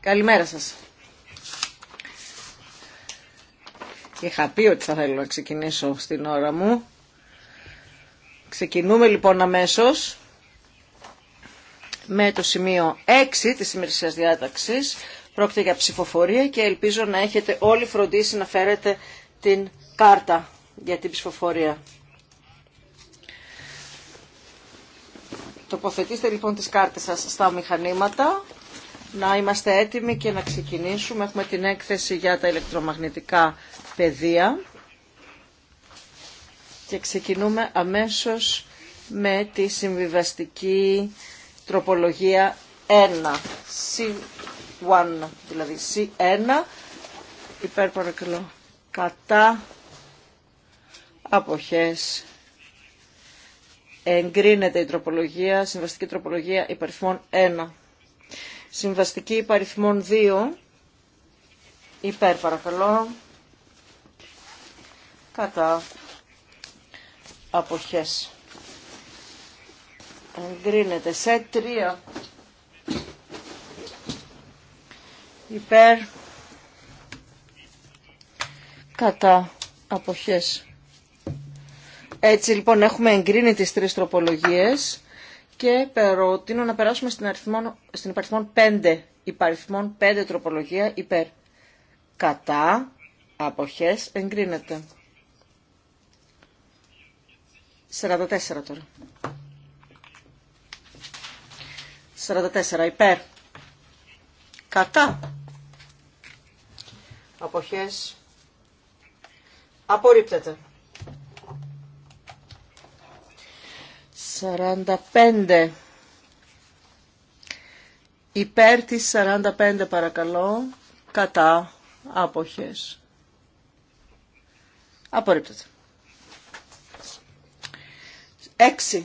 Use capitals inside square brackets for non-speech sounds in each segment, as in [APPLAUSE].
Καλημέρα σας. Είχα πει ότι θα θέλω να ξεκινήσω στην ώρα μου. Ξεκινούμε λοιπόν αμέσως με το σημείο 6 της σημερισίας διάταξης. Πρόκειται για ψηφοφορία και ελπίζω να έχετε όλοι φροντίσει να φέρετε την κάρτα για την ψηφοφορία. Τοποθετήστε λοιπόν τις κάρτες σας στα μηχανήματα. Να είμαστε έτοιμοι και να ξεκινήσουμε. Έχουμε την έκθεση για τα ηλεκτρομαγνητικά πεδία. Και ξεκινούμε αμέσως με τη συμβιβαστική τροπολογία 1. C1, δηλαδή C1. Υπέρ Κατά αποχές εγκρίνεται η τροπολογία, συμβαστική τροπολογία υπαριθμών 1. Συμβαστική υπαριθμών 2, υπέρ παρακαλώ, κατά αποχές. Εγκρίνεται σε 3. Υπέρ κατά αποχές έτσι λοιπόν έχουμε εγκρίνει τις τρεις τροπολογίες και προτείνω να περάσουμε στην, αριθμόν, στην υπαριθμόν 5, υπαριθμόν 5 τροπολογία υπέρ. Κατά, αποχές, εγκρίνεται. 44 τώρα. 44 υπέρ. Κατά. Αποχές. Απορρίπτεται. 45. Υπέρ της 45 παρακαλώ. Κατά. Άποχες. Απορρίπτεται. 6.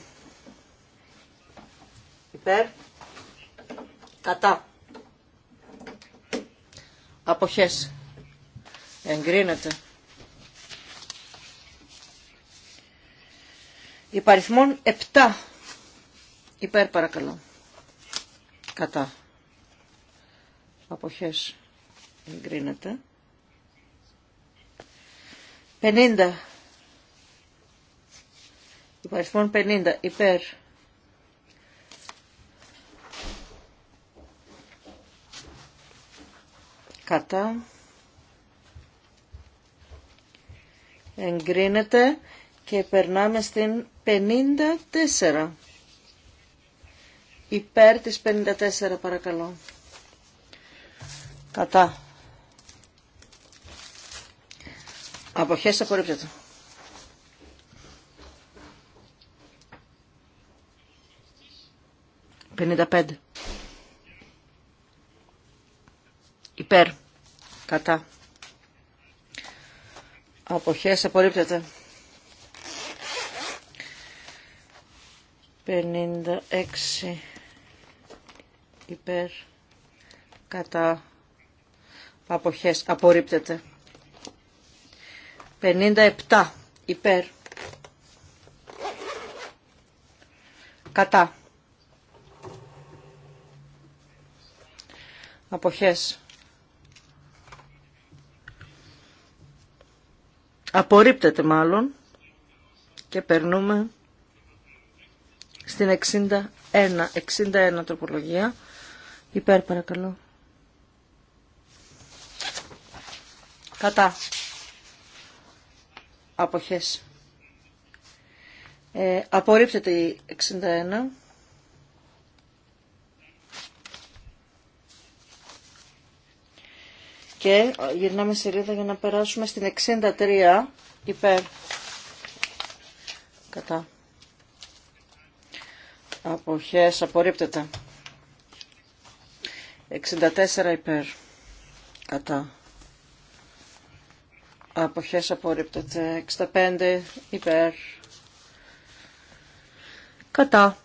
Υπέρ. Κατά. Αποχές. Εγκρίνεται. Υπαριθμών 7. Υπέρ παρακαλώ. Κατά. Αποχές εγκρίνεται. 50. Υπαριθμών 50. Υπέρ. Κατά. Εγκρίνεται και περνάμε στην 54. Υπέρ της 54 παρακαλώ. Κατά. Αποχές απορρίπτεται. Πενήντα Υπέρ. Κατά. Αποχές απορρίπτεται. 56 υπέρ κατά αποχές απορρίπτεται 57 υπέρ κατά αποχές απορρίπτεται μάλλον και περνούμε στην 61, 61 τροπολογία. Υπέρ παρακαλώ. Κατά. Αποχές. Ε, απορρίπτεται η 61. Και ε, γυρνάμε σελίδα για να περάσουμε στην 63 υπέρ. Κατά. Αποχές απορρίπτεται. 64 υπέρ. Κατά. Αποχές απορρίπτεται. 65 υπέρ. Κατά.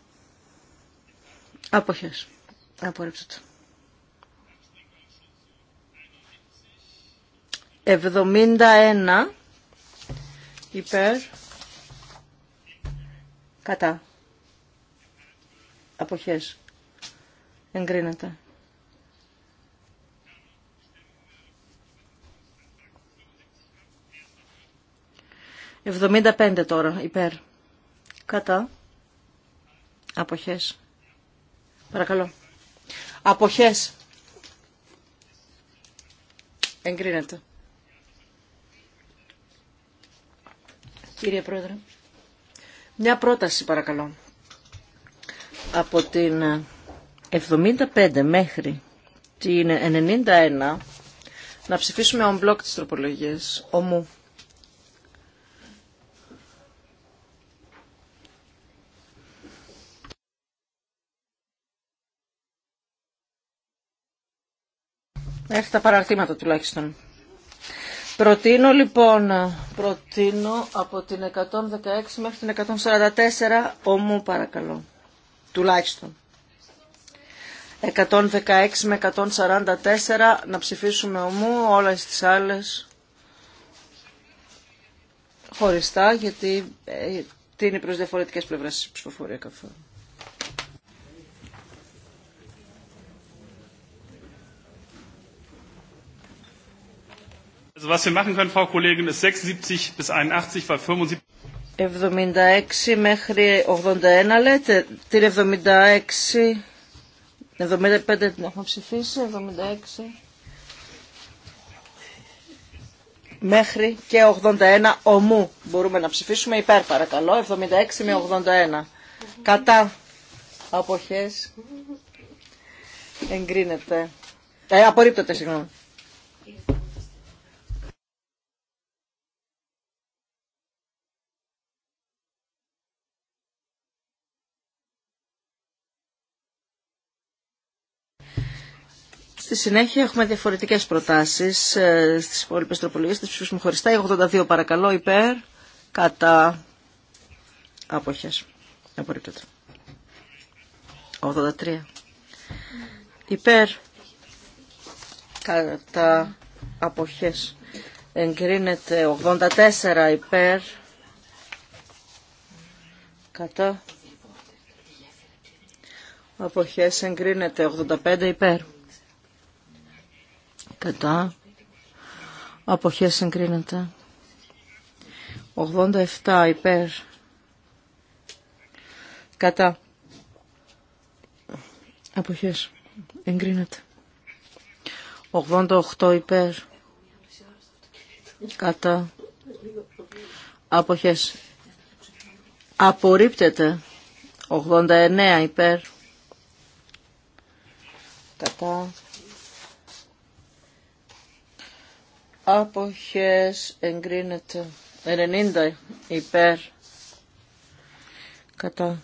Αποχές. Απορρίπτεται. 71 υπέρ. Κατά αποχές εγκρίνεται. Εβδομήντα πέντε τώρα υπέρ κατά αποχές. Παρακαλώ. Αποχές. Εγκρίνεται. Κύριε Πρόεδρε, μια πρόταση παρακαλώ από την 75 μέχρι την 91 να ψηφίσουμε on block τις τροπολογίες ομού. Έχει τα παραρτήματα τουλάχιστον. Προτείνω λοιπόν, προτείνω από την 116 μέχρι την 144 ομού παρακαλώ τουλάχιστον. 116 με 144 να ψηφίσουμε ομού όλες τις άλλες χωριστά γιατί ε, είναι προς διαφορετικές πλευρές της ψηφοφορία καθόλου. Also was wir machen können, Frau Kollegin, ist 76 bis 81, weil 75 76 μέχρι 81 λέτε, την 76, 75 την έχουμε ψηφίσει, 76 μέχρι και 81 ομού μπορούμε να ψηφίσουμε υπέρ παρακαλώ, 76 με 81 κατά αποχές εγκρίνεται, ε, απορρίπτεται συγγνώμη. Στη συνέχεια έχουμε διαφορετικέ προτάσεις στι ε, στις τροπολογίε τροπολογίες, τις ψηφίσουμε χωριστά. 82 παρακαλώ υπέρ, κατά άποχες. Απορρίπτεται. 83. Υπέρ, κατά αποχές. Εγκρίνεται 84 υπέρ, κατά αποχές. Εγκρίνεται 85 υπέρ κατά αποχές συγκρίνεται 87 υπέρ κατά αποχές εγκρίνεται 88 υπέρ κατά αποχές απορρίπτεται 89 υπέρ κατά Αποχές εγκρίνεται 90 υπέρ κατά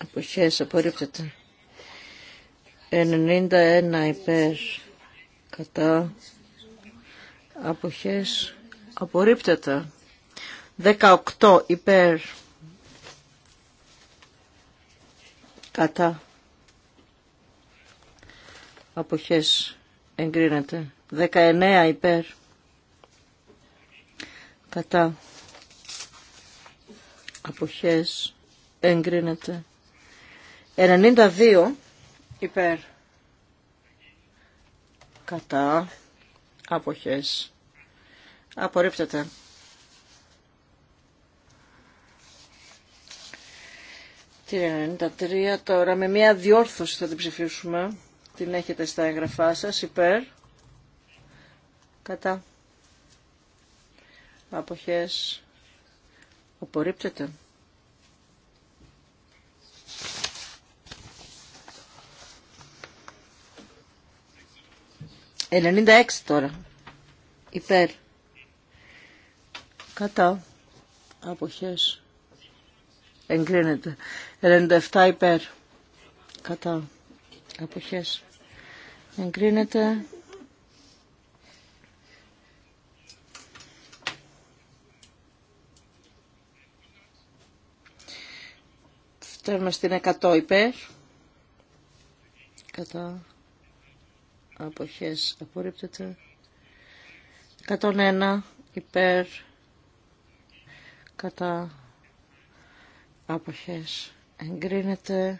αποχές απορρίπτεται 91 υπέρ κατά αποχές απορρίπτεται 18 υπέρ κατά αποχές εγκρίνεται 19 υπέρ. Κατά. Αποχές. Εγκρίνεται. 92 υπέρ. Κατά. Αποχές. Απορρίπτεται. 93 τώρα με μια διόρθωση θα την ψηφίσουμε. Την έχετε στα εγγραφά σας υπέρ κατά αποχές απορρίπτεται. Ενενήντα έξι τώρα. Υπέρ. Κατά. Αποχές. Εγκρίνεται. 97 υπέρ. Κατά. Αποχές. Εγκρίνεται. Φτέρμα στην 100 υπέρ. Κατά αποχές απορρίπτεται. 101 υπέρ. Κατά αποχές εγκρίνεται.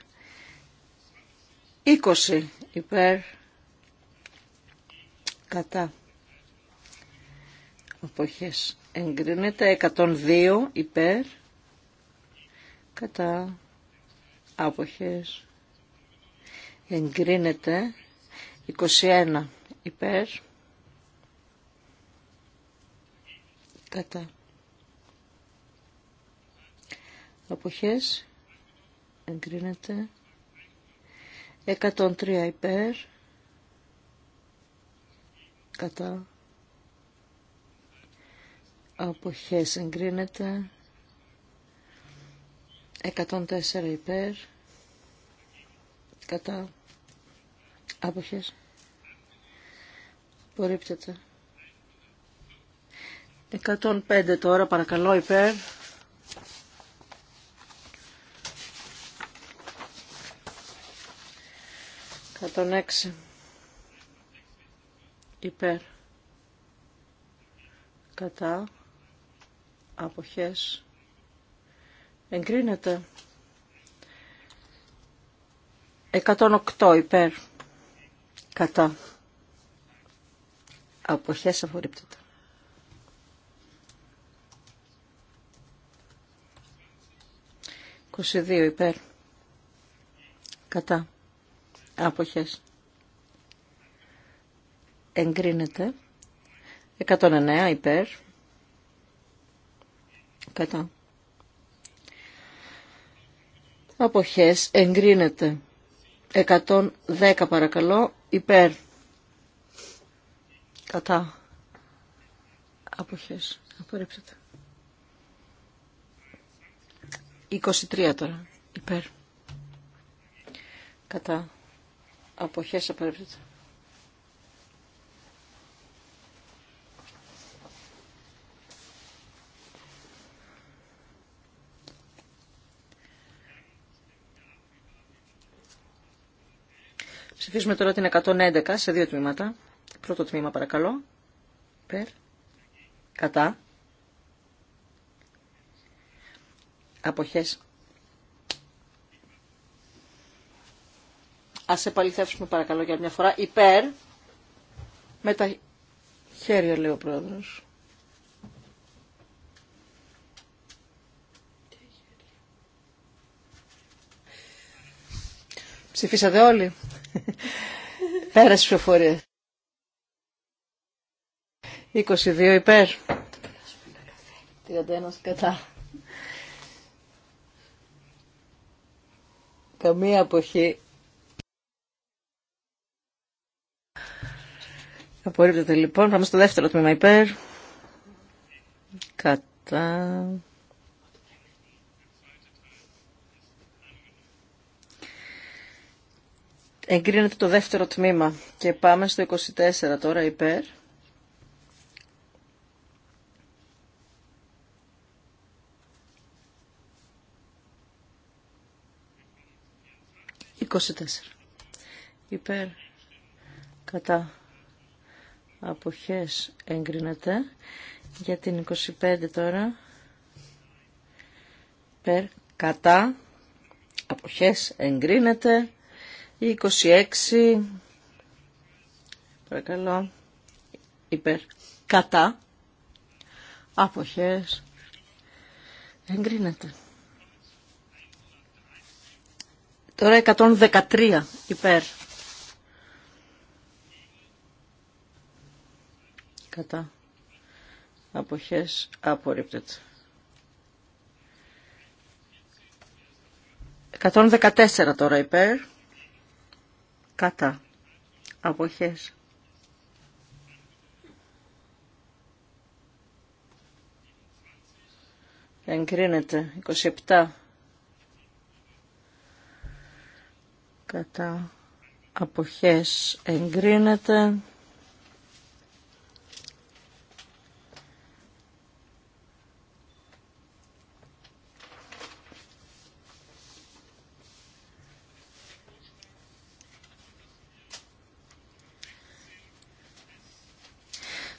20 υπέρ. Κατά αποχές εγκρίνεται. 102 υπέρ. Κατά αποχές εγκρίνεται 21 υπέρ κατά αποχές εγκρίνεται 103 υπέρ κατά αποχές εγκρίνεται Εκατόν 104 υπέρ κατά άποχες Εκατόν πέντε τώρα παρακαλώ υπέρ Εκατόν έξι. Υπέρ. Κατά. Αποχές. Εγκρίνεται. 108 υπέρ. Κατά. Αποχές αφορύπτεται. 22 υπέρ. Κατά. Αποχές. Εγκρίνεται. 109 υπέρ. Κατά αποχές εγκρίνεται 110 παρακαλώ υπέρ κατά αποχές απορρίψετε 23 τώρα υπέρ κατά αποχές απορρίψετε Ψηφίζουμε τώρα την 111 σε δύο τμήματα. Πρώτο τμήμα παρακαλώ. Περ. Κατά. Αποχές. Ας επαληθεύσουμε παρακαλώ για μια φορά. Υπέρ. Με τα χέρια λέει ο πρόεδρος. Ψηφίσατε όλοι. Πέρα στις πληροφορίες. 22 υπέρ. 31 κατά. Καμία αποχή. Απορρίπτεται λοιπόν. Πάμε στο δεύτερο τμήμα υπέρ. Κατά. Εγκρίνεται το δεύτερο τμήμα και πάμε στο 24 τώρα υπέρ. Υπέρ κατά αποχές εγκρίνεται για την 25 τώρα υπέρ κατά αποχές εγκρίνεται 26, παρακαλώ, υπέρ, κατά, αποχές, εγκρίνεται. Τώρα 113 υπέρ. Κατά. Αποχές απορρίπτεται. 114 τώρα υπέρ κατά αποχές. Εγκρίνεται 27 κατά αποχές εγκρίνεται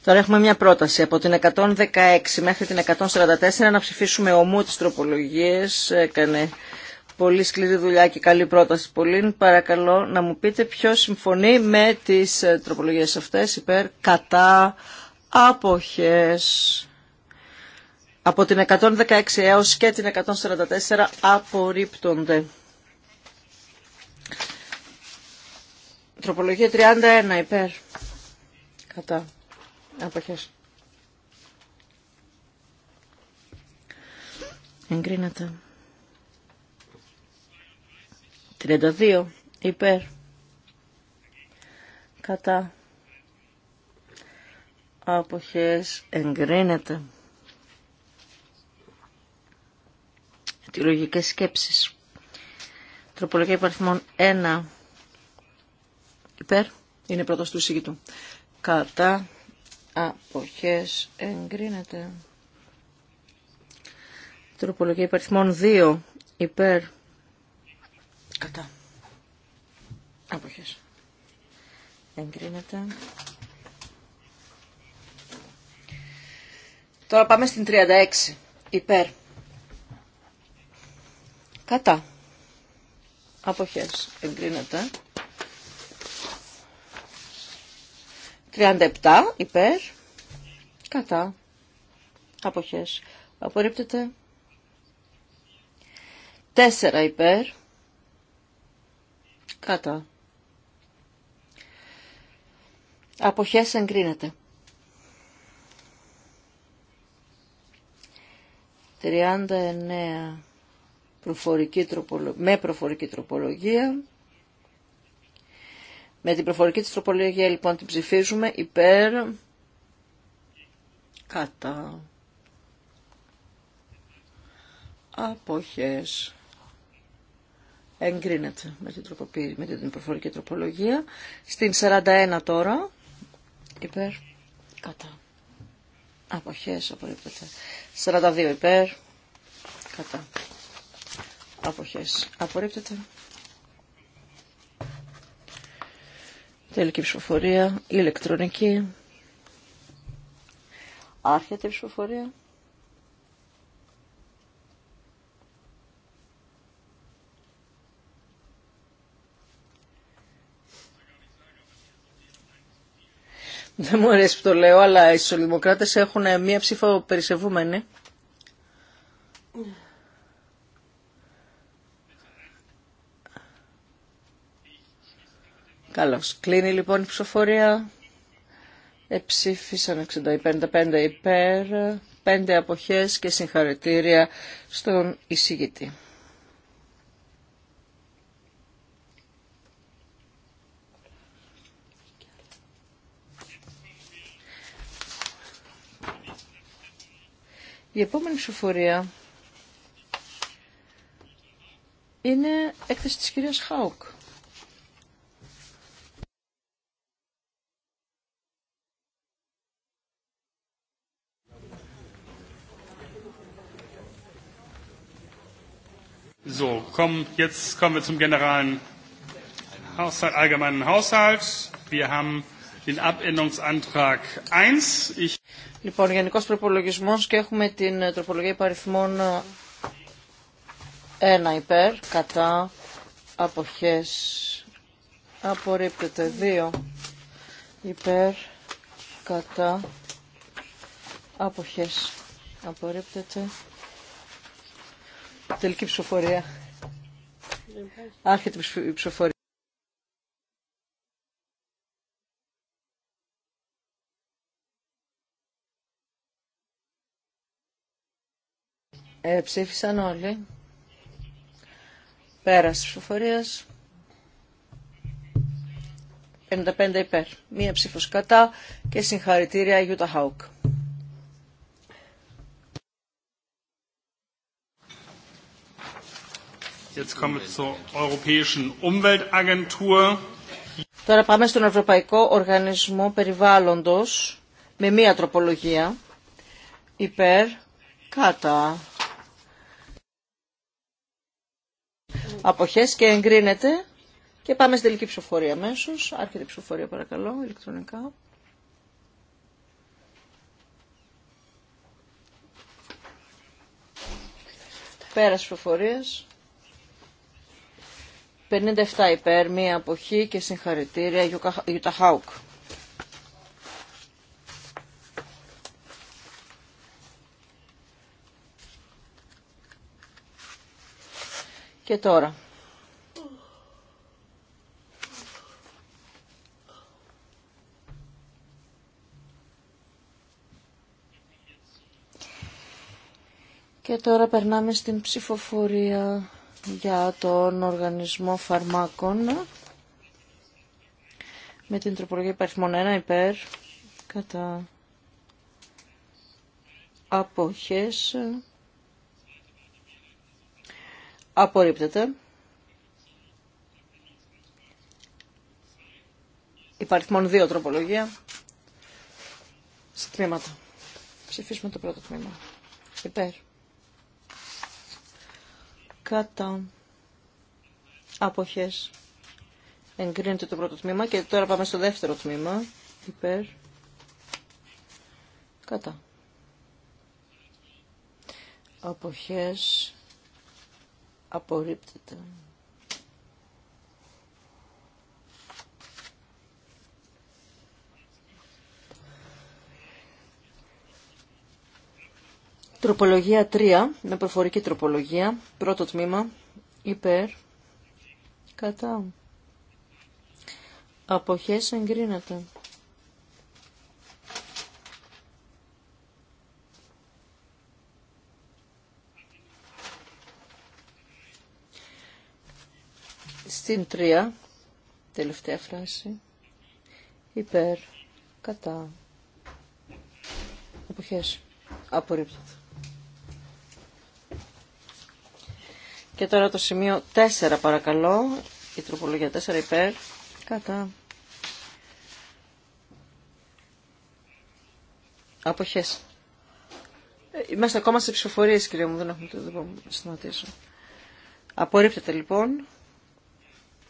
Τώρα έχουμε μια πρόταση από την 116 μέχρι την 144 να ψηφίσουμε ομού τις τροπολογίες. Έκανε πολύ σκληρή δουλειά και καλή πρόταση πολύ. Παρακαλώ να μου πείτε ποιος συμφωνεί με τις ε, τροπολογίες αυτές υπέρ κατά αποχές. Από την 116 έως και την 144 απορρίπτονται. Τροπολογία 31 υπέρ. Κατά. Αποχές. Εγκρίνεται. 32. Υπέρ. Κατά. Αποχές. Εγκρίνεται. Αιτιολογικές σκέψεις. Τροπολογία υπαριθμών 1. Υπέρ. Είναι πρώτος του εισηγητού. Κατά αποχές εγκρίνεται. Τροπολογία υπαριθμών 2 υπέρ κατά αποχές εγκρίνεται. Τώρα πάμε στην 36 υπέρ κατά αποχές εγκρίνεται. 37 υπέρ. Κατά. Αποχές. Απορρίπτεται. 4 υπέρ. Κατά. Αποχές εγκρίνεται. 39 προφορική τροπολογία, με προφορική τροπολογία με την προφορική της τροπολογία λοιπόν την ψηφίζουμε υπέρ κατά αποχές. Εγκρίνεται με την, με την προφορική τροπολογία. Στην 41 τώρα υπέρ κατά αποχές απορρίπτεται. 42 υπέρ κατά αποχές απορρίπτεται. Τελική ψηφοφορία, ηλεκτρονική. Άρχεται η ψηφοφορία. Δεν μου αρέσει που το λέω, αλλά οι σοσιαλδημοκράτες έχουν μία ψήφο περισεβούμενη. Καλώς. Κλείνει λοιπόν η ψηφοφορία. Εψήφισαν 65 υπέρ, 5 αποχές και συγχαρητήρια στον εισηγητή. Η επόμενη ψηφοφορία είναι έκθεση της κυρίας Χάουκ. kommen, jetzt kommen wir zum generalen Haushalt, allgemeinen Haushalt. Wir haben den Abänderungsantrag 1. Ich λοιπόν, γενικός προπολογισμός και έχουμε την ε, τροπολογία υπαριθμών 1 ε, υπέρ, κατά, αποχές, απορρίπτεται 2 υπέρ, κατά, αποχές, απορρίπτεται. Τελική ψηφοφορία. Άρχεται η ψηφοφορία. Ε, ψήφισαν όλοι. Πέρας ψηφοφορία. 55 υπέρ. Μία ψήφο κατά και συγχαρητήρια Γιούτα Χάουκ. Τώρα πάμε στον Ευρωπαϊκό Οργανισμό Περιβάλλοντος με μία τροπολογία υπέρ κατά αποχές και εγκρίνεται και πάμε στην τελική ψηφοφορία αμέσως. Άρχεται η ψηφοφορία παρακαλώ ηλεκτρονικά. Πέρας ψηφοφορίας. 57 υπέρ, μία αποχή και συγχαρητήρια Γιούτα Και τώρα. Και τώρα περνάμε στην ψηφοφορία για τον οργανισμό φαρμάκων με την τροπολογία υπαριθμών 1 υπέρ κατά αποχές απορρίπτεται υπαριθμών 2 τροπολογία σε τμήματα ψηφίσουμε το πρώτο τμήμα υπέρ κατά αποχές εγκρίνεται το πρώτο τμήμα και τώρα πάμε στο δεύτερο τμήμα υπέρ κατά αποχές απορρίπτεται Τροπολογία 3, με προφορική τροπολογία, πρώτο τμήμα, υπέρ, κατά. Αποχές εγκρίνεται. Στην 3, τελευταία φράση, υπέρ, κατά. Αποχές, απορρίπτωτο. Και τώρα το σημείο 4 παρακαλώ, η τροπολογία 4 υπέρ, κατά. Αποχές. Ε, είμαστε ακόμα σε ψηφοφορίες κύριε μου, δεν έχουμε το δεν να σταματήσω. Απορρίπτεται λοιπόν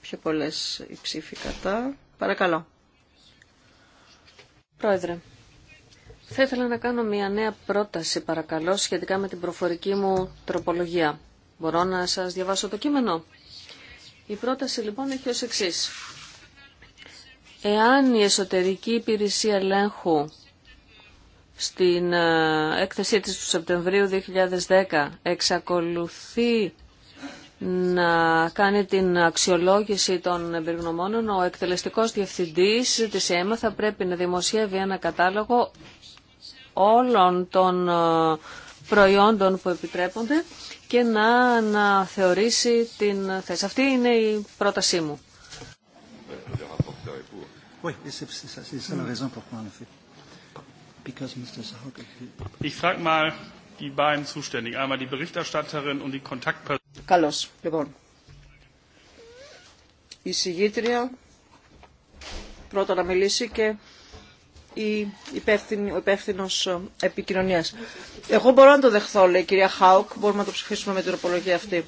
πιο πολλές οι ψήφοι κατά. Παρακαλώ. Πρόεδρε, θα ήθελα να κάνω μια νέα πρόταση παρακαλώ σχετικά με την προφορική μου τροπολογία. Μπορώ να σας διαβάσω το κείμενο. Η πρόταση λοιπόν έχει ως εξής. Εάν η εσωτερική υπηρεσία ελέγχου στην ε, έκθεσή της του Σεπτεμβρίου 2010 εξακολουθεί να κάνει την αξιολόγηση των εμπειρογνωμόνων, ο εκτελεστικός διευθυντής της ΕΜΑ θα πρέπει να δημοσιεύει ένα κατάλογο όλων των ε, προϊόντων που επιτρέπονται και να αναθεωρήσει την θέση. Αυτή είναι η πρότασή μου. Καλώς, λοιπόν. Η συγγήτρια πρώτα να μιλήσει και η ο υπεύθυνο ε, επικοινωνία. Εγώ μπορώ να το δεχθώ, λέει η κυρία Χάουκ. Μπορούμε να το ψηφίσουμε με την τροπολογία αυτή.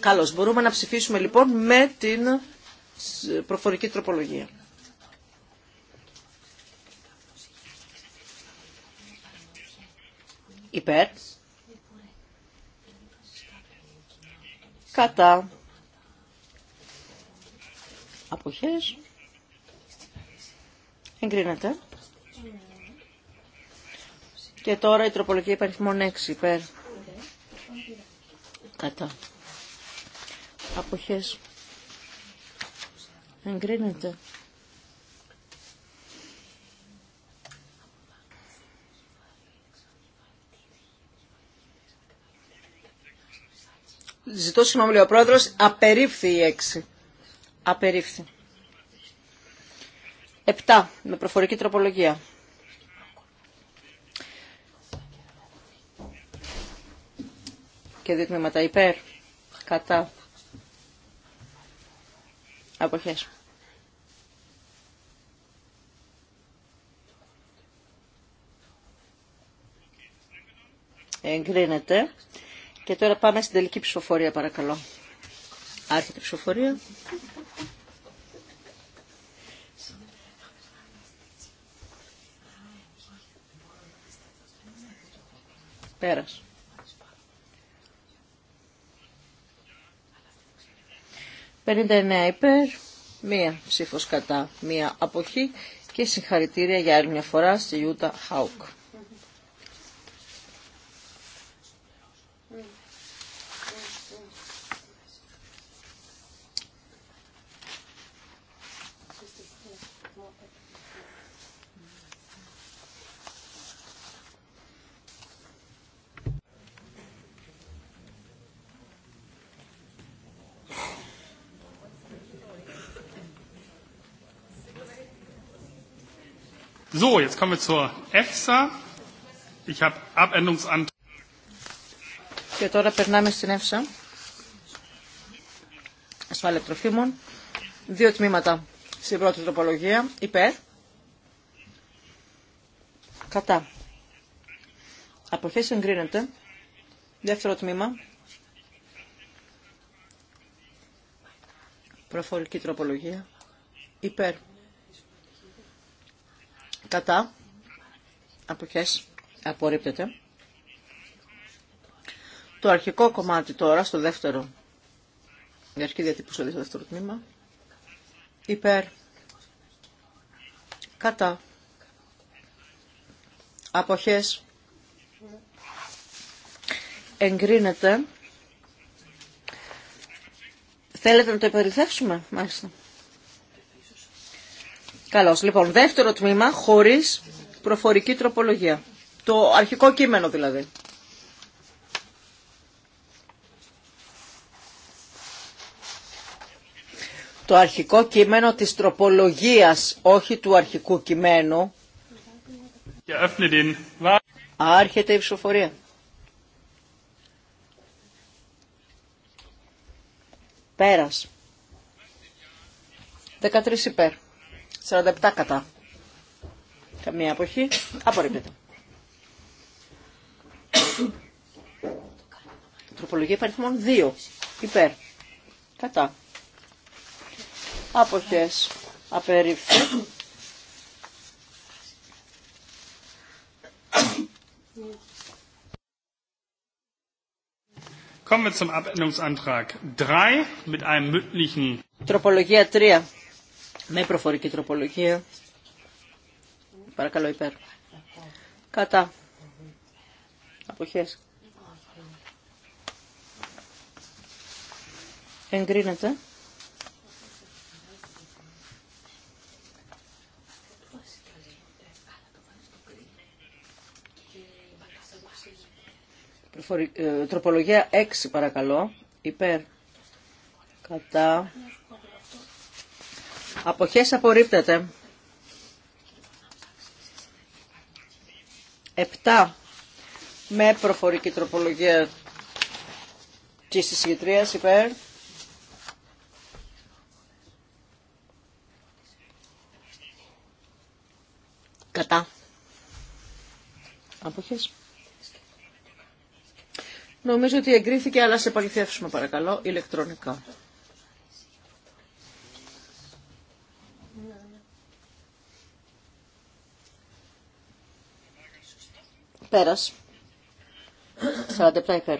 Καλώ. Μπορούμε να ψηφίσουμε λοιπόν με την προφορική τροπολογία. Υπέρ. Κατά. Αποχές. Εγκρίνεται. Και τώρα η τροπολογία υπαριθμών 6 υπέρ. Κατά. Αποχές. Εγκρίνεται. Ζητώ συγγνώμη, ο πρόεδρος απερίφθη η 6. Απερίφθη. 7 με προφορική τροπολογία. Και δύο τμήματα υπέρ, κατά, αποχές. Εγκρίνεται. Και τώρα πάμε στην τελική ψηφοφορία παρακαλώ. Άρχεται η ψηφοφορία. Πέρας. «59 υπέρ, μία ψήφος κατά, μία αποχή και συγχαρητήρια για άλλη μια φορά στη Ιούτα Χάουκ. So, jetzt kommen wir zur EFSA. Ich habe Και τώρα περνάμε στην ΕΦΣΑ. Ασφάλεια τροφίμων. Δύο τμήματα στην πρώτη τροπολογία. Υπέρ. Κατά. Αποχές εγκρίνεται. Δεύτερο τμήμα. Προφορική τροπολογία. Υπέρ. Κατά. Αποχές. Απορρίπτεται. Το αρχικό κομμάτι τώρα, στο δεύτερο, η αρχή διατύπωση στο δεύτερο τμήμα, υπέρ, κατά, αποχές, εγκρίνεται. Θέλετε να το υπερηθεύσουμε, μάλιστα. Καλώς. Λοιπόν, δεύτερο τμήμα χωρίς προφορική τροπολογία. Το αρχικό κείμενο δηλαδή. Το αρχικό κείμενο της τροπολογίας, όχι του αρχικού κειμένου. Άρχεται η ψηφοφορία. Πέρας. 13 υπέρ. 47 κατά. Καμία εποχή. Απορρίπτεται. Τροπολογία υπαριθμών 2. Υπέρ. Κατά. Αποχές. Απερίφθη. Kommen wir zum Abänderungsantrag 3 mit einem mündlichen. Τροπολογία 3 με προφορική τροπολογία. Παρακαλώ υπέρ. Κατά. Αποχές. Εγκρίνεται. Ε, τροπολογία 6 παρακαλώ. Υπέρ. Κατά. Αποχές απορρίπτεται. 7 με προφορική τροπολογία της εισηγητρίας υπέρ. Κατά. Αποχές. Νομίζω ότι εγκρίθηκε, αλλά σε παληθεύσουμε παρακαλώ ηλεκτρονικά. πέρα. 47 υπέρ.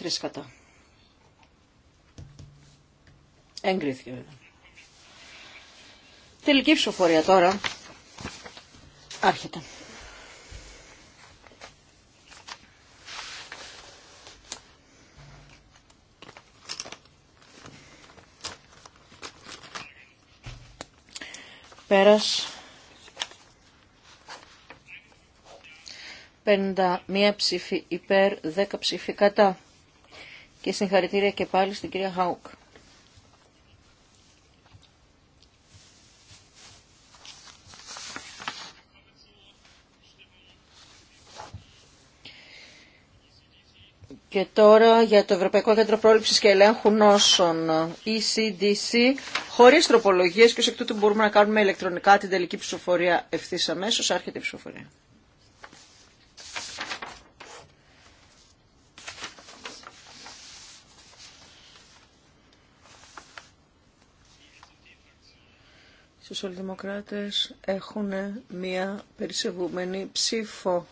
13 κατά. Εγκρίθηκε βέβαια. Τελική ψηφοφορία τώρα. Άρχεται. Πέρας. 51 ψήφι υπέρ, 10 ψήφι κατά. Και συγχαρητήρια και πάλι στην κυρία Χάουκ. Και τώρα για το Ευρωπαϊκό Κέντρο Πρόληψης και Ελέγχου Νόσων, ECDC, χωρίς τροπολογίες και ως εκ τούτου μπορούμε να κάνουμε ηλεκτρονικά την τελική ψηφοφορία ευθύς αμέσως, άρχεται η ψηφοφορία. σοσιαλδημοκράτες έχουν μία περισεβούμενη ψήφο.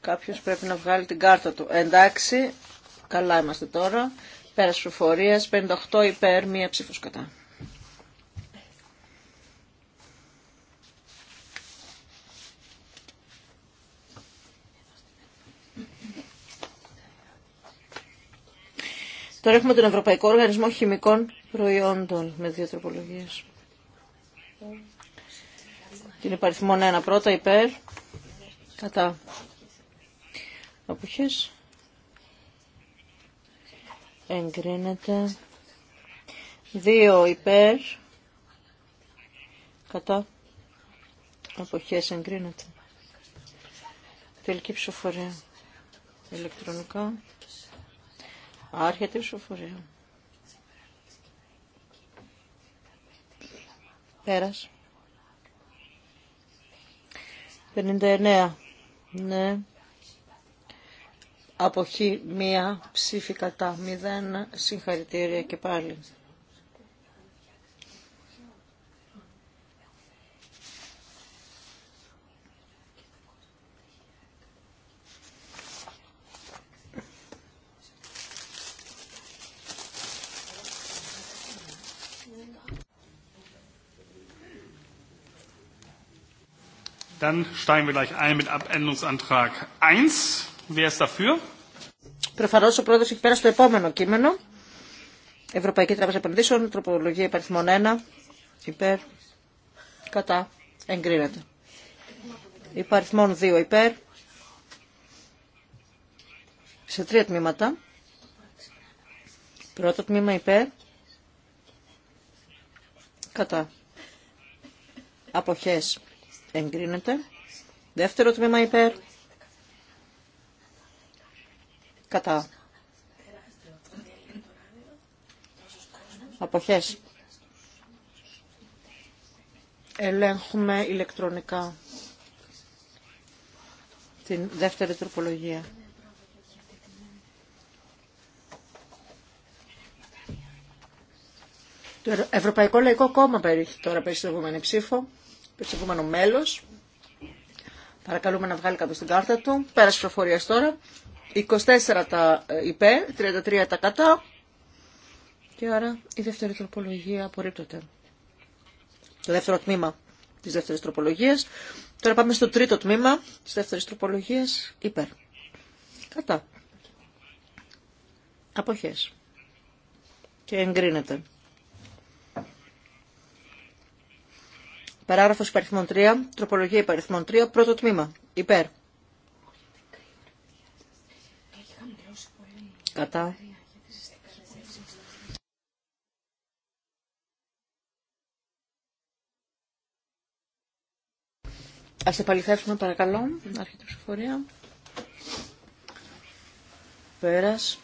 Κάποιος πρέπει να βγάλει την κάρτα του. Εντάξει, καλά είμαστε τώρα. Πέρας προφορίας, 58 υπέρ, μία ψήφος κατά. Τώρα έχουμε τον Ευρωπαϊκό Οργανισμό Χημικών Προϊόντων με δύο τροπολογίες. Την υπαριθμόν ένα πρώτα υπέρ. Κατά. Αποχές. Εγκρίνεται. δύο υπέρ. Κατά. Αποχές εγκρίνεται. Τελική ψηφοφορία. Ηλεκτρονικά. Άρχεται η ψηφοφορία. Πέρας. 59. Ναι. Αποχή μία ψήφι κατά μηδέν. Συγχαρητήρια και πάλι. Dann steigen wir gleich ein mit Abänderungsantrag 1. Wer ist dafür? Προφανώ ο πρόεδρο έχει πέρασει το επόμενο κείμενο. Ευρωπαϊκή Τράπεζα Επενδύσεων, τροπολογία υπαριθμών 1. Υπέρ. Κατά. Εγκρίνεται. Υπαριθμών 2 υπέρ. Σε τρία τμήματα. Πρώτο τμήμα υπέρ. Κατά. Αποχές. Εγκρίνεται. Δεύτερο τμήμα υπέρ. Κατά. Αποχές. Ελέγχουμε ηλεκτρονικά την δεύτερη τροπολογία. Το Ευρωπαϊκό Λαϊκό Κόμμα περιέχει τώρα περισσότερο ψήφο ψηφομένο μέλος. Παρακαλούμε να βγάλει κάποιος την κάρτα του. Πέρασε πληροφορία τώρα. 24 τα ε, υπέρ, 33 τα κατά. Και άρα η δεύτερη τροπολογία απορρίπτεται. Το δεύτερο τμήμα τη δεύτερη τροπολογία. Τώρα πάμε στο τρίτο τμήμα τη δεύτερη τροπολογία υπέρ. Κατά. Αποχές. Και εγκρίνεται. Παράγραφος υπαριθμών 3, τροπολογία υπαριθμών 3, πρώτο τμήμα. Υπέρ. Κατά. Ας επαληθεύσουμε παρακαλώ, άρχεται η ψηφορία. Πέρας.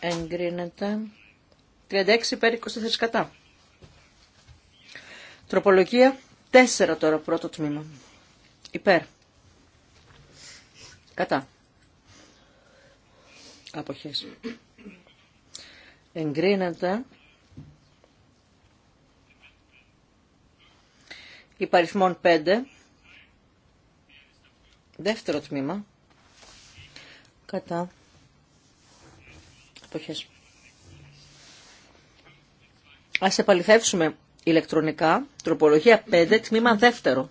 Εγκρίνεται. 36 υπέρ 24 κατά. Τροπολογία 4 τώρα πρώτο τμήμα. Υπέρ. Κατά. Αποχές. Εγκρίνεται. Υπαριθμών 5. Δεύτερο τμήμα. Κατά. Αποχές. Ας επαληθεύσουμε ηλεκτρονικά, τροπολογία 5, τμήμα δεύτερο.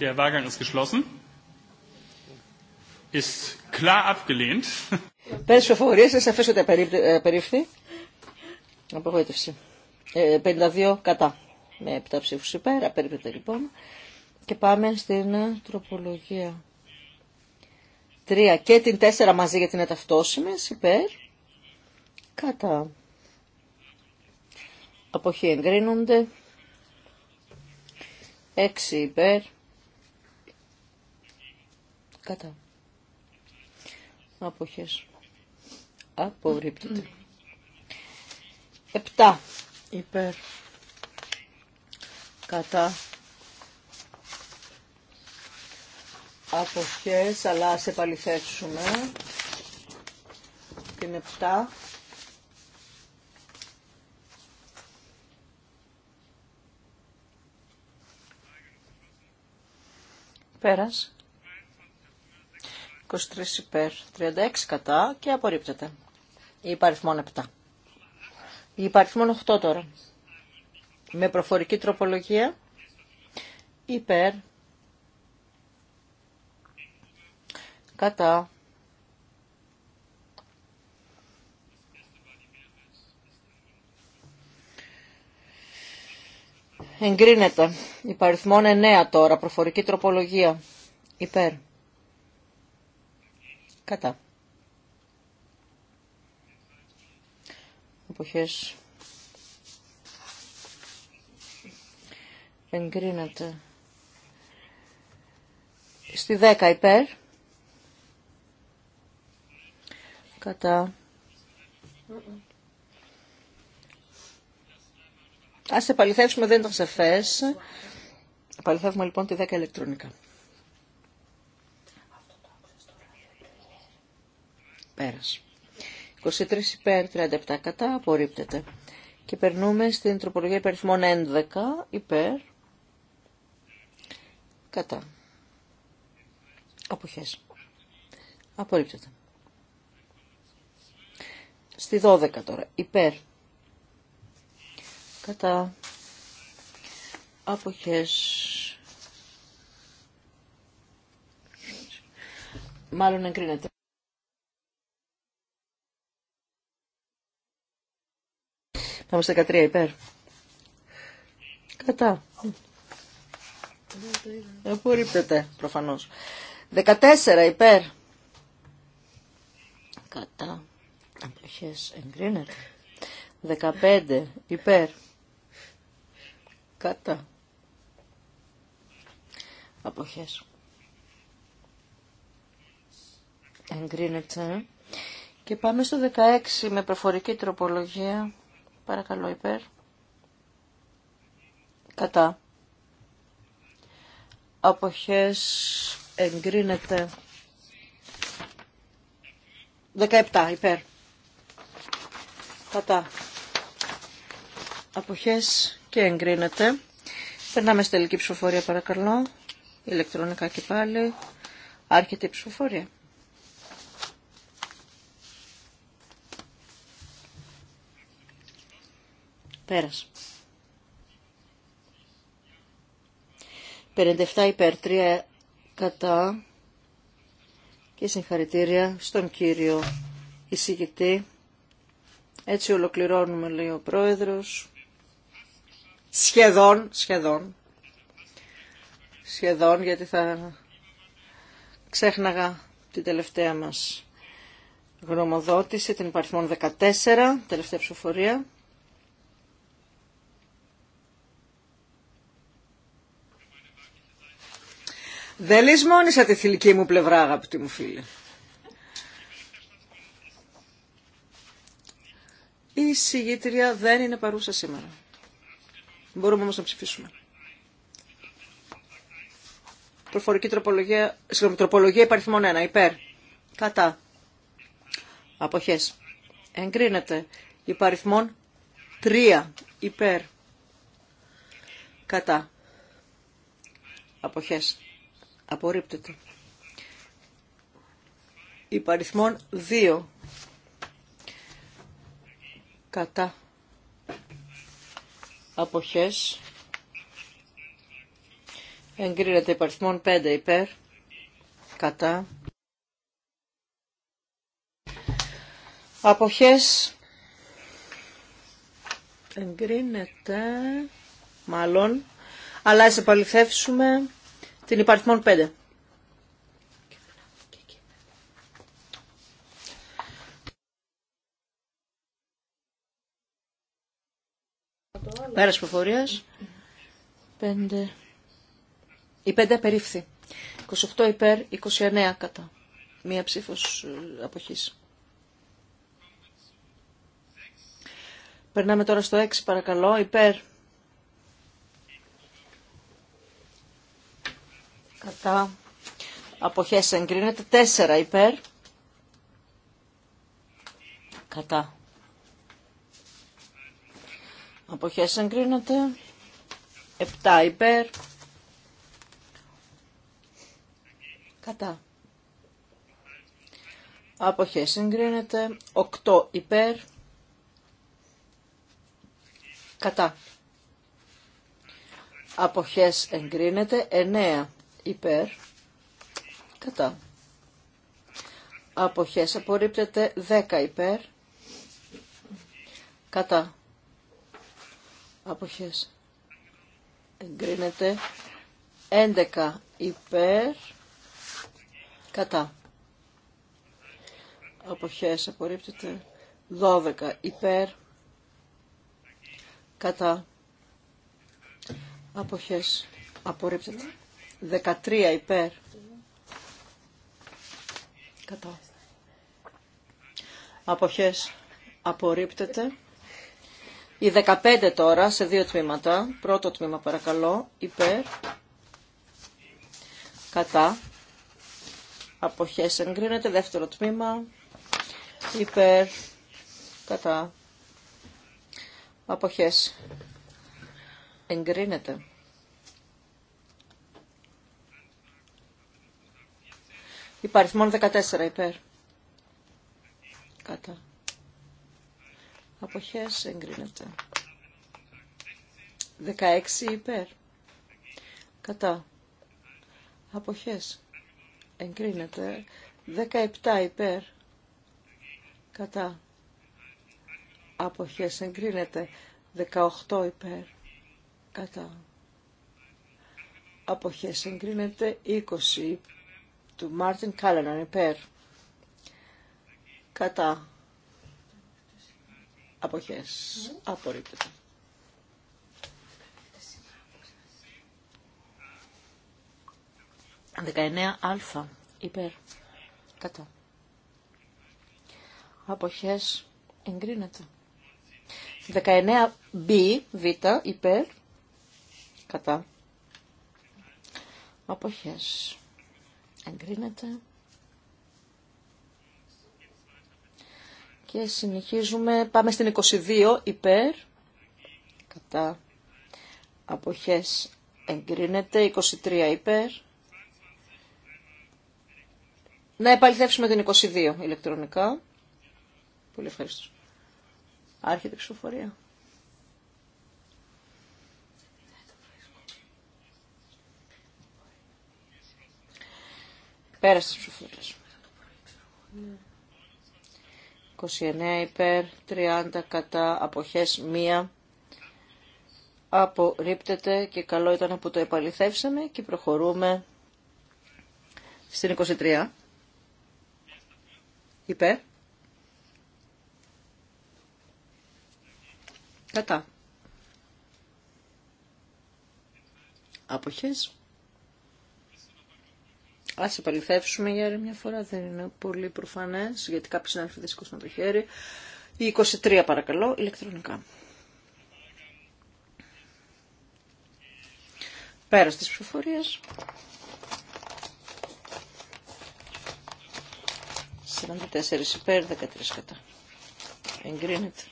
Der Wahlgang ist geschlossen. Ist klar ότι απερίφθη. Ε, Απογοήτευση. 52 ε, κατά. Με 7 ψήφους υπέρ, απερίφθη λοιπόν. Και πάμε στην τροπολογία τρία και την τέσσερα μαζί γιατί είναι ταυτόσιμες υπέρ κατά αποχή εγκρίνονται έξι υπέρ κατά αποχές απορρίπτεται επτά υπέρ κατά αποχές, αλλά ας επαληθεύσουμε την 7. Πέρας. 23 υπέρ, 36 κατά και απορρίπτεται. Η υπαριθμόν 7. Η υπαριθμόν 8 τώρα. Με προφορική τροπολογία υπέρ κατά εγκρίνεται υπαριθμόν 9 τώρα προφορική τροπολογία υπέρ κατά εποχές εγκρίνεται στη 10 υπέρ κατά. Ας επαληθεύσουμε, δεν ήταν σαφές. Επαληθεύουμε λοιπόν τη 10 ηλεκτρονικά. Πέρας. 23 υπέρ, 37 κατά, απορρίπτεται. Και περνούμε στην τροπολογία υπερθυμών 11 υπέρ, κατά. Αποχές. Απορρίπτεται. Στη 12 τώρα. Υπέρ. Κατά. Αποχές. Μάλλον εγκρίνεται. Πάμε στα 13 υπέρ. Κατά. Απορρίπτεται προφανώς. 14 υπέρ. Κατά. Αποχές εγκρίνεται. 15 υπέρ. Κατά. Αποχές. Εγκρίνεται. Και πάμε στο 16 με προφορική τροπολογία. Παρακαλώ υπέρ. Κατά. Αποχές εγκρίνεται. 17 υπέρ. Κατά. Αποχές και εγκρίνεται. Περνάμε στη τελική ψηφοφορία παρακαλώ. Ηλεκτρονικά και πάλι. Άρχεται η ψηφοφορία. Πέρασε. 57 υπέρ 3 κατά και συγχαρητήρια στον κύριο εισηγητή. Έτσι ολοκληρώνουμε, λέει ο Πρόεδρος. Σχεδόν, σχεδόν. Σχεδόν, γιατί θα ξέχναγα την τελευταία μας γνωμοδότηση, την υπαριθμόν 14, τελευταία ψηφοφορία. Δεν λησμόνισα τη θηλυκή μου πλευρά, αγαπητοί μου φίλοι. Η συγγήτρια δεν είναι παρούσα σήμερα. Μπορούμε όμως να ψηφίσουμε. Προφορική τροπολογία, συγγνώμη, τροπολογία υπαριθμών 1, υπέρ. Κατά. Αποχές. Εγκρίνεται. Υπαριθμών 3, υπέρ. Κατά. Αποχές. Απορρίπτεται. Υπαριθμών 2, κατά αποχές εγκρίνεται υπαριθμόν 5 υπέρ κατά αποχές εγκρίνεται μάλλον αλλά ας επαληθεύσουμε την υπαριθμόν 5 Πέρας προφορίας. 5. Η 5 απερίφθη. 28 υπέρ, 29 κατά. Μία ψήφος ε, αποχής. Περνάμε τώρα στο 6 παρακαλώ. Υπέρ. Κατά. Αποχές εγκρίνεται. 4 υπέρ. Κατά. Αποχές εγκρίνεται. 7 υπέρ. Κατά. Αποχές εγκρίνεται. 8 υπέρ. Κατά. Αποχές εγκρίνεται. 9 υπέρ. Κατά. Αποχές απορρίπτεται 10 υπέρ. Κατά αποχές εγκρίνεται 11 υπέρ κατά αποχές απορρίπτεται 12 υπέρ κατά αποχές απορρίπτεται 13 υπέρ κατά αποχές απορρίπτεται η 15 τώρα σε δύο τμήματα. Πρώτο τμήμα παρακαλώ. Υπέρ. Κατά. Αποχές εγκρίνεται. Δεύτερο τμήμα. Υπέρ. Κατά. Αποχές εγκρίνεται. μόνο 14 υπέρ. Κατά. Αποχές εγκρίνεται. 16 υπέρ. Κατά. Αποχές. Εγκρίνεται. 17 υπέρ. Κατά. Αποχές εγκρίνεται. 18 υπέρ. Κατά. Αποχές εγκρίνεται. 20 του Μάρτιν Κάλαναν υπέρ. Κατά Αποχές. Mm-hmm. Απορρίπτεται. 19α. Υπέρ. Κατά. Αποχές. Εγκρίνεται. 19b. Β. Υπέρ. Κατά. Αποχές. Εγκρίνεται. Και συνεχίζουμε, πάμε στην 22 υπέρ, κατά αποχές εγκρίνεται, 23 υπέρ. Να επαληθεύσουμε την 22 ηλεκτρονικά. Πολύ ευχαριστώ. Άρχεται η ψηφοφορία. Πέρασε τις ψηφοφορίες. Ναι. 29 υπέρ, 30 κατά, αποχές 1 απορρίπτεται και καλό ήταν που το επαληθεύσαμε και προχωρούμε στην 23. Υπέρ. Κατά. Αποχές. Ας επαληθεύσουμε για άλλη μια φορά, δεν είναι πολύ προφανές, γιατί κάποιοι συνάδελφοι δεν το χέρι. Η 23 παρακαλώ, ηλεκτρονικά. Πέρας στις ψηφοφορίες. 44 υπέρ, 13 κατά. Εγκρίνεται.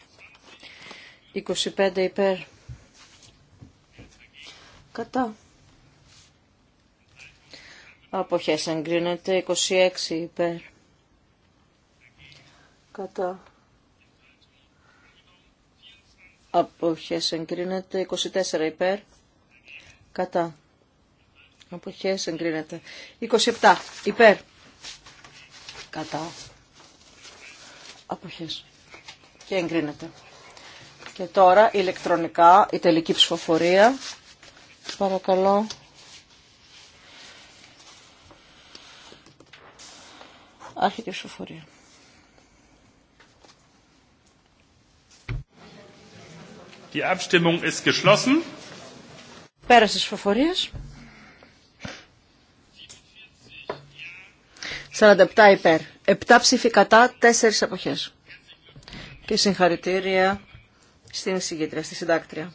25 υπέρ. Κατά. Αποχές εγκρίνεται 26 υπέρ. Κατά. Αποχές εγκρίνεται 24 υπέρ. Κατά. Αποχές εγκρίνεται 27 υπέρ. Κατά. Αποχές. Και εγκρίνεται. Και τώρα ηλεκτρονικά η τελική ψηφοφορία. Παρακαλώ. Άρχεται η ψηφοφορία. Die Abstimmung ist geschlossen. Πέρασε τη ψηφοφορία. 47 υπέρ. 7 ψήφοι κατά, 4 εποχέ. Και συγχαρητήρια στην συγκέντρια, στη συντάκτρια.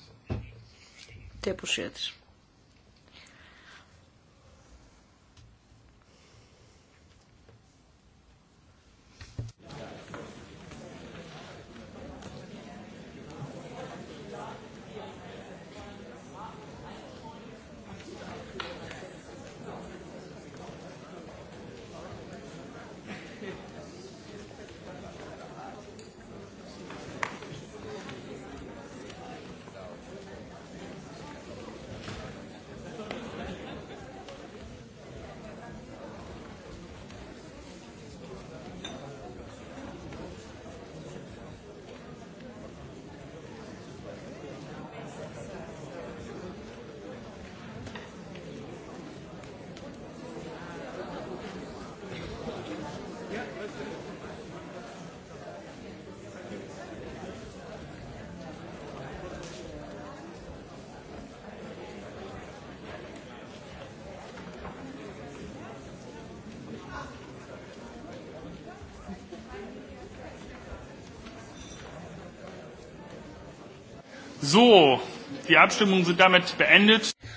Τι απουσία της.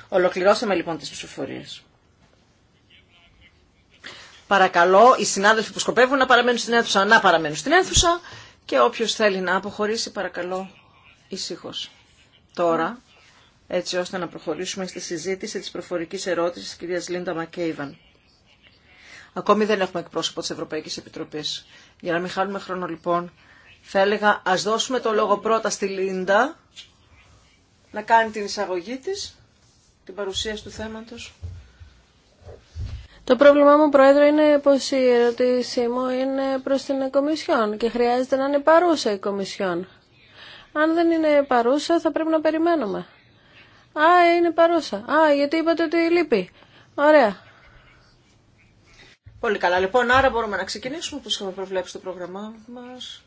Ολοκληρώσαμε λοιπόν τις ψηφοφορίες. Παρακαλώ οι συνάδελφοι που σκοπεύουν να παραμένουν στην αίθουσα, να παραμένουν στην αίθουσα και όποιος θέλει να αποχωρήσει παρακαλώ ησύχως. Τώρα, έτσι ώστε να προχωρήσουμε στη συζήτηση της προφορικής ερώτησης της κυρίας Λίντα Μακέιβαν. Ακόμη δεν έχουμε εκπρόσωπο της Ευρωπαϊκής Επιτροπής. Για να μην χάνουμε χρόνο λοιπόν, θα έλεγα ας δώσουμε το λόγο πρώτα στη Λίντα να κάνει την εισαγωγή της, την παρουσίαση του θέματος. Το πρόβλημά μου, πρόεδρο είναι πως η ερώτησή μου είναι προς την Κομισιόν και χρειάζεται να είναι παρούσα η Κομισιόν. Αν δεν είναι παρούσα, θα πρέπει να περιμένουμε. Α, είναι παρούσα. Α, γιατί είπατε ότι λείπει. Ωραία. Πολύ καλά. Λοιπόν, άρα μπορούμε να ξεκινήσουμε, όπως είχαμε προβλέψει το πρόγραμμά μας.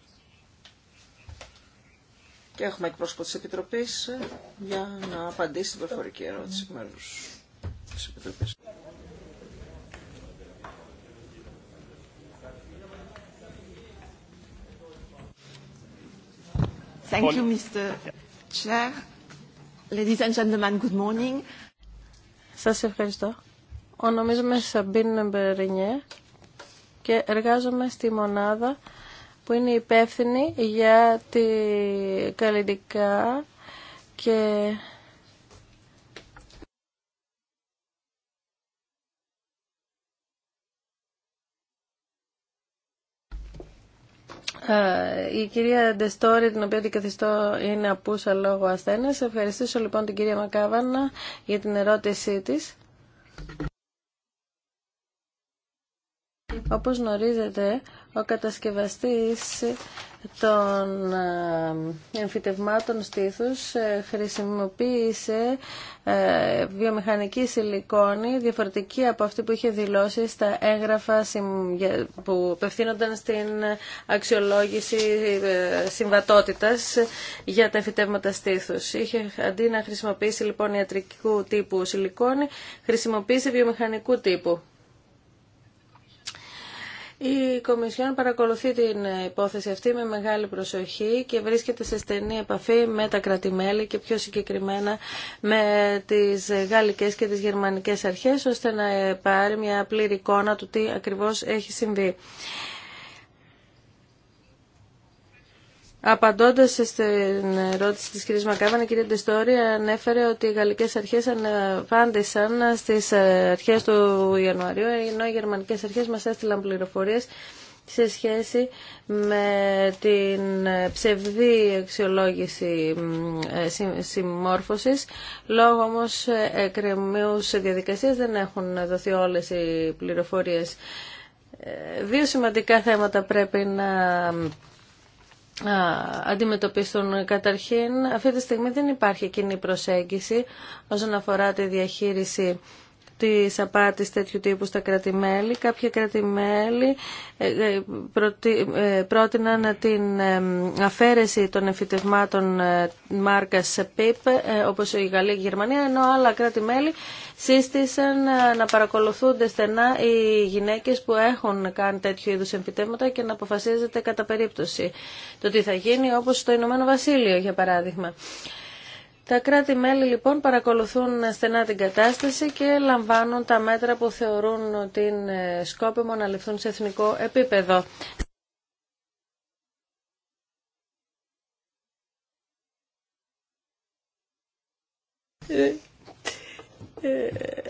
Και έχουμε εκπρόσωπο τη Επιτροπή για να απαντήσει την προφορική ερώτηση εκ μέρου τη Επιτροπή. Thank Σας ευχαριστώ. Ονομίζομαι Σαμπίν Μπερινιέ και εργάζομαι στη μονάδα που είναι υπεύθυνη για τη καλλιτικά και ε, Η κυρία Ντεστόρη, την οποία αντικαθιστώ, είναι απούσα λόγω ασθένεια. Ευχαριστήσω λοιπόν την κυρία Μακάβανα για την ερώτησή της. Όπως γνωρίζετε, ο κατασκευαστής των ε, εμφυτευμάτων στήθους ε, χρησιμοποίησε ε, βιομηχανική σιλικόνη διαφορετική από αυτή που είχε δηλώσει στα έγγραφα που απευθύνονταν στην αξιολόγηση συμβατότητας για τα εμφυτεύματα στήθους. Είχε, αντί να χρησιμοποιήσει λοιπόν ιατρικού τύπου σιλικόνη, χρησιμοποίησε βιομηχανικού τύπου. Η Κομισιόν παρακολουθεί την υπόθεση αυτή με μεγάλη προσοχή και βρίσκεται σε στενή επαφή με τα κρατημέλη και πιο συγκεκριμένα με τις γαλλικές και τις γερμανικές αρχές ώστε να πάρει μια πλήρη εικόνα του τι ακριβώς έχει συμβεί. Απαντώντα στην ερώτηση της κυρία Μακάβανα, η κυρία Ντεστόρη ανέφερε ότι οι γαλλικέ αρχές απάντησαν στι αρχές του Ιανουαρίου, ενώ οι γερμανικέ αρχές μας έστειλαν πληροφορίες σε σχέση με την ψευδή αξιολόγηση ε, συμμόρφωσης. Λόγω όμως εκκρεμίους διαδικασίες δεν έχουν δοθεί όλες οι πληροφορίες. Ε, δύο σημαντικά θέματα πρέπει να αντιμετωπίσουν. Καταρχήν, αυτή τη στιγμή δεν υπάρχει κοινή προσέγγιση όσον αφορά τη διαχείριση τη απάτη τέτοιου τύπου στα κρατημέλη. Κάποια κράτη-μέλη ε, ε, ε, πρότειναν την αφαίρεση των εμφυτευμάτων μάρκας πιπ όπως η Γαλλία και η Γερμανία, ενώ άλλα κράτη-μέλη σύστησαν να παρακολουθούνται στενά οι γυναίκες που έχουν κάνει τέτοιου είδους εμφυτεύματα και να αποφασίζεται κατά περίπτωση το τι θα γίνει, όπως στο Ηνωμένο Βασίλειο, για παράδειγμα. Τα κράτη-μέλη λοιπόν παρακολουθούν στενά την κατάσταση και λαμβάνουν τα μέτρα που θεωρούν ότι είναι σκόπιμο να ληφθούν σε εθνικό επίπεδο. Ε, ε, ε,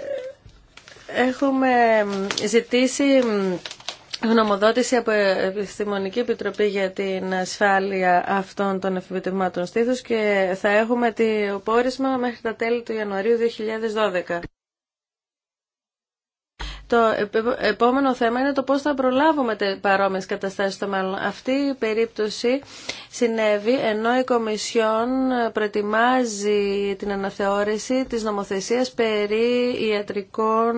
έχουμε ζητήσει γνωμοδότηση από Επιστημονική Επιτροπή για την ασφάλεια αυτών των εφηβητευμάτων στήθους και θα έχουμε το πόρισμα μέχρι τα τέλη του Ιανουαρίου 2012. Το επόμενο θέμα είναι το πώς θα προλάβουμε παρόμοιες καταστάσεις στο μέλλον. Αυτή η περίπτωση συνέβη ενώ η Κομισιόν προετοιμάζει την αναθεώρηση της νομοθεσίας περί ιατρικών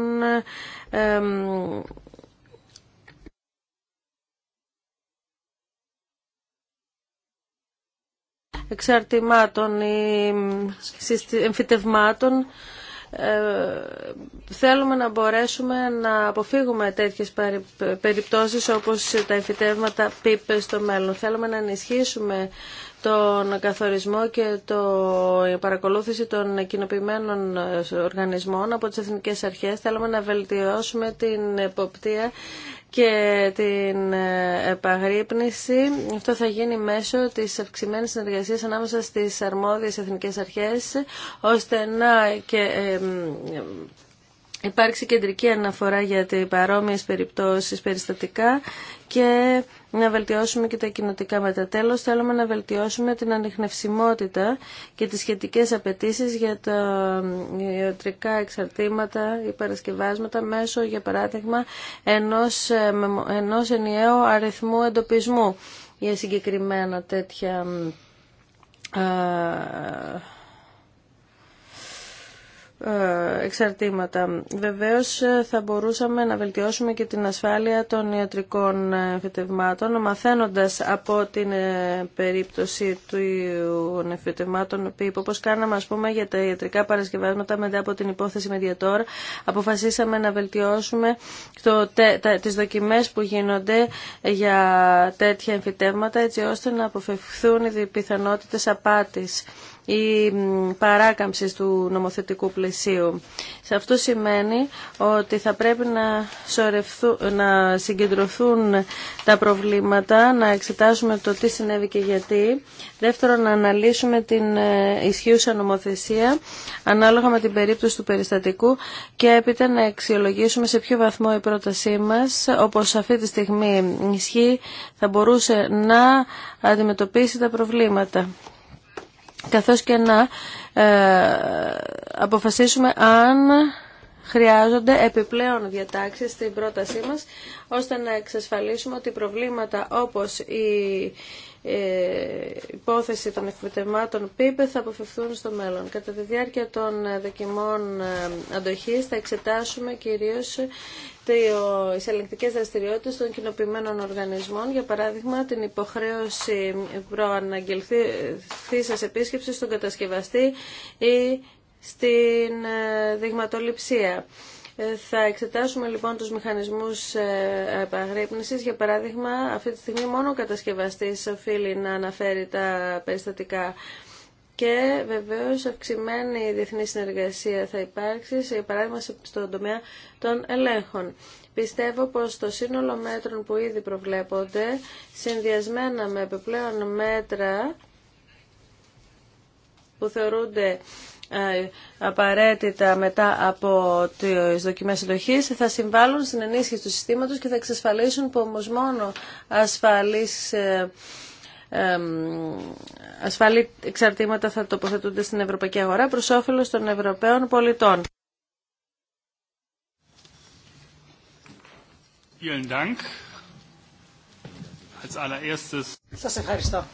εξαρτημάτων ή εμφυτευμάτων ε, θέλουμε να μπορέσουμε να αποφύγουμε τέτοιες περιπτώσεις όπως τα εμφυτεύματα πίπε στο μέλλον. Θέλουμε να ενισχύσουμε τον καθορισμό και το, παρακολούθηση των κοινοποιημένων ε, οργανισμών από τις εθνικές αρχές. Θέλουμε να βελτιώσουμε την εποπτεία και την ε, επαγρύπνηση. Αυτό θα γίνει μέσω της αυξημένης συνεργασίας ανάμεσα στις αρμόδιες εθνικές αρχές, ώστε να και, υπάρξει κεντρική αναφορά για τις παρόμοιες περιπτώσεις περιστατικά και να βελτιώσουμε και τα κοινοτικά μέτρα. Τέλο, θέλουμε να βελτιώσουμε την ανιχνευσιμότητα και τι σχετικέ απαιτήσει για τα ιατρικά εξαρτήματα ή παρασκευάσματα μέσω, για παράδειγμα, ενό ε, ενός ενιαίου αριθμού εντοπισμού για συγκεκριμένα τέτοια ε, ε, εξαρτήματα. Βεβαίως ε, θα μπορούσαμε να βελτιώσουμε και την ασφάλεια των ιατρικών εμφυτευμάτων μαθαίνοντας από την ε, περίπτωση του εμφυτευμάτων που όπως κάναμε ας πούμε για τα ιατρικά παρασκευάσματα μετά από την υπόθεση με αποφασίσαμε να βελτιώσουμε το, τις δοκιμές που γίνονται για τέτοια εμφυτεύματα έτσι ώστε να αποφευχθούν οι πιθανότητες απάτης ή παράκαμψη του νομοθετικού πλαισίου. Σε αυτό σημαίνει ότι θα πρέπει να, να συγκεντρωθούν τα προβλήματα, να εξετάσουμε το τι συνέβη και γιατί. Δεύτερον, να αναλύσουμε την ε, ισχύουσα νομοθεσία ανάλογα με την περίπτωση του περιστατικού και έπειτα να αξιολογήσουμε σε ποιο βαθμό η πρότασή μας, όπως αυτή τη στιγμή ισχύει, θα μπορούσε να αντιμετωπίσει τα προβλήματα καθώς και να ε, αποφασίσουμε αν χρειάζονται επιπλέον διατάξεις στην πρότασή μας, ώστε να εξασφαλίσουμε ότι προβλήματα όπως η ε, υπόθεση των εκπαιδευμάτων ΠΥΠΕ θα αποφευθούν στο μέλλον. Κατά τη διάρκεια των ε, δοκιμών ε, αντοχής θα εξετάσουμε κυρίως τις ελεγκτικές δραστηριότητες των κοινοποιημένων οργανισμών, για παράδειγμα την υποχρέωση προαναγγελθήσας επίσκεψη στον κατασκευαστή ή στην δειγματοληψία. Ε, θα εξετάσουμε λοιπόν τους μηχανισμούς ε, επαγρύπνησης. Για παράδειγμα, αυτή τη στιγμή μόνο ο κατασκευαστής οφείλει να αναφέρει τα περιστατικά και βεβαίως αυξημένη διεθνή συνεργασία θα υπάρξει, για παράδειγμα στον τομέα των ελέγχων. Πιστεύω πως το σύνολο μέτρων που ήδη προβλέπονται, συνδυασμένα με επιπλέον μέτρα που θεωρούνται ε, απαραίτητα μετά από τις δοκιμές θα συμβάλλουν στην ενίσχυση του συστήματος και θα εξασφαλίσουν που όμως μόνο ασφαλείς ε, ε, ασφαλή εξαρτήματα θα τοποθετούνται στην ευρωπαϊκή αγορά προς όφελος των Ευρωπαίων πολιτών. Σας ευχαριστώ.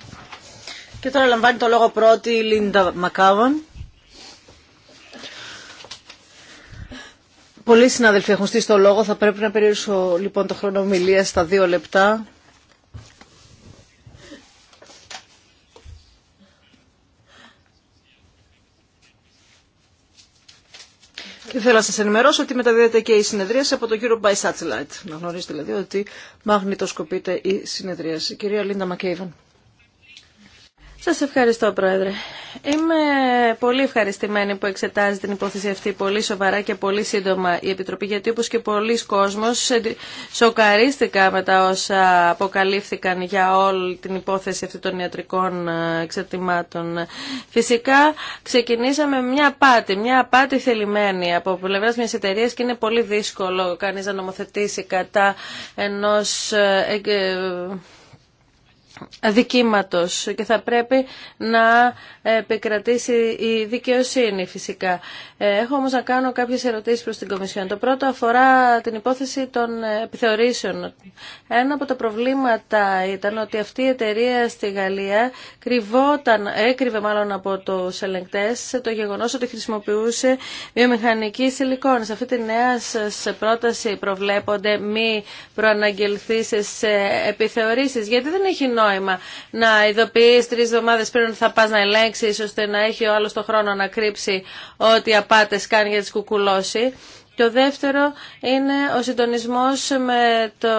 Και τώρα λαμβάνει το λόγο πρώτη η Λίντα Μακάβαν Πολλοί συνάδελφοι έχουν στήσει το λόγο. Θα πρέπει να περιορίσω λοιπόν το χρόνο ομιλία στα δύο λεπτά. Και θέλω να σας ενημερώσω ότι μεταδίδεται και η συνεδρίαση από τον κύριο By Satellite. Να γνωρίζετε δηλαδή ότι μαγνητοσκοπείται η συνεδρίαση. Κυρία Λίντα Μακέιβαν. Σας ευχαριστώ, Πρόεδρε. Είμαι πολύ ευχαριστημένη που εξετάζει την υπόθεση αυτή πολύ σοβαρά και πολύ σύντομα η Επιτροπή, γιατί όπως και πολλοί κόσμος σοκαρίστηκα με τα όσα αποκαλύφθηκαν για όλη την υπόθεση αυτή των ιατρικών ε, εξετημάτων. Φυσικά ξεκινήσαμε μια απάτη, μια απάτη θελημένη από πλευρά μια εταιρεία και είναι πολύ δύσκολο κανείς να νομοθετήσει κατά ενός ε, ε, δικήματος και θα πρέπει να επικρατήσει η δικαιοσύνη φυσικά. Ε, έχω όμως να κάνω κάποιες ερωτήσεις προς την Κομισιόν. Το πρώτο αφορά την υπόθεση των επιθεωρήσεων. Ένα από τα προβλήματα ήταν ότι αυτή η εταιρεία στη Γαλλία κρυβόταν, έκρυβε μάλλον από τους ελεγκτές το γεγονός ότι χρησιμοποιούσε βιομηχανική σιλικόνη. Σε αυτή τη νέα σας πρόταση προβλέπονται μη προαναγγελθήσεις επιθεωρήσεις γιατί δεν έχει νόημα νόημα να ειδοποιεί τρει εβδομάδε πριν ότι θα πα να ελέγξει, ώστε να έχει ο άλλο το χρόνο να κρύψει ό,τι απάτε κάνει για τι κουκουλώσει. Το δεύτερο είναι ο συντονισμός με το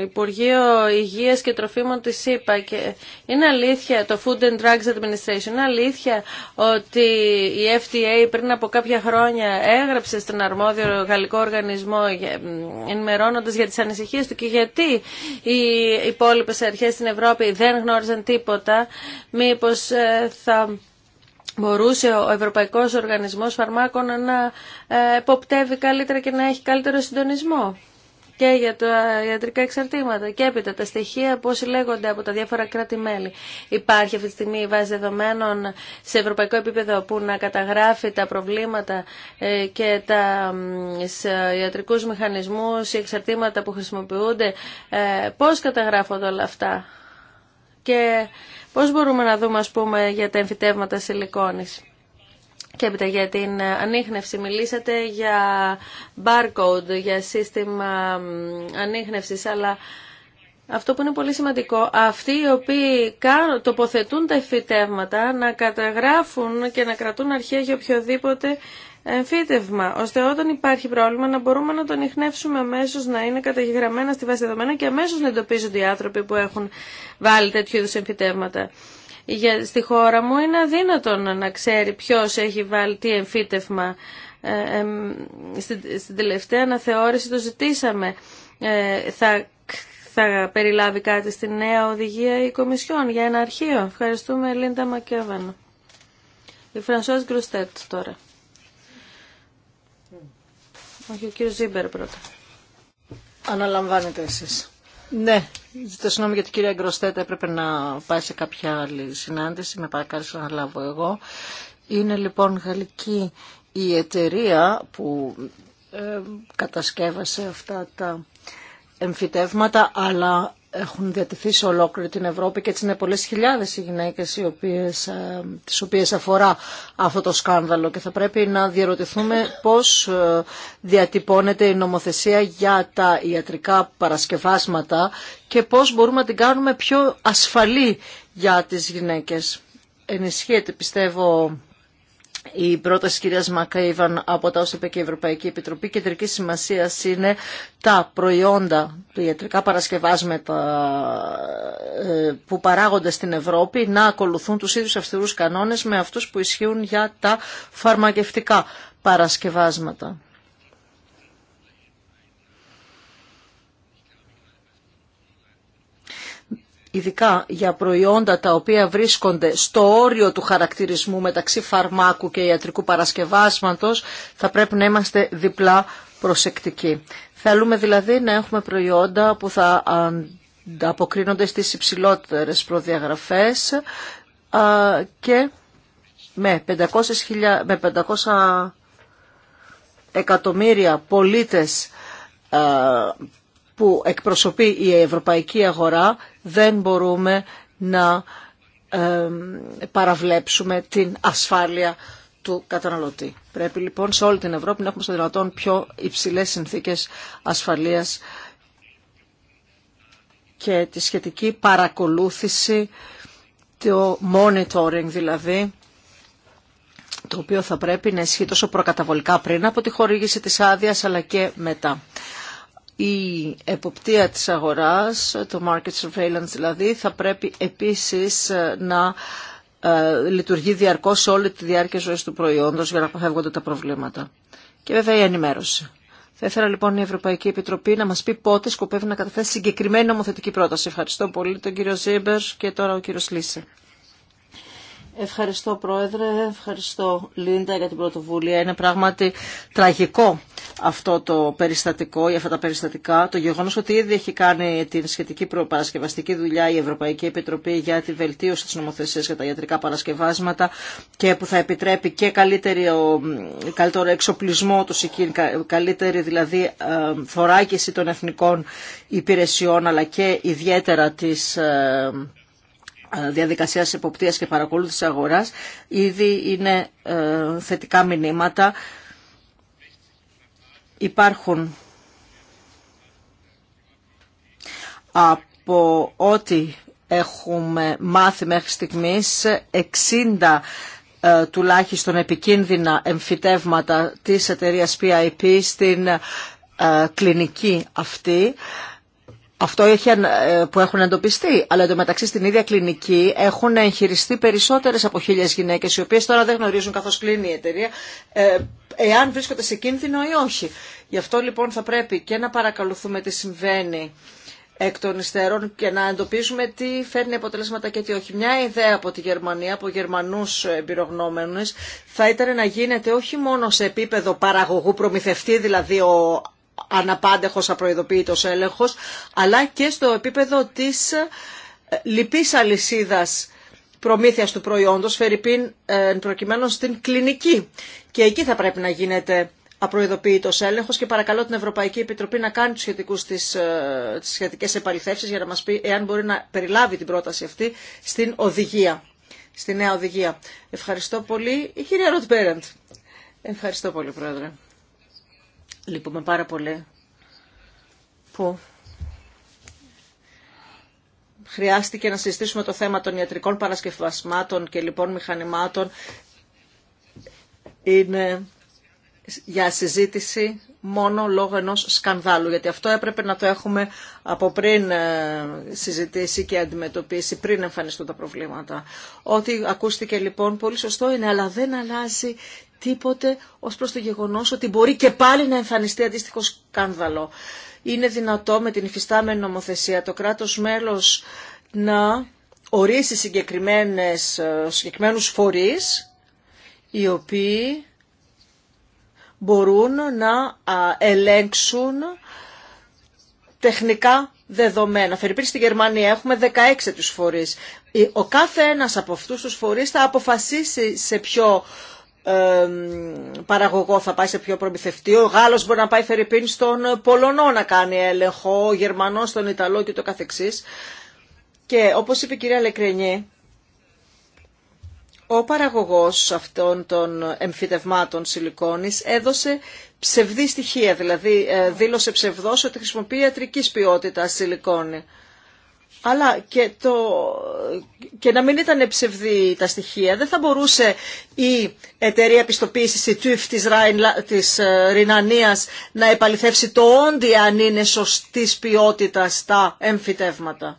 Υπουργείο Υγείας και Τροφίμων της ΣΥΠΑ. Και είναι αλήθεια, το Food and Drugs Administration, είναι αλήθεια ότι η FDA πριν από κάποια χρόνια έγραψε στον αρμόδιο γαλλικό οργανισμό ενημερώνοντας για τις ανησυχίες του και γιατί οι υπόλοιπες αρχές στην Ευρώπη δεν γνώριζαν τίποτα. Μήπως ε, θα μπορούσε ο Ευρωπαϊκός Οργανισμός Φαρμάκων να ε, εποπτεύει καλύτερα και να έχει καλύτερο συντονισμό και για τα ιατρικά εξαρτήματα και έπειτα τα στοιχεία που όσοι λέγονται από τα διάφορα κράτη-μέλη. Υπάρχει αυτή τη στιγμή η βάση δεδομένων σε ευρωπαϊκό επίπεδο που να καταγράφει τα προβλήματα ε, και τα ιατρικούς μηχανισμούς, οι εξαρτήματα που χρησιμοποιούνται. Ε, πώς καταγράφονται όλα αυτά. Και Πώς μπορούμε να δούμε, ας πούμε, για τα εμφυτεύματα σιλικόνης. Και έπειτα για την ανείχνευση μιλήσατε για barcode, για σύστημα ανείχνευσης, αλλά αυτό που είναι πολύ σημαντικό, αυτοί οι οποίοι τοποθετούν τα εμφυτεύματα να καταγράφουν και να κρατούν αρχαία για οποιοδήποτε εμφύτευμα, ώστε όταν υπάρχει πρόβλημα να μπορούμε να τον ειχνεύσουμε αμέσω, να είναι καταγεγραμμένα στη βάση δεδομένα και αμέσω να εντοπίζονται οι άνθρωποι που έχουν βάλει τέτοιου είδου εμφυτεύματα. Για, στη χώρα μου είναι αδύνατο να ξέρει ποιο έχει βάλει τι εμφύτευμα. Ε, ε, στην, στην, τελευταία αναθεώρηση το ζητήσαμε. Ε, θα, θα περιλάβει κάτι στη νέα οδηγία η Κομισιόν για ένα αρχείο. Ευχαριστούμε Λίντα Μακέβανο. Η Φρανσόα Γκρουστέτ τώρα. Όχι, ο κύριο πρώτα. Αναλαμβάνετε εσεί. Ναι, ζητώ συγγνώμη γιατί την κυρία Γκροστέτα έπρεπε να πάει σε κάποια άλλη συνάντηση, με παρακάλεσε να λάβω εγώ. Είναι λοιπόν γαλλική η εταιρεία που ε, κατασκεύασε αυτά τα εμφυτεύματα, αλλά έχουν διατηθεί σε ολόκληρη την Ευρώπη και έτσι είναι πολλές χιλιάδες οι γυναίκες οι οποίες, ε, τις οποίες αφορά αυτό το σκάνδαλο και θα πρέπει να διαρωτηθούμε πώς ε, διατυπώνεται η νομοθεσία για τα ιατρικά παρασκευάσματα και πώς μπορούμε να την κάνουμε πιο ασφαλή για τις γυναίκες. Ενισχύεται πιστεύω η πρόταση κυρία Μακαΐβαν από τα όσα είπε και η Ευρωπαϊκή Επιτροπή κεντρική σημασία είναι τα προϊόντα, τα ιατρικά παρασκευάσματα ε, που παράγονται στην Ευρώπη να ακολουθούν τους ίδιους αυστηρούς κανόνες με αυτούς που ισχύουν για τα φαρμακευτικά παρασκευάσματα. ειδικά για προϊόντα τα οποία βρίσκονται στο όριο του χαρακτηρισμού μεταξύ φαρμάκου και ιατρικού παρασκευάσματος, θα πρέπει να είμαστε διπλά προσεκτικοί. Θέλουμε δηλαδή να έχουμε προϊόντα που θα αποκρίνονται στις υψηλότερες προδιαγραφές και με 500, με εκατομμύρια πολίτες που εκπροσωπεί η ευρωπαϊκή αγορά δεν μπορούμε να παραβλέψουμε την ασφάλεια του καταναλωτή. Πρέπει λοιπόν σε όλη την Ευρώπη να έχουμε στο δυνατόν πιο υψηλές συνθήκες ασφαλείας και τη σχετική παρακολούθηση, το monitoring δηλαδή, το οποίο θα πρέπει να ισχύει τόσο προκαταβολικά πριν από τη χορήγηση της άδειας αλλά και μετά η εποπτεία της αγοράς, το market surveillance δηλαδή, θα πρέπει επίσης ε, να ε, λειτουργεί διαρκώς σε όλη τη διάρκεια ζωής του προϊόντος για να αποφεύγονται τα προβλήματα. Και βέβαια η ενημέρωση. Θα ήθελα λοιπόν η Ευρωπαϊκή Επιτροπή να μας πει πότε σκοπεύει να καταθέσει συγκεκριμένη νομοθετική πρόταση. Ευχαριστώ πολύ τον κύριο Ζίμπερ και τώρα ο κύριος Λίσε. Ευχαριστώ Πρόεδρε, ευχαριστώ Λίντα για την πρωτοβουλία. Είναι πράγματι τραγικό αυτό το περιστατικό ή αυτά τα περιστατικά. Το γεγονό ότι ήδη έχει κάνει την σχετική προπαρασκευαστική δουλειά η Ευρωπαϊκή Επιτροπή για τη βελτίωση τη νομοθεσία για τα ιατρικά παρασκευάσματα και που θα επιτρέπει και καλύτερο, καλύτερο εξοπλισμό του, καλύτερη δηλαδή ε, θωράκιση των εθνικών υπηρεσιών αλλά και ιδιαίτερα της ε, ε, διαδικασίας εποπτείας και παρακολούθησης αγοράς ήδη είναι ε, θετικά μηνύματα. Υπάρχουν από ό,τι έχουμε μάθει μέχρι στιγμής 60 ε, τουλάχιστον επικίνδυνα εμφυτεύματα της εταιρείας PIP στην κλινική αυτή. Αυτό ε, που έχουν εντοπιστεί, αλλά εντωμεταξύ στην ίδια κλινική έχουν εγχειριστεί περισσότερε από χίλιε γυναίκε, οι οποίε τώρα δεν γνωρίζουν καθώ κλείνει η εταιρεία, ε, εάν βρίσκονται σε κίνδυνο ή όχι. Γι' αυτό λοιπόν θα πρέπει και να παρακολουθούμε τι συμβαίνει εκ των υστέρων και να εντοπίζουμε τι φέρνει αποτελέσματα και τι όχι. Μια ιδέα από τη Γερμανία, από γερμανούς εμπειρογνώμενους, θα ήταν να γίνεται όχι μόνο σε επίπεδο παραγωγού, προμηθευτή δηλαδή ο αναπάντεχος απροειδοποιητός έλεγχος, αλλά και στο επίπεδο της ε, λυπής αλυσίδας προμήθειας του προϊόντος, φερειπίν ε, προκειμένου στην κλινική. Και εκεί θα πρέπει να γίνεται απροειδοποιητό έλεγχο και παρακαλώ την Ευρωπαϊκή Επιτροπή να κάνει του σχετικού ε, τι σχετικέ επαληθεύσει για να μας πει εάν μπορεί να περιλάβει την πρόταση αυτή στην οδηγία. Στη νέα οδηγία. Ευχαριστώ πολύ. Η κυρία Ροτ Ευχαριστώ πολύ, Πρόεδρε. Λυπούμε πάρα πολύ που χρειάστηκε να συζητήσουμε το θέμα των ιατρικών παρασκευασμάτων και λοιπόν μηχανημάτων. Είναι για συζήτηση μόνο λόγω ενός σκανδάλου, γιατί αυτό έπρεπε να το έχουμε από πριν ε, συζητήσει και αντιμετωπίσει, πριν εμφανιστούν τα προβλήματα. Ό,τι ακούστηκε λοιπόν πολύ σωστό είναι, αλλά δεν αλλάζει τίποτε ως προς το γεγονός ότι μπορεί και πάλι να εμφανιστεί αντίστοιχο σκάνδαλο. Είναι δυνατό με την υφιστάμενη νομοθεσία το κράτος μέλος να ορίσει συγκεκριμένες, ε, συγκεκριμένους φορείς οι οποίοι μπορούν να ελέγξουν τεχνικά δεδομένα. Φερρυπίν στη Γερμανία έχουμε 16 τους φορείς. Ε, ο κάθε ένας από αυτούς τους φορείς θα αποφασίσει σε ποιο παραγωγό θα πάει σε πιο προμηθευτή. Ο Γάλλος μπορεί να πάει φερειπίν στον Πολωνό να κάνει έλεγχο, ο Γερμανός στον Ιταλό και το καθεξής. Και όπως είπε η κυρία Λεκρενιέ, ο παραγωγός αυτών των εμφυτευμάτων σιλικόνης έδωσε ψευδή στοιχεία, δηλαδή ε, δήλωσε ψευδός ότι χρησιμοποιεί ιατρικής ποιότητας σιλικόνη αλλά και, το, και να μην ήταν ψευδή τα στοιχεία, δεν θα μπορούσε η εταιρεία πιστοποίηση, η TÜV της, ε, Ρινανίας να επαληθεύσει το όντι αν είναι σωστή ποιότητα τα εμφυτεύματα.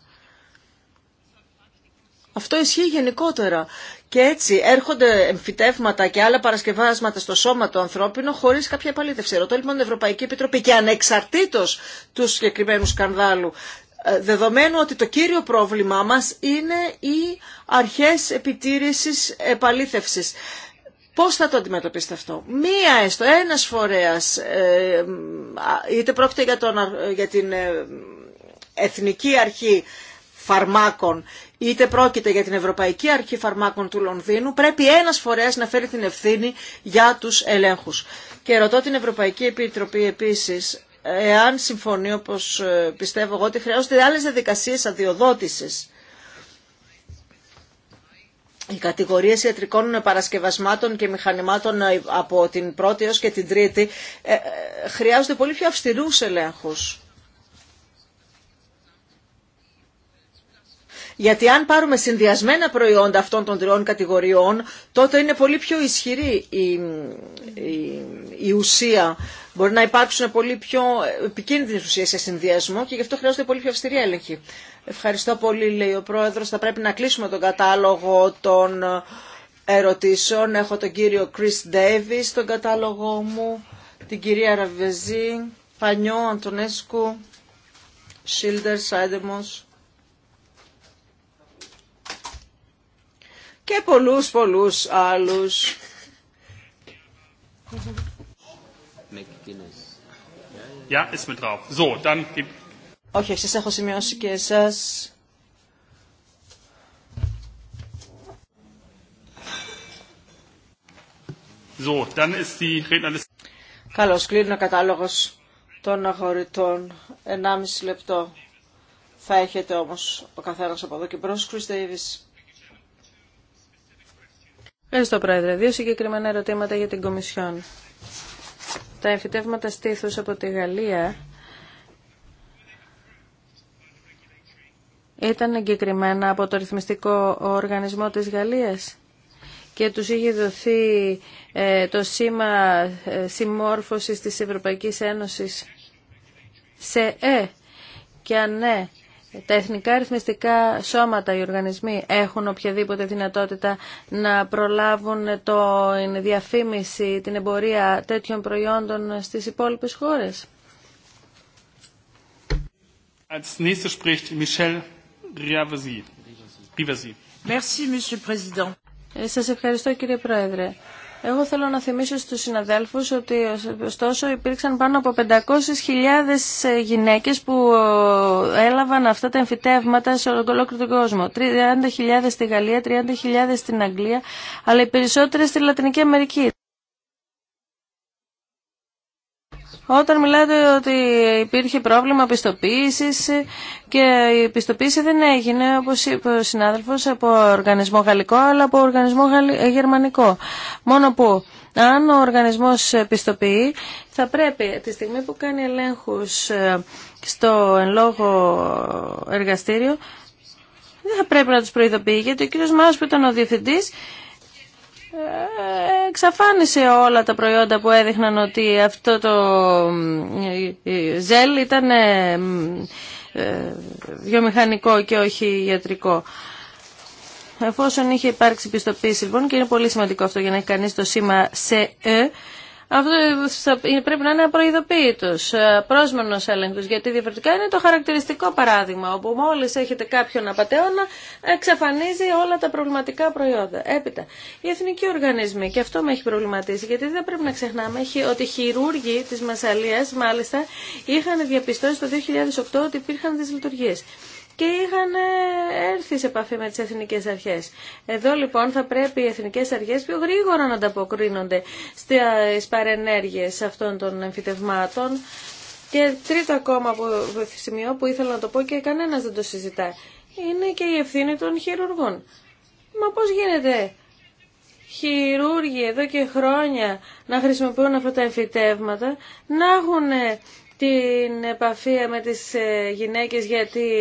Αυτό ισχύει γενικότερα. Και έτσι έρχονται εμφυτεύματα και άλλα παρασκευάσματα στο σώμα το ανθρώπινο χωρί κάποια επαλήθευση. Ρωτώ λοιπόν την Ευρωπαϊκή Επιτροπή και ανεξαρτήτω του συγκεκριμένου σκανδάλου ε, δεδομένου ότι το κύριο πρόβλημά μας είναι οι αρχές επιτήρησης επαλήθευσης. Πώς θα το αντιμετωπίσετε αυτό. Μία έστω, ένας φορέας, ε, ε, είτε πρόκειται για, τον, για την Εθνική Αρχή Φαρμάκων, είτε πρόκειται για την Ευρωπαϊκή Αρχή Φαρμάκων του Λονδίνου, πρέπει ένας φορέας να φέρει την ευθύνη για τους ελέγχους. Και ρωτώ την Ευρωπαϊκή Επιτροπή επίσης, εάν συμφωνεί όπως ε, πιστεύω εγώ ότι χρειάζονται άλλες διαδικασίες αδειοδότησης. Οι κατηγορίες ιατρικών παρασκευασμάτων και μηχανημάτων ε, από την πρώτη έως και την τρίτη ε, χρειάζονται πολύ πιο αυστηρούς ελέγχους. Γιατί αν πάρουμε συνδυασμένα προϊόντα αυτών των τριών κατηγοριών, τότε είναι πολύ πιο ισχυρή η, η, η ουσία Μπορεί να υπάρξουν πολύ πιο επικίνδυνε ουσίε σε συνδυασμό και γι' αυτό χρειάζονται πολύ πιο αυστηρή έλεγχη. Ευχαριστώ πολύ, λέει ο Πρόεδρο. Θα πρέπει να κλείσουμε τον κατάλογο των ερωτήσεων. Έχω τον κύριο Chris Davis στον κατάλογο μου, την κυρία Ραβεζή, Πανιό, Αντωνέσκου, Σίλτερ, Σάιντεμο. και πολλούς πολλούς άλλους. Ja, ist mit Όχι, έχω σημειώσει και εσάς. So, dann ist die κλείνει ο κατάλογος των αγορητών. 1,5 λεπτό θα έχετε όμως ο καθένας από εδώ και μπρος. Chris Davis. Ευχαριστώ, Πρόεδρε. Δύο συγκεκριμένα ερωτήματα για την Κομισιόν τα εφητεύματα στήθους από τη Γαλλία ήταν εγκεκριμένα από το ρυθμιστικό οργανισμό της Γαλλίας και τους είχε δοθεί ε, το σήμα ε, συμμόρφωσης της Ευρωπαϊκής Ένωσης σε «Ε» και αν ναι, τα εθνικά ρυθμιστικά σώματα, οι οργανισμοί έχουν οποιαδήποτε δυνατότητα να προλάβουν το, διαφήμιση, την εμπορία τέτοιων προϊόντων στις υπόλοιπες χώρες. Als ε, Σας ευχαριστώ κύριε Πρόεδρε. Εγώ θέλω να θυμίσω στους συναδέλφους ότι ωστόσο υπήρξαν πάνω από 500.000 ε, γυναίκες που ε, έλαβαν αυτά τα εμφυτεύματα σε ολόκληρο τον κόσμο. 30.000 στη Γαλλία, 30.000 στην Αγγλία, αλλά οι περισσότερες στη Λατινική Αμερική. Όταν μιλάτε ότι υπήρχε πρόβλημα πιστοποίησης και η πιστοποίηση δεν έγινε, όπως είπε ο συνάδελφος, από οργανισμό γαλλικό, αλλά από οργανισμό ε, γερμανικό. Μόνο που αν ο οργανισμός πιστοποιεί, θα πρέπει τη στιγμή που κάνει ελέγχους ε, στο εν λόγω εργαστήριο, δεν θα πρέπει να τους προειδοποιεί, γιατί ο κύριος Μάος που ήταν ο διευθυντής εξαφάνισε όλα τα προϊόντα που έδειχναν ότι αυτό το ζέλ ήταν ε, ε, βιομηχανικό και όχι ιατρικό. Εφόσον είχε υπάρξει πιστοποίηση λοιπόν και είναι πολύ σημαντικό αυτό για να έχει κανείς το σήμα CE αυτό πρέπει να είναι απροειδοποίητο, ε, πρόσμενο έλεγχο, γιατί διαφορετικά είναι το χαρακτηριστικό παράδειγμα, όπου μόλι έχετε κάποιον απαταιώνα, εξαφανίζει όλα τα προβληματικά προϊόντα. Έπειτα, οι εθνικοί οργανισμοί, και αυτό με έχει προβληματίσει, γιατί δεν πρέπει να ξεχνάμε ότι οι χειρούργοι τη Μασαλία, μάλιστα, είχαν διαπιστώσει το 2008 ότι υπήρχαν δυσλειτουργίε και είχαν ε, έρθει σε επαφή με τις εθνικές αρχές. Εδώ λοιπόν θα πρέπει οι εθνικές αρχές πιο γρήγορα να ανταποκρίνονται στις παρενέργειες αυτών των εμφυτευμάτων και τρίτο ακόμα που, σημείο που ήθελα να το πω και κανένας δεν το συζητά είναι και η ευθύνη των χειρουργών. Μα πώς γίνεται χειρούργοι εδώ και χρόνια να χρησιμοποιούν αυτά τα εμφυτεύματα, να έχουν την επαφή με τις ε, γυναίκες γιατί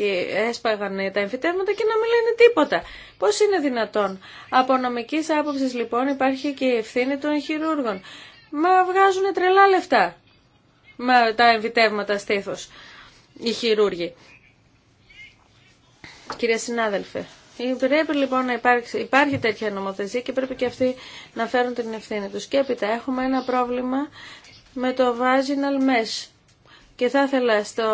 ε, έσπαγαν τα εμφυτεύματα και να μην λένε τίποτα. Πώς είναι δυνατόν. Από νομικής άποψης λοιπόν υπάρχει και η ευθύνη των χειρούργων. Μα βγάζουν τρελά λεφτά με τα εμφυτεύματα στήθος οι χειρούργοι. Κυρία συνάδελφε, πρέπει λοιπόν να υπάρχει τέτοια νομοθεσία και πρέπει και αυτοί να φέρουν την ευθύνη τους. Και έπειτα έχουμε ένα πρόβλημα με το vaginal mesh. Και θα ήθελα στο...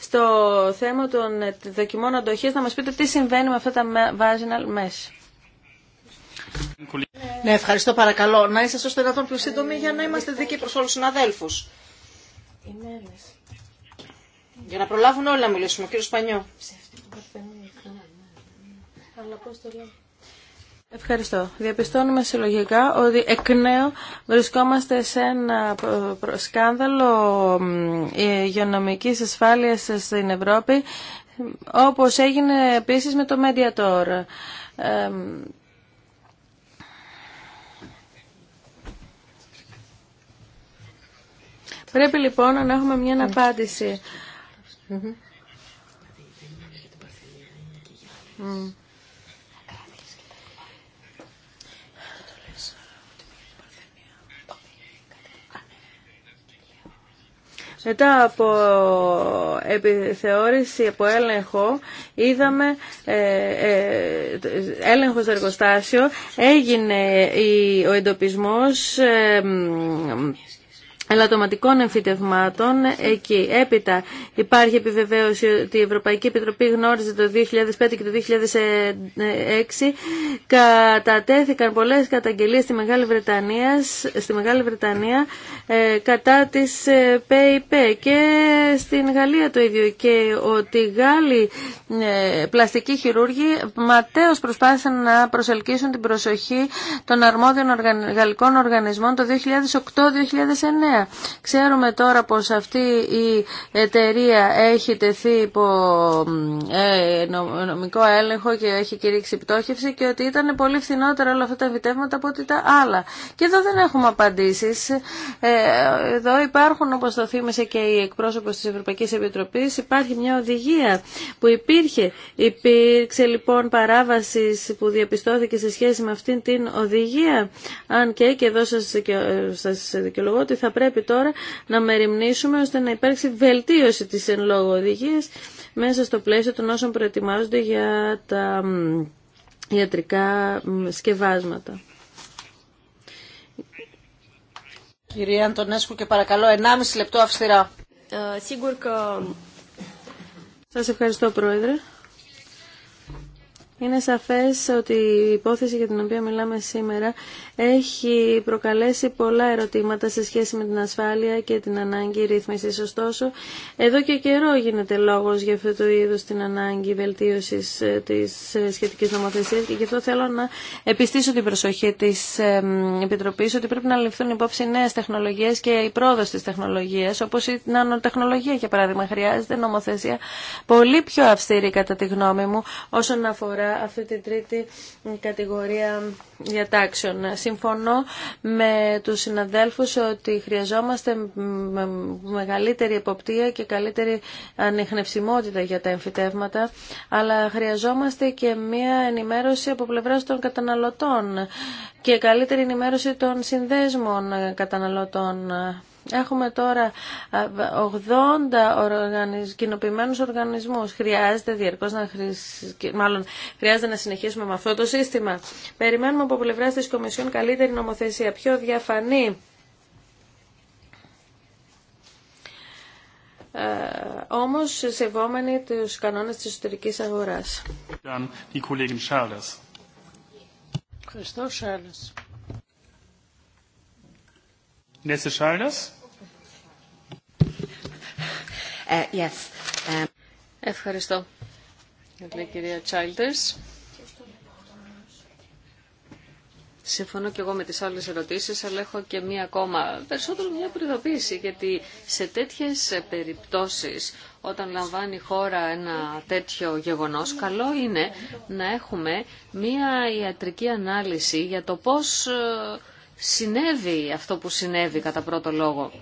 στο θέμα των δοκιμών αντοχής να μας πείτε τι συμβαίνει με αυτά τα vaginal mesh. Ναι, ευχαριστώ παρακαλώ. Να είσαι ώστε να τον πιο σύντομη για να είμαστε δικοί προς όλους τους συναδέλφους. Για να προλάβουν όλα, να μιλήσουμε κύριο Σπανιό. Αλλά πώς το λέω. Ευχαριστώ. Διαπιστώνουμε συλλογικά ότι εκ νέου βρισκόμαστε σε ένα σκάνδαλο υγειονομικής ασφάλειας στην Ευρώπη, όπως έγινε επίσης με το Mediator. Πρέπει λοιπόν να έχουμε μια απάντηση. Μετά από επιθεώρηση, από έλεγχο, είδαμε ε, ε έλεγχο στο εργοστάσιο, έγινε ο εντοπισμός ε, ελαττωματικών εμφυτευμάτων εκεί. Έπειτα υπάρχει επιβεβαίωση ότι η Ευρωπαϊκή Επιτροπή γνώριζε το 2005 και το 2006 κατατέθηκαν πολλές καταγγελίες στη Μεγάλη Βρετανία, στη Μεγάλη Βρετανία ε, κατά της ΠΕΙΠ και στην Γαλλία το ίδιο και ότι οι Γάλλοι ε, πλαστικοί χειρούργοι ματέως προσπάθησαν να προσελκύσουν την προσοχή των αρμόδιων γαλλικών οργανισμών το 2008-2009 ναι, ξέρουμε τώρα πως αυτή η εταιρεία έχει τεθεί υπό ε, νομικό έλεγχο και έχει κηρύξει πτώχευση και ότι ήταν πολύ φθηνότερα όλα αυτά τα επιτεύγματα από ότι τα άλλα. Και εδώ δεν έχουμε απαντήσεις. Ε, εδώ υπάρχουν, όπως το θύμισε και η εκπρόσωπος της Ευρωπαϊκής Επιτροπής, υπάρχει μια οδηγία που υπήρχε. Υπήρξε λοιπόν παράβαση που διαπιστώθηκε σε σχέση με αυτήν την οδηγία. Αν και, και εδώ σας δικαιολογώ ότι θα πρέπει πρέπει τώρα να μεριμνήσουμε ώστε να υπάρξει βελτίωση της εν λόγω οδηγίας μέσα στο πλαίσιο των όσων προετοιμάζονται για τα ιατρικά σκευάσματα. Κυρία Αντωνέσκου και παρακαλώ 1,5 λεπτό αυστηρά. Ε, Σας ευχαριστώ Πρόεδρε. Είναι σαφές ότι η υπόθεση για την οποία μιλάμε σήμερα έχει προκαλέσει πολλά ερωτήματα σε σχέση με την ασφάλεια και την ανάγκη ρύθμισης. Ωστόσο, εδώ και καιρό γίνεται λόγος για αυτό το είδους την ανάγκη βελτίωσης ε, της ε, σχετικής νομοθεσίας και γι' αυτό θέλω να επιστήσω την προσοχή της Επιτροπής ότι πρέπει να ληφθούν υπόψη νέες τεχνολογίες και η πρόοδος της τεχνολογίας, όπως η νανοτεχνολογία για παράδειγμα. Χρειάζεται νομοθεσία πολύ πιο αυστηρή κατά τη γνώμη μου όσον αφορά αυτή την τρίτη κατηγορία διατάξεων συμφωνώ με τους συναδέλφους ότι χρειαζόμαστε μεγαλύτερη εποπτεία και καλύτερη ανεχνευσιμότητα για τα εμφυτεύματα, αλλά χρειαζόμαστε και μια ενημέρωση από πλευράς των καταναλωτών και καλύτερη ενημέρωση των συνδέσμων καταναλωτών. Έχουμε τώρα 80 οργανισ... κοινοποιημένους οργανισμούς. Χρειάζεται διαρκώς να χρησι... μάλλον χρειάζεται να συνεχίσουμε με αυτό το σύστημα. Περιμένουμε από πλευρά της Κομισιόν καλύτερη νομοθεσία, πιο διαφανή. Ε, όμως σεβόμενοι τους κανόνες της εσωτερικής αγοράς. Ευχαριστώ, Σάρλες. Uh, um, Ευχαριστώ. κυρία Childers. Συμφωνώ και εγώ με τις άλλες ερωτήσεις, αλλά έχω και μία ακόμα, περισσότερο μία προειδοποίηση, γιατί σε τέτοιες περιπτώσεις, όταν λαμβάνει η χώρα ένα τέτοιο γεγονός, καλό είναι να έχουμε μία ιατρική ανάλυση για το πώς ε, συνέβη αυτό που συνέβη κατά πρώτο λόγο.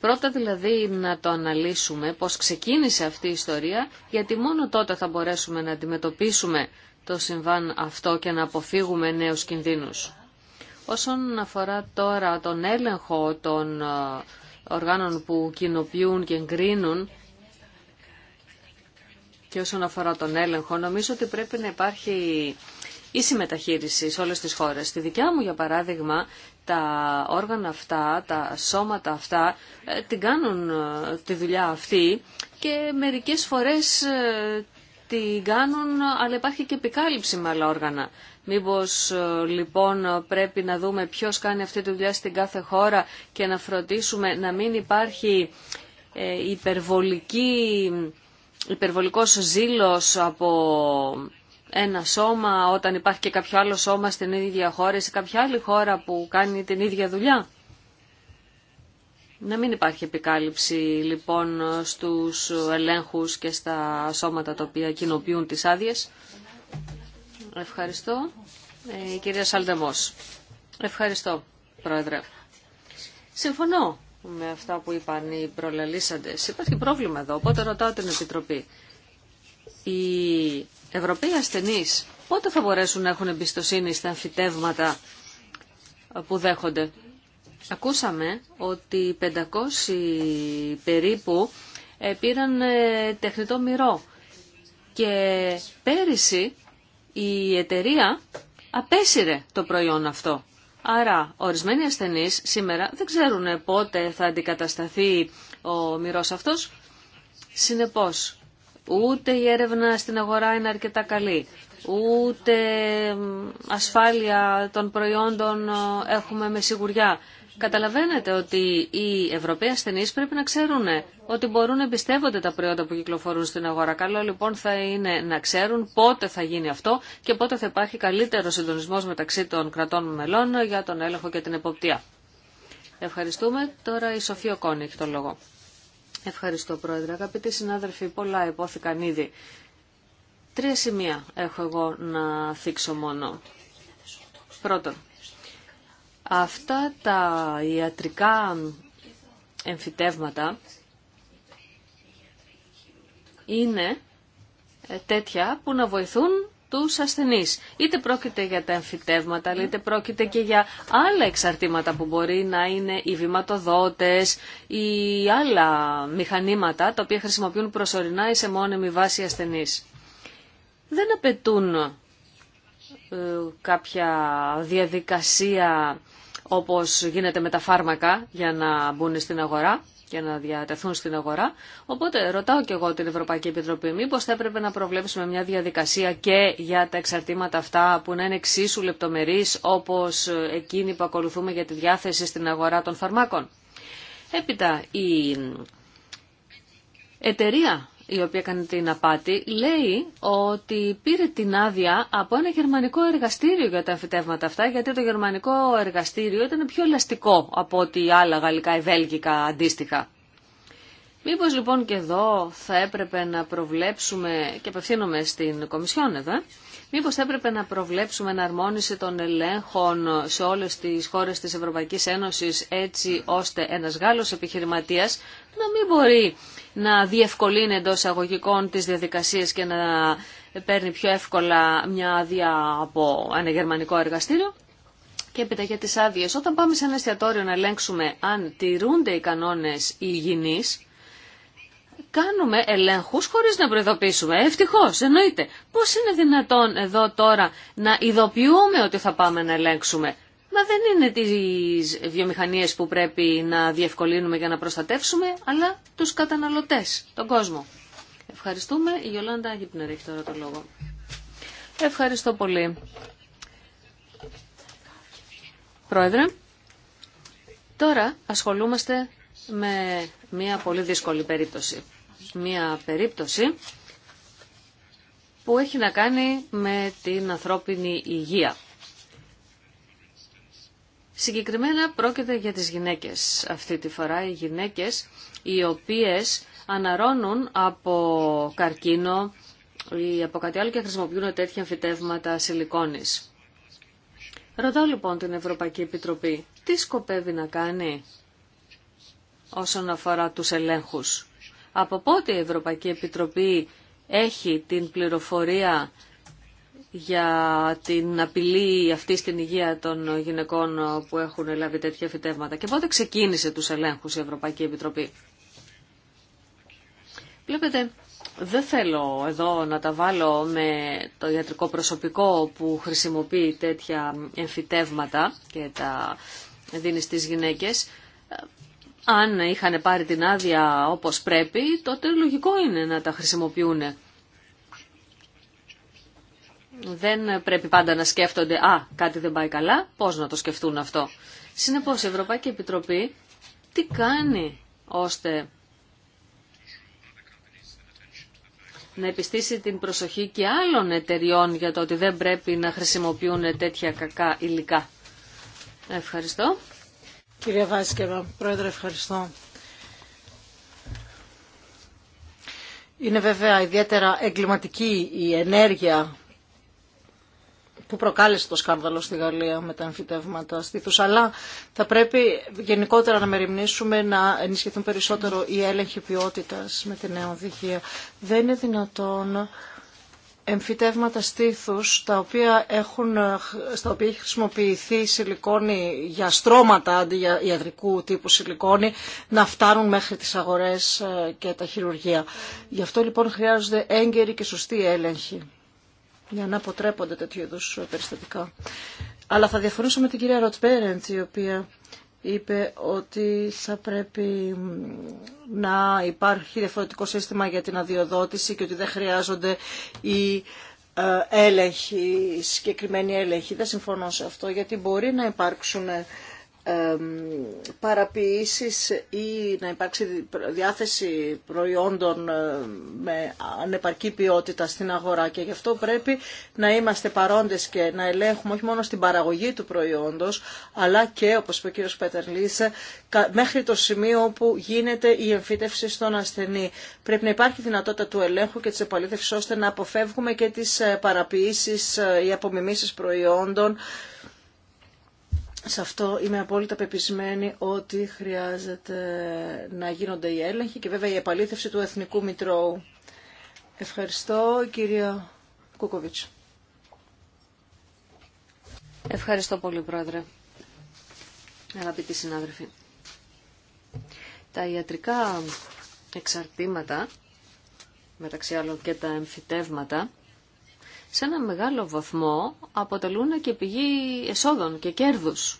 Πρώτα δηλαδή να το αναλύσουμε πώς ξεκίνησε αυτή η ιστορία, γιατί μόνο τότε θα μπορέσουμε να αντιμετωπίσουμε το συμβάν αυτό και να αποφύγουμε νέους κινδύνους. Όσον αφορά τώρα τον έλεγχο των ε, οργάνων που κοινοποιούν και εγκρίνουν και όσον αφορά τον έλεγχο, νομίζω ότι πρέπει να υπάρχει ή μεταχείριση σε όλες τις χώρες. Στη δικιά μου, για παράδειγμα, τα όργανα αυτά, τα σώματα αυτά, ε, την κάνουν ε, τη δουλειά αυτή και μερικές φορές ε, την κάνουν, αλλά υπάρχει και επικάλυψη με άλλα όργανα. Μήπως λοιπόν πρέπει να δούμε ποιος κάνει αυτή τη δουλειά στην κάθε χώρα και να φροντίσουμε να μην υπάρχει υπερβολική, υπερβολικός ζήλος από ένα σώμα όταν υπάρχει και κάποιο άλλο σώμα στην ίδια χώρα ή σε κάποια άλλη χώρα που κάνει την ίδια δουλειά. Να μην υπάρχει επικάλυψη λοιπόν στους ελέγχους και στα σώματα τα οποία κοινοποιούν τις άδειε. Ευχαριστώ. Ε, η κυρία Σαλτεμός. Ευχαριστώ, Πρόεδρε. Συμφωνώ με αυτά που είπαν οι προλαλήσαντες. Υπάρχει πρόβλημα εδώ, οπότε ρωτάω την Επιτροπή. Ευρωπαίοι ασθενεί πότε θα μπορέσουν να έχουν εμπιστοσύνη στα φυτέυματα που δέχονται. Ακούσαμε ότι 500 περίπου ε, πήραν ε, τεχνητό μυρό και πέρυσι η εταιρεία απέσυρε το προϊόν αυτό. Άρα, ορισμένοι ασθενείς σήμερα δεν ξέρουν πότε θα αντικατασταθεί ο μυρός αυτός. Συνεπώς, Ούτε η έρευνα στην αγορά είναι αρκετά καλή. Ούτε ασφάλεια των προϊόντων ε, έχουμε με σιγουριά. Καταλαβαίνετε ότι οι Ευρωπαίοι ασθενείς πρέπει να ξέρουν ότι μπορούν να εμπιστεύονται τα προϊόντα που κυκλοφορούν στην αγορά. Καλό λοιπόν θα είναι να ξέρουν πότε θα γίνει αυτό και πότε θα υπάρχει καλύτερο συντονισμό μεταξύ των κρατών μελών για τον έλεγχο και την εποπτεία. Ευχαριστούμε. Τώρα η Σοφία Κόνη έχει τον λόγο. Ευχαριστώ, Πρόεδρε. Αγαπητοί συνάδελφοι, πολλά υπόθηκαν ήδη. Τρία σημεία έχω εγώ να θίξω μόνο. Πρώτον, αυτά τα ιατρικά εμφυτεύματα είναι ε, τέτοια που να βοηθούν τους ασθενείς. Είτε πρόκειται για τα εμφυτεύματα, είτε πρόκειται και για άλλα εξαρτήματα που μπορεί να είναι οι βηματοδότε ή άλλα μηχανήματα τα οποία χρησιμοποιούν προσωρινά ή σε μόνιμη βάση ασθενεί. Δεν απαιτούν ε, κάποια διαδικασία όπως γίνεται με τα φάρμακα για να μπουν στην αγορά και να διατεθούν στην αγορά. Οπότε ρωτάω και εγώ την Ευρωπαϊκή Επιτροπή μήπως θα έπρεπε να προβλέψουμε μια διαδικασία και για τα εξαρτήματα αυτά που να είναι εξίσου λεπτομερεί όπως εκείνη που ακολουθούμε για τη διάθεση στην αγορά των φαρμάκων. Έπειτα η εταιρεία η οποία έκανε την απάτη, λέει ότι πήρε την άδεια από ένα γερμανικό εργαστήριο για τα φυτέυματα αυτά, γιατί το γερμανικό εργαστήριο ήταν πιο ελαστικό από ό,τι άλλα γαλλικά ή βέλγικα αντίστοιχα. Μήπως λοιπόν και εδώ θα έπρεπε να προβλέψουμε, και απευθύνομαι στην Κομισιόν εδώ, Μήπως έπρεπε να προβλέψουμε εναρμόνιση των ελέγχων σε όλες τις χώρες της Ευρωπαϊκής Ένωσης έτσι ώστε ένας Γάλλος επιχειρηματίας να μην μπορεί να διευκολύνει εντό αγωγικών τις διαδικασίες και να παίρνει πιο εύκολα μια άδεια από ένα γερμανικό εργαστήριο. Και έπειτα για τις άδειες. Όταν πάμε σε ένα εστιατόριο να ελέγξουμε αν τηρούνται οι κανόνες υγιεινής, κάνουμε ελέγχους χωρίς να προειδοποιήσουμε. Ευτυχώς, εννοείται. Πώς είναι δυνατόν εδώ τώρα να ειδοποιούμε ότι θα πάμε να ελέγξουμε. Μα δεν είναι τις βιομηχανίες που πρέπει να διευκολύνουμε για να προστατεύσουμε, αλλά τους καταναλωτές, τον κόσμο. Ευχαριστούμε. Η Γιολάντα Αγίπνερ έχει τώρα το λόγο. Ευχαριστώ πολύ. Πρόεδρε, τώρα ασχολούμαστε με μια πολύ δύσκολη περίπτωση μία περίπτωση που έχει να κάνει με την ανθρώπινη υγεία. Συγκεκριμένα πρόκειται για τις γυναίκες αυτή τη φορά, οι γυναίκες οι οποίες αναρώνουν από καρκίνο ή από κάτι άλλο και χρησιμοποιούν τέτοια φυτέυματα σιλικόνης. Ρωτάω λοιπόν την Ευρωπαϊκή Επιτροπή, τι σκοπεύει να κάνει όσον αφορά τους ελέγχους από πότε η Ευρωπαϊκή Επιτροπή έχει την πληροφορία για την απειλή αυτή στην υγεία των γυναικών που έχουν λάβει τέτοια φυτεύματα και πότε ξεκίνησε τους ελέγχους η Ευρωπαϊκή Επιτροπή. Βλέπετε, δεν θέλω εδώ να τα βάλω με το ιατρικό προσωπικό που χρησιμοποιεί τέτοια εμφυτεύματα και τα δίνει στις γυναίκες αν είχαν πάρει την άδεια όπως πρέπει, τότε λογικό είναι να τα χρησιμοποιούν. Δεν πρέπει πάντα να σκέφτονται «Α, κάτι δεν πάει καλά, πώς να το σκεφτούν αυτό». Συνεπώς, η Ευρωπαϊκή Επιτροπή τι κάνει ώστε να επιστήσει την προσοχή και άλλων εταιριών για το ότι δεν πρέπει να χρησιμοποιούν τέτοια κακά υλικά. Ευχαριστώ. Κύριε Βάσκεβα, Πρόεδρε, ευχαριστώ. Είναι βέβαια ιδιαίτερα εγκληματική η ενέργεια που προκάλεσε το σκάνδαλο στη Γαλλία με τα εμφυτεύματα στήθους, αλλά θα πρέπει γενικότερα να μεριμνήσουμε να ενισχυθούν περισσότερο οι έλεγχοι ποιότητας με τη νέα οδηγία. Δεν είναι δυνατόν εμφυτεύματα στήθους τα οποία έχουν, στα οποία έχει χρησιμοποιηθεί σιλικόνη για στρώματα αντί για ιατρικού τύπου σιλικόνη να φτάνουν μέχρι τις αγορές ε, και τα χειρουργεία. Γι' αυτό λοιπόν χρειάζονται έγκαιροι και σωστοί έλεγχοι για να αποτρέπονται τέτοιου είδους περιστατικά. Αλλά θα διαφωνήσω με την κυρία Ροτπέρεντ η οποία είπε ότι θα πρέπει να υπάρχει διαφορετικό σύστημα για την αδειοδότηση και ότι δεν χρειάζονται οι ε, έλεγχοι, οι συγκεκριμένοι έλεγχοι. Δεν συμφωνώ σε αυτό γιατί μπορεί να υπάρξουν ε, παραποιήσεις ή να υπάρξει διάθεση προϊόντων ε, με ανεπαρκή ποιότητα στην αγορά και γι' αυτό πρέπει να είμαστε παρόντες και να ελέγχουμε όχι μόνο στην παραγωγή του προϊόντος αλλά και όπως είπε ο κ. Πέτερλής μέχρι το σημείο όπου γίνεται η εμφύτευση στον ασθενή. Πρέπει να υπάρχει δυνατότητα του ελέγχου και της επαλήθευσης ώστε να αποφεύγουμε και τις ε, παραποιήσεις ή ε, απομιμήσεις προϊόντων σε αυτό είμαι απόλυτα πεπισμένη ότι χρειάζεται να γίνονται οι έλεγχοι και βέβαια η επαλήθευση του Εθνικού Μητρώου. Ευχαριστώ κυρία Κούκοβιτς. Ευχαριστώ πολύ πρόεδρε. Αγαπητοί συνάδελφοι. Τα ιατρικά εξαρτήματα, μεταξύ άλλων και τα εμφυτεύματα, σε ένα μεγάλο βαθμό αποτελούν και πηγή εσόδων και κέρδους.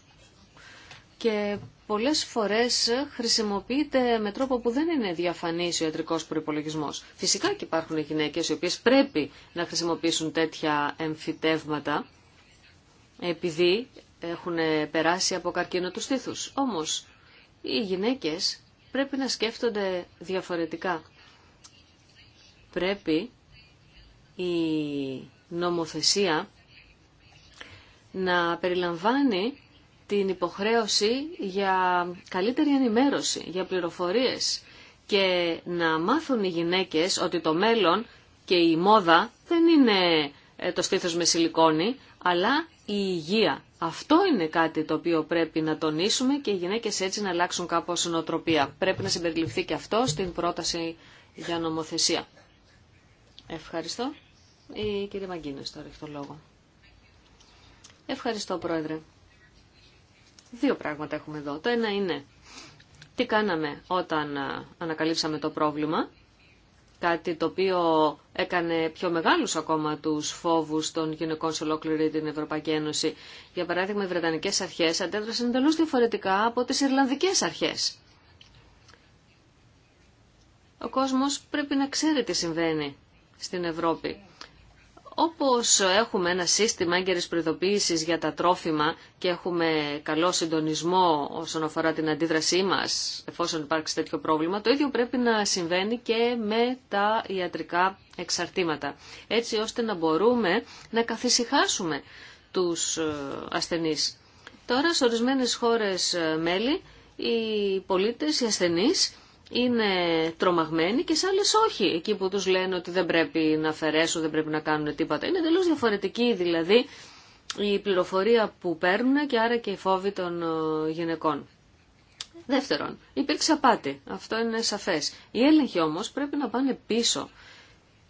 Και πολλές φορές χρησιμοποιείται με τρόπο που δεν είναι διαφανής ο ιατρικός προϋπολογισμός. Φυσικά και υπάρχουν γυναίκες οι οποίες πρέπει να χρησιμοποιήσουν τέτοια εμφυτεύματα επειδή έχουν περάσει από καρκίνο του στήθους. Όμως οι γυναίκες πρέπει να σκέφτονται διαφορετικά. Πρέπει οι νομοθεσία να περιλαμβάνει την υποχρέωση για καλύτερη ενημέρωση, για πληροφορίες και να μάθουν οι γυναίκες ότι το μέλλον και η μόδα δεν είναι ε, το στήθος με σιλικόνη, αλλά η υγεία. Αυτό είναι κάτι το οποίο πρέπει να τονίσουμε και οι γυναίκες έτσι να αλλάξουν κάπως νοοτροπία. Πρέπει να συμπεριληφθεί και αυτό στην πρόταση για νομοθεσία. Ευχαριστώ. Η κυρία Μαγκίνος τώρα έχει το λόγο. Ευχαριστώ, Πρόεδρε. Δύο πράγματα έχουμε εδώ. Το ένα είναι τι κάναμε όταν ανακαλύψαμε το πρόβλημα, κάτι το οποίο έκανε πιο μεγάλους ακόμα τους φόβους των γυναικών σε ολόκληρη την Ευρωπαϊκή Ένωση. Για παράδειγμα, οι Βρετανικές αρχές αντέδρασαν εντελώ διαφορετικά από τις Ιρλανδικές αρχές. Ο κόσμος πρέπει να ξέρει τι συμβαίνει στην Ευρώπη. Όπως έχουμε ένα σύστημα έγκαιρης προειδοποίησης για τα τρόφιμα και έχουμε καλό συντονισμό όσον αφορά την αντίδρασή μας εφόσον υπάρξει τέτοιο πρόβλημα, το ίδιο πρέπει να συμβαίνει και με τα ιατρικά εξαρτήματα. Έτσι ώστε να μπορούμε να καθησυχάσουμε τους ε, ασθενείς. Τώρα σε ορισμένες χώρες ε, μέλη οι πολίτες, οι ασθενείς είναι τρομαγμένοι και σε άλλε όχι, εκεί που τους λένε ότι δεν πρέπει να αφαιρέσουν, δεν πρέπει να κάνουν τίποτα. Είναι τελείως διαφορετική δηλαδή η πληροφορία που παίρνουν και άρα και οι φόβοι των ε, γυναικών. Δεύτερον, υπήρξε απάτη. Αυτό είναι σαφές. Οι έλεγχοι όμω πρέπει να πάνε πίσω.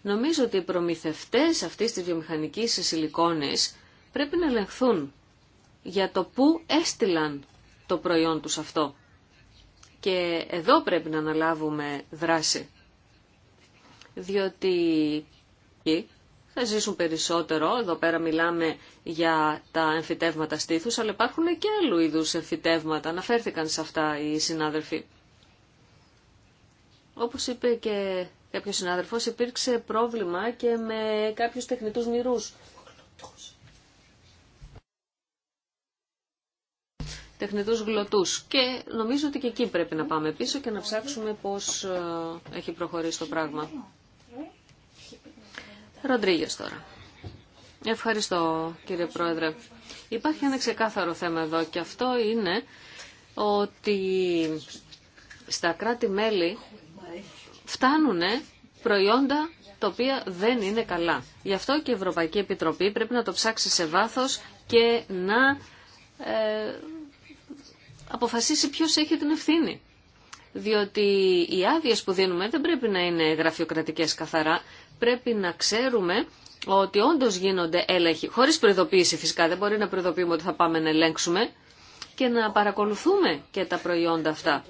Νομίζω ότι οι προμηθευτέ αυτή τη βιομηχανική σιλικόνη πρέπει να ελεγχθούν για το πού έστειλαν το προϊόν τους αυτό. Και εδώ πρέπει να αναλάβουμε δράση. Διότι θα ζήσουν περισσότερο. Εδώ πέρα μιλάμε για τα εμφυτεύματα στήθους, αλλά υπάρχουν και άλλου είδους εμφυτεύματα. Αναφέρθηκαν σε αυτά οι συνάδελφοι. Όπως είπε και κάποιος συνάδελφος, υπήρξε πρόβλημα και με κάποιους τεχνητούς μυρούς. τεχνητούς γλωτούς. Και νομίζω ότι και εκεί πρέπει να πάμε πίσω και να ψάξουμε πώς ε, έχει προχωρήσει το πράγμα. Ροντρίγιος τώρα. Ευχαριστώ κύριε Πρόεδρε. Υπάρχει ένα ξεκάθαρο θέμα εδώ και αυτό είναι ότι στα κράτη-μέλη φτάνουν προϊόντα τα οποία δεν είναι καλά. Γι' αυτό και η Ευρωπαϊκή Επιτροπή πρέπει να το ψάξει σε βάθος και να ε, αποφασίσει ποιο έχει την ευθύνη. Διότι οι άδειε που δίνουμε δεν πρέπει να είναι γραφειοκρατικές καθαρά. Πρέπει να ξέρουμε ότι όντω γίνονται έλεγχοι, χωρίς προειδοποίηση φυσικά, δεν μπορεί να προειδοποιούμε ότι θα πάμε να ελέγξουμε και να παρακολουθούμε και τα προϊόντα αυτά.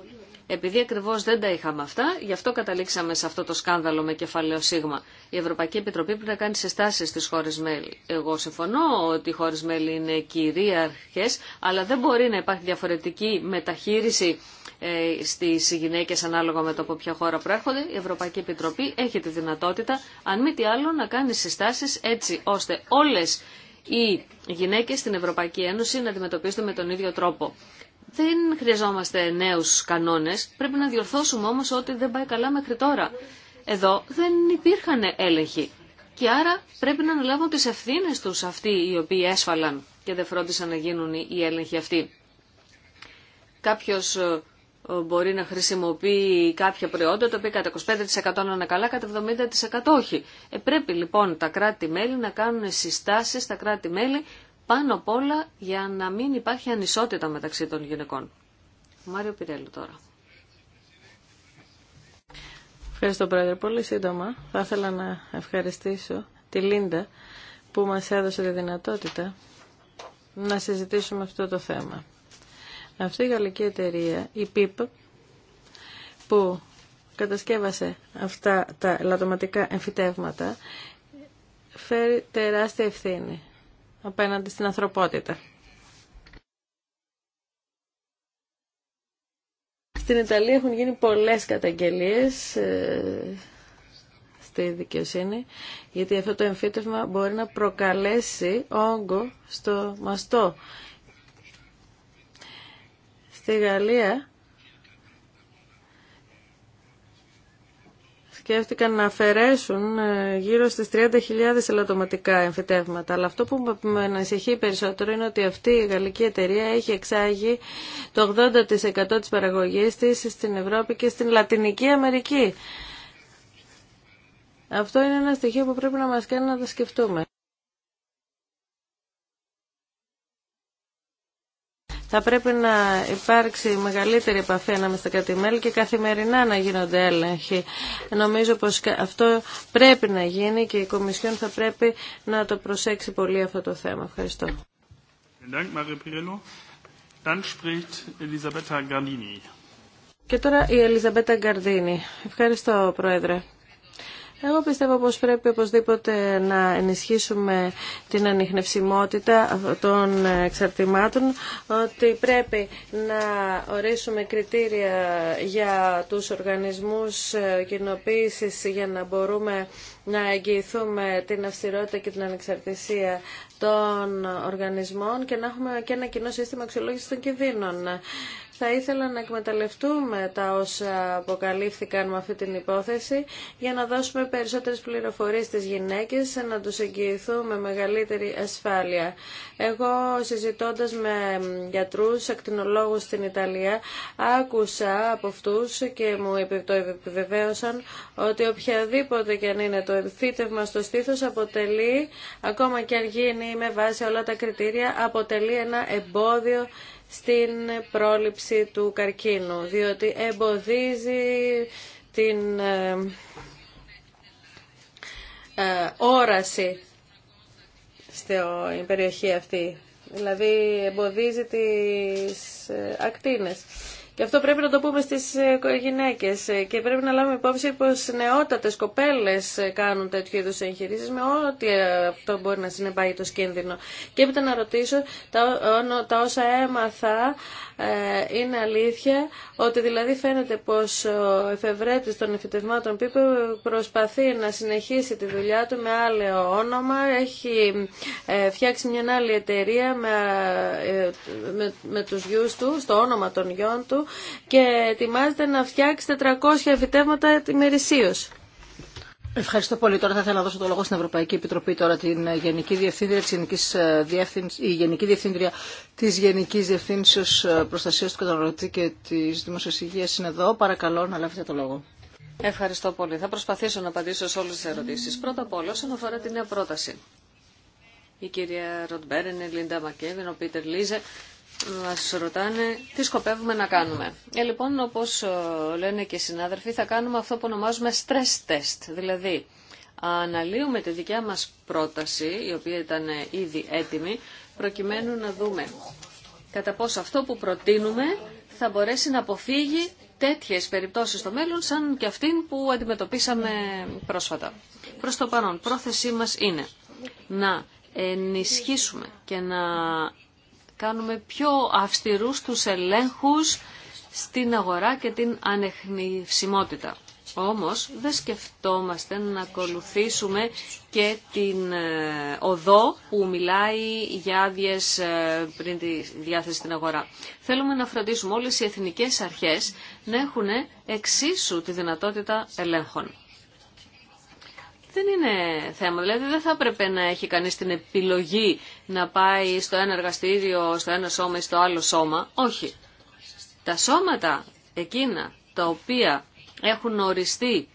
Επειδή ακριβώ δεν τα είχαμε αυτά, γι' αυτό καταλήξαμε σε αυτό το σκάνδαλο με κεφαλαίο σίγμα. Η Ευρωπαϊκή Επιτροπή πρέπει να κάνει συστάσει στι χώρε μέλη. Εγώ συμφωνώ ότι οι χώρε μέλη είναι κυρίαρχε, αλλά δεν μπορεί να υπάρχει διαφορετική μεταχείριση ε, στι γυναίκε ανάλογα με το από ποια χώρα προέρχονται. Η Ευρωπαϊκή Επιτροπή έχει τη δυνατότητα, αν μη τι άλλο, να κάνει συστάσει έτσι ώστε όλε οι γυναίκε στην Ευρωπαϊκή Ένωση να αντιμετωπίζονται με τον ίδιο τρόπο. Δεν χρειαζόμαστε νέους κανόνες, πρέπει να διορθώσουμε όμως ότι δεν πάει καλά μέχρι τώρα. Εδώ δεν υπήρχαν έλεγχοι και άρα πρέπει να αναλάβουν τις ευθύνες τους αυτοί οι οποίοι έσφαλαν και δεν φρόντισαν να γίνουν οι έλεγχοι αυτοί. Κάποιος ε, μπορεί να χρησιμοποιεί κάποια προϊόντα, το οποίο κατά 25% να είναι καλά, κατά 70% όχι. Ε, πρέπει λοιπόν τα κράτη-μέλη να κάνουν συστάσεις τα κράτη-μέλη πάνω απ' όλα για να μην υπάρχει ανισότητα μεταξύ των γυναικών. Μάριο Πιρέλη τώρα. Ευχαριστώ Πρόεδρε. Πολύ σύντομα θα ήθελα να ευχαριστήσω τη Λίντα που μας έδωσε τη δυνατότητα να συζητήσουμε αυτό το θέμα. Αυτή η γαλλική εταιρεία, η PIP, που κατασκεύασε αυτά τα λατωματικά εμφυτεύματα, φέρει τεράστια ευθύνη απέναντι στην ανθρωπότητα. Στην Ιταλία έχουν γίνει πολλές καταγγελίες ε, στη δικαιοσύνη, γιατί αυτό το εμφύτευμα μπορεί να προκαλέσει όγκο στο μαστό. Στη Γαλλία σκέφτηκαν να αφαιρέσουν ε, γύρω στις 30.000 ελαττωματικά εμφυτεύματα. Αλλά αυτό που με ανησυχεί περισσότερο είναι ότι αυτή η γαλλική εταιρεία έχει εξάγει το 80% της παραγωγής της στην Ευρώπη και στην Λατινική Αμερική. Αυτό είναι ένα στοιχείο που πρέπει να μας κάνει να τα σκεφτούμε. Θα πρέπει να υπάρξει μεγαλύτερη επαφή ανάμεσα στα κράτη-μέλη και καθημερινά να γίνονται έλεγχοι. Νομίζω πως αυτό πρέπει να γίνει και η Κομισιόν θα πρέπει να το προσέξει πολύ αυτό το θέμα. Ευχαριστώ. Και τώρα η Ελιζαμπέτα Γκαρδίνη. Ευχαριστώ, Πρόεδρε. Εγώ πιστεύω πως πρέπει οπωσδήποτε να ενισχύσουμε την ανιχνευσιμότητα των εξαρτημάτων, ότι πρέπει να ορίσουμε κριτήρια για τους οργανισμούς κοινοποίησης για να μπορούμε να εγγυηθούμε την αυστηρότητα και την ανεξαρτησία των οργανισμών και να έχουμε και ένα κοινό σύστημα αξιολόγησης των κινδύνων θα ήθελα να εκμεταλλευτούμε τα όσα αποκαλύφθηκαν με αυτή την υπόθεση για να δώσουμε περισσότερες πληροφορίες στις γυναίκες, να τους εγγυηθούμε μεγαλύτερη ασφάλεια. Εγώ συζητώντας με γιατρούς, ακτινολόγους στην Ιταλία, άκουσα από αυτούς και μου το επιβεβαίωσαν ότι οποιαδήποτε και αν είναι το εμφύτευμα στο στήθος αποτελεί, ακόμα και αν γίνει με βάση όλα τα κριτήρια, αποτελεί ένα εμπόδιο στην πρόληψη του καρκίνου, διότι εμποδίζει την ε, ε, όραση στην περιοχή αυτή. Δηλαδή εμποδίζει τις ε, ακτίνες. Και αυτό πρέπει να το πούμε στις ε, γυναίκες ε, και πρέπει να λάβουμε υπόψη πως νεότατες κοπέλες ε, κάνουν τέτοιου είδους εγχειρήσεις με ό,τι αυτό μπορεί να συνεπάγει το σκίνδυνο. Και έπειτα να ρωτήσω τα όσα έμαθα ε, είναι αλήθεια ότι δηλαδή φαίνεται πως ο εφευρέτης των εφητευμάτων Πίπε προσπαθεί να συνεχίσει τη δουλειά του με άλλο όνομα. Έχει ε, φτιάξει μια άλλη εταιρεία με, ε, με, με τους γιους του, στο όνομα των γιών του και ετοιμάζεται να φτιάξει 400 εφητεύματα ημερησίως. Ευχαριστώ πολύ. Τώρα θα ήθελα να δώσω το λόγο στην Ευρωπαϊκή Επιτροπή, τώρα την Γενική Διευθύντρια της Γενικής ε, η Γενική Διευθύντρια της Γενικής Διευθύνσεως ε, Προστασίας του Καταναλωτή και της Δημόσιας Υγείας είναι εδώ. Παρακαλώ να λάβετε το λόγο. Ευχαριστώ πολύ. Θα προσπαθήσω να απαντήσω σε όλες τις ερωτήσεις. Πρώτα απ' όλα, όσον αφορά τη νέα πρόταση. Η κυρία Ροντμπέρεν, η Λίντα Μακέβιν, ο Πίτερ Λίζε μας ρωτάνε τι σκοπεύουμε να κάνουμε. Ε, λοιπόν, όπως ε, λένε και οι συνάδελφοι, θα κάνουμε αυτό που ονομάζουμε stress test. Δηλαδή, αναλύουμε τη δικιά μας πρόταση, η οποία ήταν ε, ήδη έτοιμη, προκειμένου να δούμε κατά πόσο αυτό που προτείνουμε θα μπορέσει να αποφύγει τέτοιες περιπτώσεις στο μέλλον, σαν και αυτήν που αντιμετωπίσαμε πρόσφατα. Προς το παρόν, πρόθεσή μας είναι να ενισχύσουμε και να κάνουμε πιο αυστηρούς τους ελέγχους στην αγορά και την ανεχνησιμότητα. Όμως δεν σκεφτόμαστε να ακολουθήσουμε και την ε, οδό που μιλάει για άδειε ε, πριν τη διάθεση στην αγορά. Θέλουμε να φροντίσουμε όλες οι εθνικές αρχές να έχουν εξίσου τη δυνατότητα ελέγχων δεν είναι θέμα. Δηλαδή δεν θα έπρεπε να έχει κανείς την επιλογή να πάει στο ένα εργαστήριο, στο ένα σώμα ή στο άλλο σώμα. Όχι. Τα σώματα εκείνα τα οποία έχουν οριστεί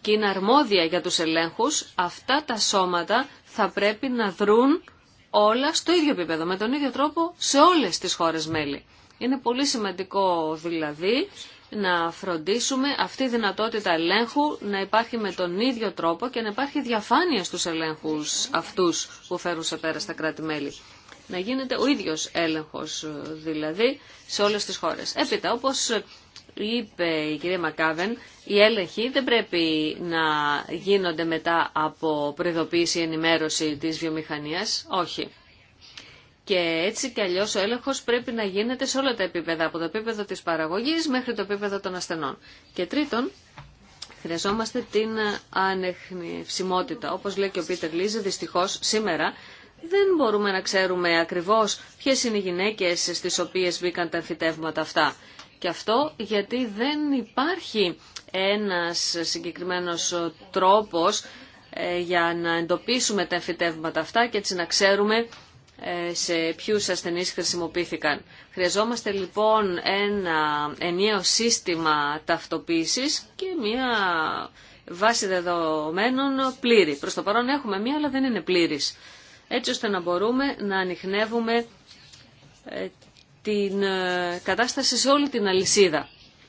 και είναι αρμόδια για τους ελέγχους, αυτά τα σώματα θα πρέπει να δρουν όλα στο ίδιο επίπεδο, με τον ίδιο τρόπο σε όλες τις χώρες μέλη. Είναι πολύ σημαντικό δηλαδή να φροντίσουμε αυτή η δυνατότητα ελέγχου να υπάρχει με τον ίδιο τρόπο και να υπάρχει διαφάνεια στους ελέγχους αυτούς που φέρουν σε πέρα στα κράτη-μέλη. Να γίνεται ο ίδιος έλεγχος δηλαδή σε όλες τις χώρες. Έπειτα, όπως είπε η κυρία Μακάβεν, οι έλεγχοι δεν πρέπει να γίνονται μετά από προειδοποίηση ενημέρωση της βιομηχανίας. Όχι. Και έτσι κι αλλιώς ο έλεγχος πρέπει να γίνεται σε όλα τα επίπεδα, από το επίπεδο της παραγωγής μέχρι το επίπεδο των ασθενών. Και τρίτον, χρειαζόμαστε την ανεχνευσιμότητα. Όπως λέει και ο Πίτερ Λίζε, δυστυχώς σήμερα δεν μπορούμε να ξέρουμε ακριβώς ποιες είναι οι γυναίκες στις οποίες μπήκαν τα εμφυτεύματα αυτά. Και αυτό γιατί δεν υπάρχει ένας συγκεκριμένος τρόπος ε, για να εντοπίσουμε τα εμφυτεύματα αυτά και έτσι να ξέρουμε ε, σε ποιους ασθενείς χρησιμοποιήθηκαν. Χρειαζόμαστε λοιπόν ένα ενιαίο σύστημα ταυτοποίησης και μια βάση δεδομένων πλήρη. Προς το παρόν έχουμε μία αλλά δεν είναι πλήρης. Έτσι ώστε να μπορούμε να ανοιχνεύουμε ε, την ε, κατάσταση σε όλη την αλυσίδα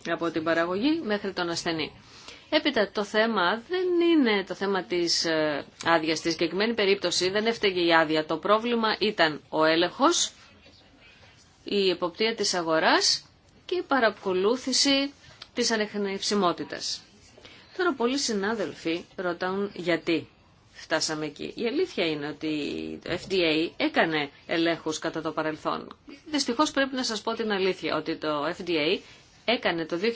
από την παραγωγή μέχρι τον ασθενή. Έπειτα το θέμα δεν είναι το θέμα της ε, άδεια. Στη συγκεκριμένη περίπτωση δεν έφταιγε η άδεια. Το πρόβλημα ήταν ο έλεγχος, η εποπτεία της αγοράς και η παρακολούθηση της ανεχνευσιμότητας. Τώρα πολλοί συνάδελφοι ρωτάουν γιατί φτάσαμε εκεί. Η αλήθεια είναι ότι το FDA έκανε ελέγχους κατά το παρελθόν. Δυστυχώς πρέπει να σας πω την αλήθεια ότι το FDA έκανε το 2000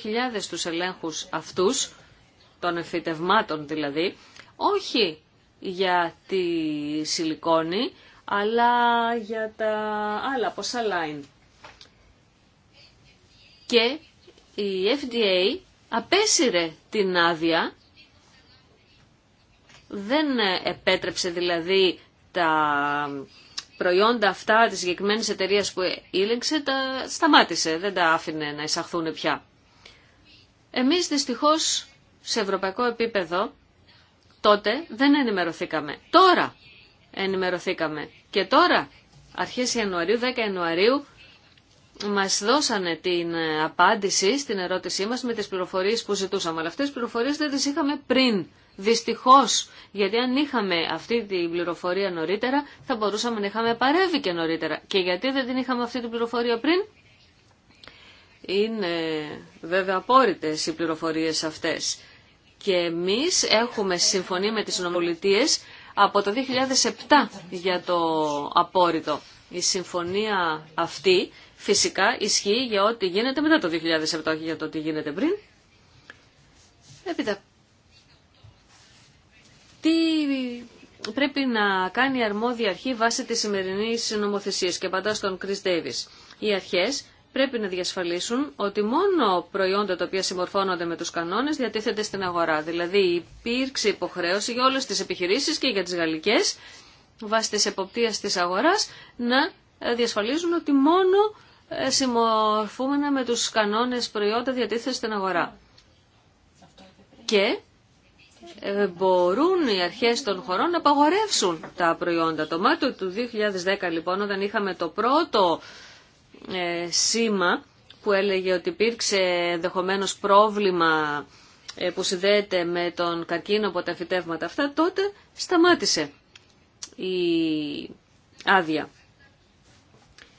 τους ελέγχους αυτούς των εφητευμάτων δηλαδή, όχι για τη σιλικόνη, αλλά για τα άλλα ποσά line. Και η FDA απέσυρε την άδεια, δεν επέτρεψε δηλαδή τα προϊόντα αυτά της συγκεκριμένη εταιρεία που ήλεγξε, τα σταμάτησε, δεν τα άφηνε να εισαχθούν πια. Εμείς δυστυχώς σε ευρωπαϊκό επίπεδο, τότε δεν ενημερωθήκαμε. Τώρα ενημερωθήκαμε. Και τώρα, αρχές Ιανουαρίου, 10 Ιανουαρίου, μας δώσανε την ε, απάντηση στην ερώτησή μας με τις πληροφορίες που ζητούσαμε. Αλλά αυτές τις πληροφορίες δεν τις είχαμε πριν. Δυστυχώς, γιατί αν είχαμε αυτή την πληροφορία νωρίτερα, θα μπορούσαμε να είχαμε παρεύει και νωρίτερα. Και γιατί δεν την είχαμε αυτή την πληροφορία πριν. Είναι βέβαια απόρριτες οι πληροφορίες αυτές και εμείς έχουμε συμφωνία με τις νομολιτίες από το 2007 για το απόρριτο. Η συμφωνία αυτή φυσικά ισχύει για ό,τι γίνεται μετά το 2007, όχι για το τι γίνεται πριν. Έπειτα, τι πρέπει να κάνει η αρμόδια αρχή βάσει της σημερινής νομοθεσίας και απαντά στον Chris Davis. Οι αρχές πρέπει να διασφαλίσουν ότι μόνο προϊόντα τα οποία συμμορφώνονται με τους κανόνες διατίθεται στην αγορά. Δηλαδή υπήρξε υποχρέωση για όλες τις επιχειρήσεις και για τις γαλλικές βάσει της εποπτείας της αγοράς να διασφαλίζουν ότι μόνο ε, συμμορφούμενα με τους κανόνες προϊόντα διατίθεται στην αγορά. Και ε, μπορούν οι αρχές των χωρών να απαγορεύσουν τα προϊόντα. Το Μάρτιο του 2010 λοιπόν όταν είχαμε το πρώτο ε, σήμα που έλεγε ότι υπήρξε ενδεχομένω πρόβλημα ε, που συνδέεται με τον καρκίνο από τα φυτεύματα αυτά, τότε σταμάτησε η άδεια.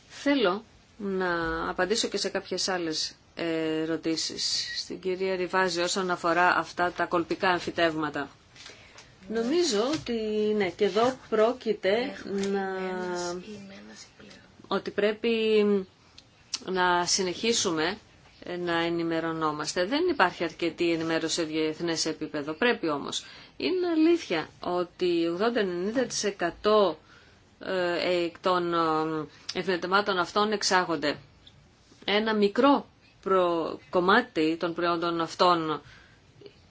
Θέλω να απαντήσω και σε κάποιες άλλες ερωτήσεις στην κυρία Ριβάζη όσον αφορά αυτά τα κολπικά εμφυτεύματα. Νομίζω ότι ναι, και εδώ πρόκειται να... ότι πρέπει να συνεχίσουμε ε, να ενημερωνόμαστε. Δεν υπάρχει αρκετή ενημέρωση σε διεθνές επίπεδο. Πρέπει όμως. Είναι αλήθεια ότι 80-90% ε, των ε, ευνετεμάτων αυτών εξάγονται. Ένα μικρό κομμάτι των προϊόντων αυτών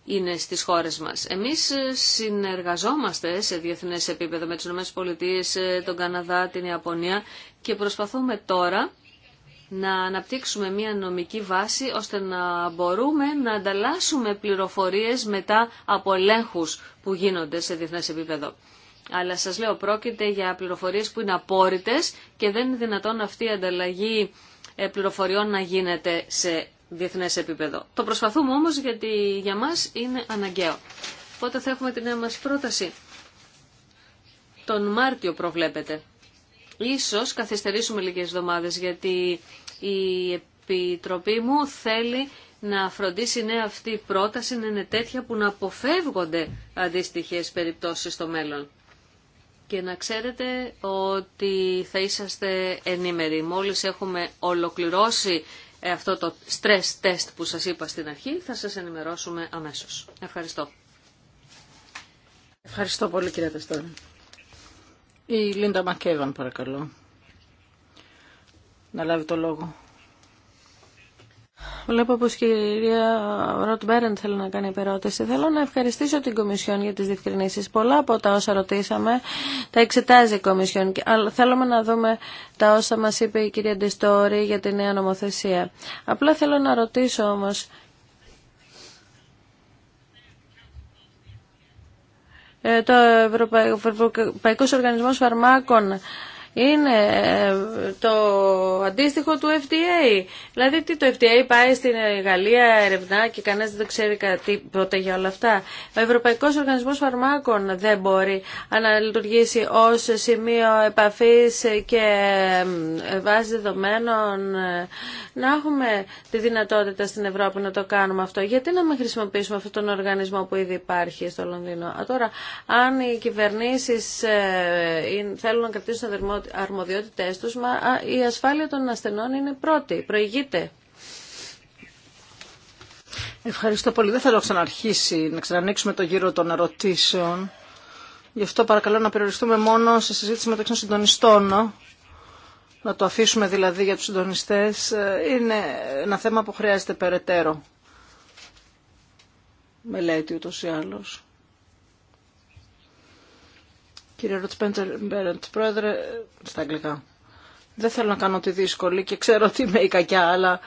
είναι στις χώρες μας. Εμείς συνεργαζόμαστε σε διεθνές επίπεδο με τις ΗΠΑ, τον Καναδά, την Ιαπωνία και προσπαθούμε τώρα να αναπτύξουμε μια νομική βάση ώστε να μπορούμε να ανταλλάσσουμε πληροφορίες μετά από ελέγχου που γίνονται σε διεθνές επίπεδο. Αλλά σας λέω πρόκειται για πληροφορίες που είναι απόρριτες και δεν είναι δυνατόν αυτή η ανταλλαγή ε, πληροφοριών να γίνεται σε διεθνές επίπεδο. Το προσπαθούμε όμως γιατί για μας είναι αναγκαίο. Πότε θα έχουμε την νέα μας πρόταση. Τον Μάρτιο προβλέπετε. Ίσως καθυστερήσουμε λίγες εβδομάδες γιατί η Επιτροπή μου θέλει να φροντίσει αυτή η πρόταση να είναι τέτοια που να αποφεύγονται αντίστοιχες περιπτώσεις στο μέλλον. Και να ξέρετε ότι θα είσαστε ενήμεροι. Μόλις έχουμε ολοκληρώσει ε, αυτό το stress test που σας είπα στην αρχή, θα σας ενημερώσουμε αμέσως. Ευχαριστώ. Ευχαριστώ πολύ κυρία Τεστόρη. Η Λίντα Μακέβαν παρακαλώ να λάβει το λόγο. Βλέπω πως η κυρία Ροτ Μπέρεν θέλει να κάνει υπερώτηση. Θέλω να ευχαριστήσω την Κομισιόν για τις διευκρινήσεις. Πολλά από τα όσα ρωτήσαμε τα εξετάζει η Κομισιόν. Αλλά θέλουμε να δούμε τα όσα μας είπε η κυρία Ντιστόρη για τη νέα νομοθεσία. Απλά θέλω να ρωτήσω όμως... Ε, το Ευρωπαϊκό Οργανισμός Φαρμάκων είναι ε, το αντίστοιχο του FDA. Δηλαδή τι το FDA πάει στην Γαλλία ερευνά και κανένας δεν ξέρει ξέρει τίποτα για όλα αυτά. Ο Ευρωπαϊκός Οργανισμός Φαρμάκων δεν μπορεί να λειτουργήσει ως σημείο επαφής και ε, βάση δεδομένων ε, να έχουμε τη δυνατότητα στην Ευρώπη να το κάνουμε αυτό. Γιατί να μην χρησιμοποιήσουμε αυτόν τον οργανισμό που ήδη υπάρχει στο Λονδίνο. Α, τώρα, αν οι κυβερνήσεις θέλουν να κρατήσουν το αρμοδιότητές τους, μα η ασφάλεια των ασθενών είναι πρώτη, προηγείται. Ευχαριστώ πολύ. Δεν θέλω ξαναρχίσει να ξανανοίξουμε το γύρο των ερωτήσεων. Γι' αυτό παρακαλώ να περιοριστούμε μόνο σε συζήτηση μεταξύ των συντονιστών. Να το αφήσουμε δηλαδή για τους συντονιστές. Είναι ένα θέμα που χρειάζεται περαιτέρω. Μελέτη ούτως ή άλλως. Κύριε Μπέρεντ, πρόεδρε, στα αγγλικά. Δεν θέλω να κάνω τη δύσκολη και ξέρω ότι είμαι η κακιά, αλλά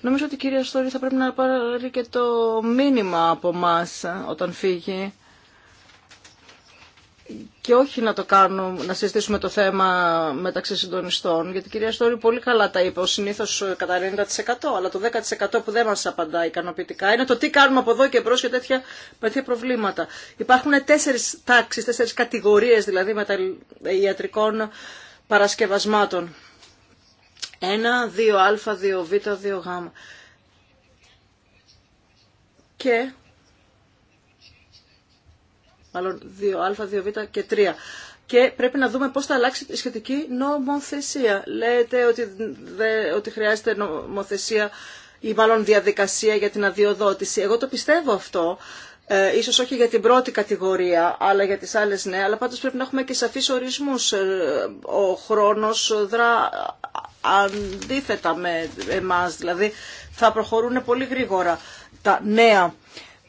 νομίζω ότι η κυρία Στόρη θα πρέπει να πάρει και το μήνυμα από εμά όταν φύγει και όχι να το κάνουμε, να συζητήσουμε το θέμα μεταξύ συντονιστών, γιατί η κυρία Στόρη πολύ καλά τα είπε, ο συνήθως ε, κατά 90%, αλλά το 10% που δεν μας απαντά ικανοποιητικά είναι το τι κάνουμε από εδώ και μπρος και τέτοια, τέτοια προβλήματα. Υπάρχουν τέσσερις τάξεις, τέσσερις κατηγορίες δηλαδή ιατρικών παρασκευασμάτων. 1, 2α, 2β, 2γ. Και μάλλον 2α, 2β και 3. Και πρέπει να δούμε πώς θα αλλάξει η σχετική νομοθεσία. Λέτε ότι, δε, ότι χρειάζεται νομοθεσία ή μάλλον διαδικασία για την αδειοδότηση. Εγώ το πιστεύω αυτό. Ε, ίσως όχι για την πρώτη κατηγορία, αλλά για τις άλλες ναι. Αλλά πάντως πρέπει να έχουμε και σαφείς ορισμούς. Ε, ο χρόνος δρά αντίθετα με εμάς. Δηλαδή θα προχωρούν πολύ γρήγορα τα νέα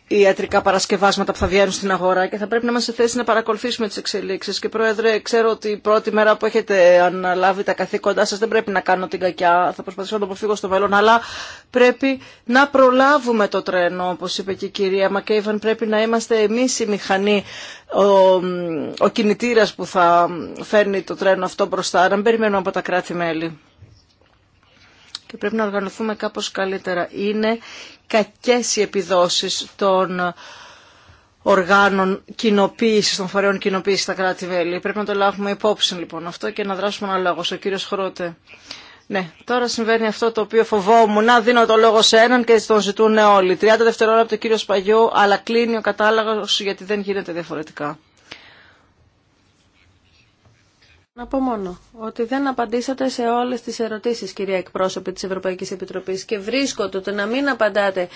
ιατρικά παρασκευάσματα που θα βγαίνουν στην αγορά και θα πρέπει να είμαστε σε θέση να παρακολουθήσουμε τι εξελίξει. Και Πρόεδρε, ξέρω ότι η πρώτη μέρα που έχετε αναλάβει τα καθήκοντά σα δεν πρέπει να κάνω την κακιά, θα προσπαθήσω να το αποφύγω στο μέλλον, αλλά πρέπει να προλάβουμε το τρένο, όπω είπε και η κυρία Μακέιβαν, πρέπει να είμαστε εμεί η μηχανή, ο, ο που θα φέρνει το τρένο αυτό μπροστά, να μην περιμένουμε από τα κράτη-μέλη και πρέπει να οργανωθούμε κάπως καλύτερα. Είναι κακές οι επιδόσεις των οργάνων κοινοποίηση, των φορέων κοινοποίηση στα κράτη-βέλη. Πρέπει να το λάβουμε υπόψη λοιπόν αυτό και να δράσουμε αναλόγω. Ο κύριο Χρότε. Ναι, τώρα συμβαίνει αυτό το οποίο φοβόμουν. Να δίνω το λόγο σε έναν και τον ζητούν όλοι. 30 δευτερόλεπτα από τον κύριο Σπαγιό, αλλά κλείνει ο κατάλογο γιατί δεν γίνεται διαφορετικά. Να πω μόνο ότι δεν απαντήσατε σε όλες τις ερωτήσεις, κυρία εκπρόσωπη της Ευρωπαϊκής Επιτροπής και βρίσκω το, να μην απαντάτε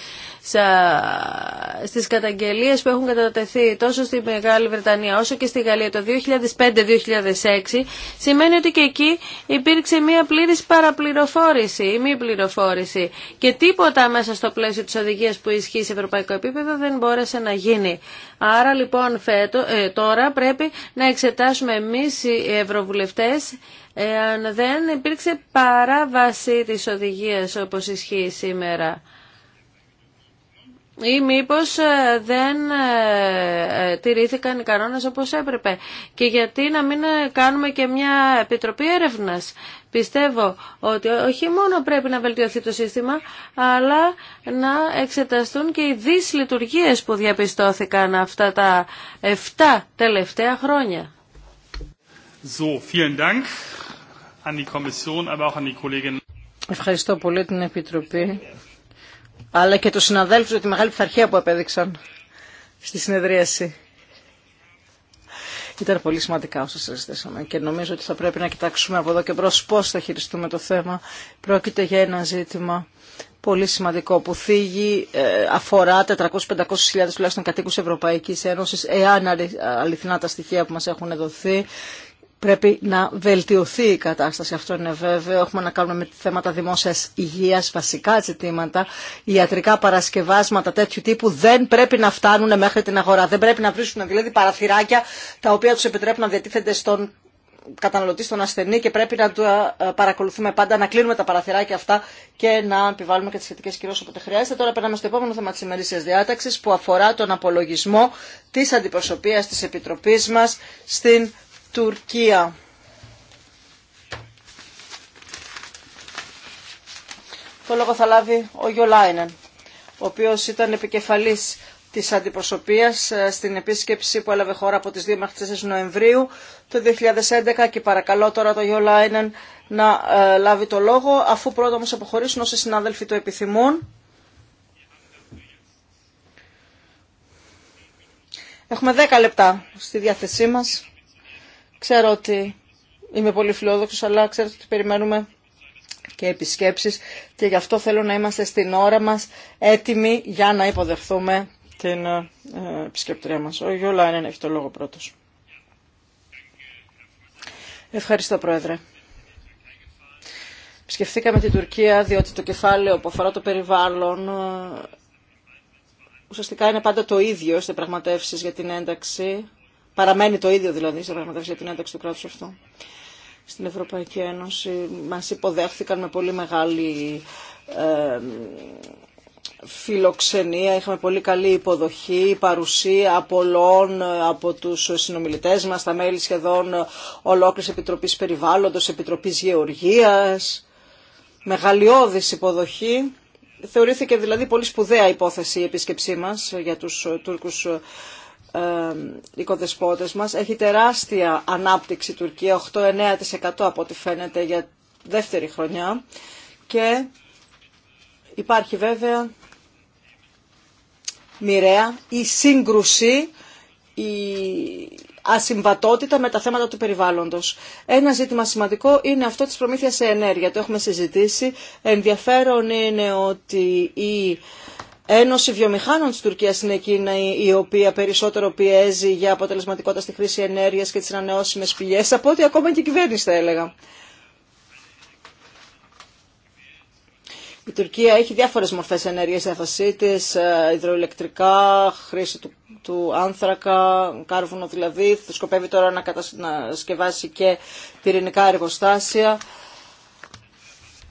στις καταγγελίες που έχουν κατατεθεί τόσο στη Μεγάλη Βρετανία όσο και στη Γαλλία το 2005-2006 σημαίνει ότι και εκεί υπήρξε μια πλήρης παραπληροφόρηση ή μη πληροφόρηση και τίποτα μέσα στο πλαίσιο της οδηγίας που ισχύει σε ευρωπαϊκό επίπεδο δεν μπόρεσε να γίνει. Άρα λοιπόν φέτο, ε, τώρα πρέπει να εξετάσουμε εμείς οι ευρωβουλευτές αν δεν υπήρξε παράβαση της οδηγίας όπως ισχύει σήμερα ή μήπως ε, δεν ε, ε, τηρήθηκαν οι κανόνες όπως έπρεπε. Και γιατί να μην κάνουμε και μια επιτροπή έρευνας. Πιστεύω ότι όχι μόνο πρέπει να βελτιωθεί το σύστημα, αλλά να εξεταστούν και οι δυσλειτουργίες που διαπιστώθηκαν αυτά τα 7 τελευταία χρόνια. So, vielen Dank an die Kommission, Ευχαριστώ πολύ την Επιτροπή αλλά και του συναδέλφου για τη μεγάλη πειθαρχία που επέδειξαν στη συνεδρίαση. Ήταν πολύ σημαντικά όσα συζητήσαμε και νομίζω ότι θα πρέπει να κοιτάξουμε από εδώ και μπρο πώ θα χειριστούμε το θέμα. Πρόκειται για ένα ζήτημα πολύ σημαντικό που θίγει, ε, αφορά 400-500 χιλιάδες τουλάχιστον κατοίκους Ευρωπαϊκής Ένωσης, εάν αληθινά τα στοιχεία που μας έχουν δοθεί Πρέπει να βελτιωθεί η κατάσταση, αυτό είναι βέβαιο. Έχουμε να κάνουμε με θέματα δημόσια υγεία, βασικά ζητήματα. Ιατρικά παρασκευάσματα τέτοιου τύπου δεν πρέπει να φτάνουν μέχρι την αγορά. Δεν πρέπει να βρίσκουν δηλαδή παραθυράκια τα οποία του επιτρέπουν να διατίθενται στον καταναλωτή, στον ασθενή και πρέπει να του ε, παρακολουθούμε πάντα, να κλείνουμε τα παραθυράκια αυτά και να επιβάλλουμε και τι σχετικές κυρώσει όποτε χρειάζεται. Τώρα περνάμε στο επόμενο θέμα τη ημερήσια διάταξη που αφορά τον απολογισμό τη αντιπροσωπεία τη επιτροπή μα στην Τουρκία. Το λόγο θα λάβει ο Γιολάινεν, ο οποίος ήταν επικεφαλής της αντιπροσωπείας ε, στην επίσκεψη που έλαβε χώρα από τις 2 μέχρι 4 Νοεμβρίου το 2011 και παρακαλώ τώρα το Γιολάινεν να ε, λάβει το λόγο αφού πρώτα όμως αποχωρήσουν όσοι συνάδελφοι το επιθυμούν. Έχουμε 10 λεπτά στη διάθεσή μας. Ξέρω ότι είμαι πολύ φιλόδοξος, αλλά ξέρω ότι περιμένουμε και επισκέψεις και γι' αυτό θέλω να είμαστε στην ώρα μας έτοιμοι για να υποδεχθούμε την ε, επισκεπτρία μας. Ο Γιώλα έχει το λόγο πρώτος. Ευχαριστώ Πρόεδρε. Επισκεφθήκαμε την Τουρκία διότι το κεφάλαιο που αφορά το περιβάλλον ε, ουσιαστικά είναι πάντα το ίδιο σε πραγματεύσεις για την ένταξη Παραμένει το ίδιο δηλαδή σε διαπραγματεύσει για την ένταξη του κράτου αυτού στην Ευρωπαϊκή Ένωση. Μας υποδέχθηκαν με πολύ μεγάλη ε, φιλοξενία, είχαμε πολύ καλή υποδοχή, παρουσία απολών ε, από τους συνομιλητές μας, τα μέλη σχεδόν ολόκληρης Επιτροπής Περιβάλλοντος, Επιτροπής Γεωργίας, μεγαλειώδης υποδοχή. Θεωρήθηκε δηλαδή πολύ σπουδαία υπόθεση η επίσκεψή μας ε, για τους Τούρκους ε, οικοδεσπότες μας. Έχει τεράστια ανάπτυξη η Τουρκία, 8-9% από ό,τι φαίνεται για δεύτερη χρονιά. Και υπάρχει βέβαια μοιραία η σύγκρουση, η ασυμβατότητα με τα θέματα του περιβάλλοντος. Ένα ζήτημα σημαντικό είναι αυτό της προμήθειας σε ενέργεια. Το έχουμε συζητήσει. Ενδιαφέρον είναι ότι η Ένωση Βιομηχάνων της Τουρκίας είναι εκείνη η οποία περισσότερο πιέζει για αποτελεσματικότητα στη χρήση ενέργεια και τι ανανεώσιμε πηγέ, από ό,τι ακόμα και η κυβέρνηση θα έλεγα. Η Τουρκία έχει διάφορες μορφές ενέργειας διάθεσή τη, ε, υδροηλεκτρικά, χρήση του, του άνθρακα, κάρβουνο δηλαδή. Σκοπεύει τώρα να σκευάσει και πυρηνικά εργοστάσια.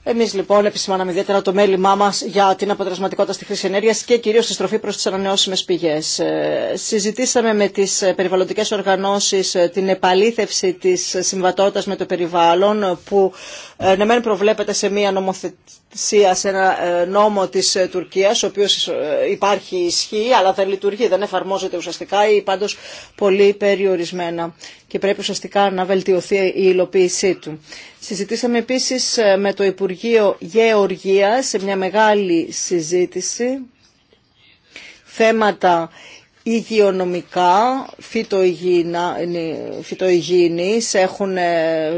Εμεί λοιπόν επισημάναμε ιδιαίτερα το μέλημά μα για την αποτελεσματικότητα στη χρήση ενέργεια και κυρίω τη στροφή προ τι ανανεώσιμε πηγέ. Ε, συζητήσαμε με τι περιβαλλοντικέ οργανώσει ε, την επαλήθευση τη συμβατότητα με το περιβάλλον που ε, ναι μεν προβλέπεται σε μια νομοθεσία, σε ένα νόμο τη Τουρκία, ο οποίο υπάρχει ισχύ αλλά δεν λειτουργεί, δεν εφαρμόζεται ουσιαστικά ή πάντω πολύ περιορισμένα και πρέπει ουσιαστικά να βελτιωθεί η υλοποίησή του. Συζητήσαμε επίσης ε, με το Υπουργείο Γεωργίας σε μια μεγάλη συζήτηση θέματα υγειονομικά, φυτοϊγιεινής, έχουν ε,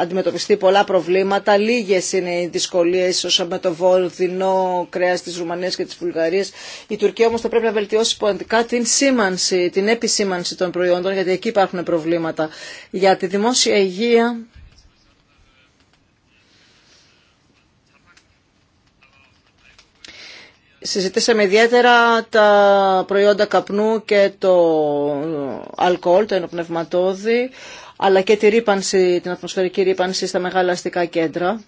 αντιμετωπιστεί πολλά προβλήματα, λίγες είναι οι δυσκολίες όσο με το βορδινό κρέας της Ρουμανίας και της Βουλγαρίας. Η Τουρκία όμως θα πρέπει να βελτιώσει ποντικά την σήμανση, την επισήμανση των προϊόντων, γιατί εκεί υπάρχουν προβλήματα. Για τη δημόσια υγεία συζητήσαμε ιδιαίτερα τα προϊόντα καπνού και το αλκοόλ, το ενοπνευματόδη, αλλά και τη ρήπανση, την ατμοσφαιρική ρήπανση στα μεγάλα αστικά κέντρα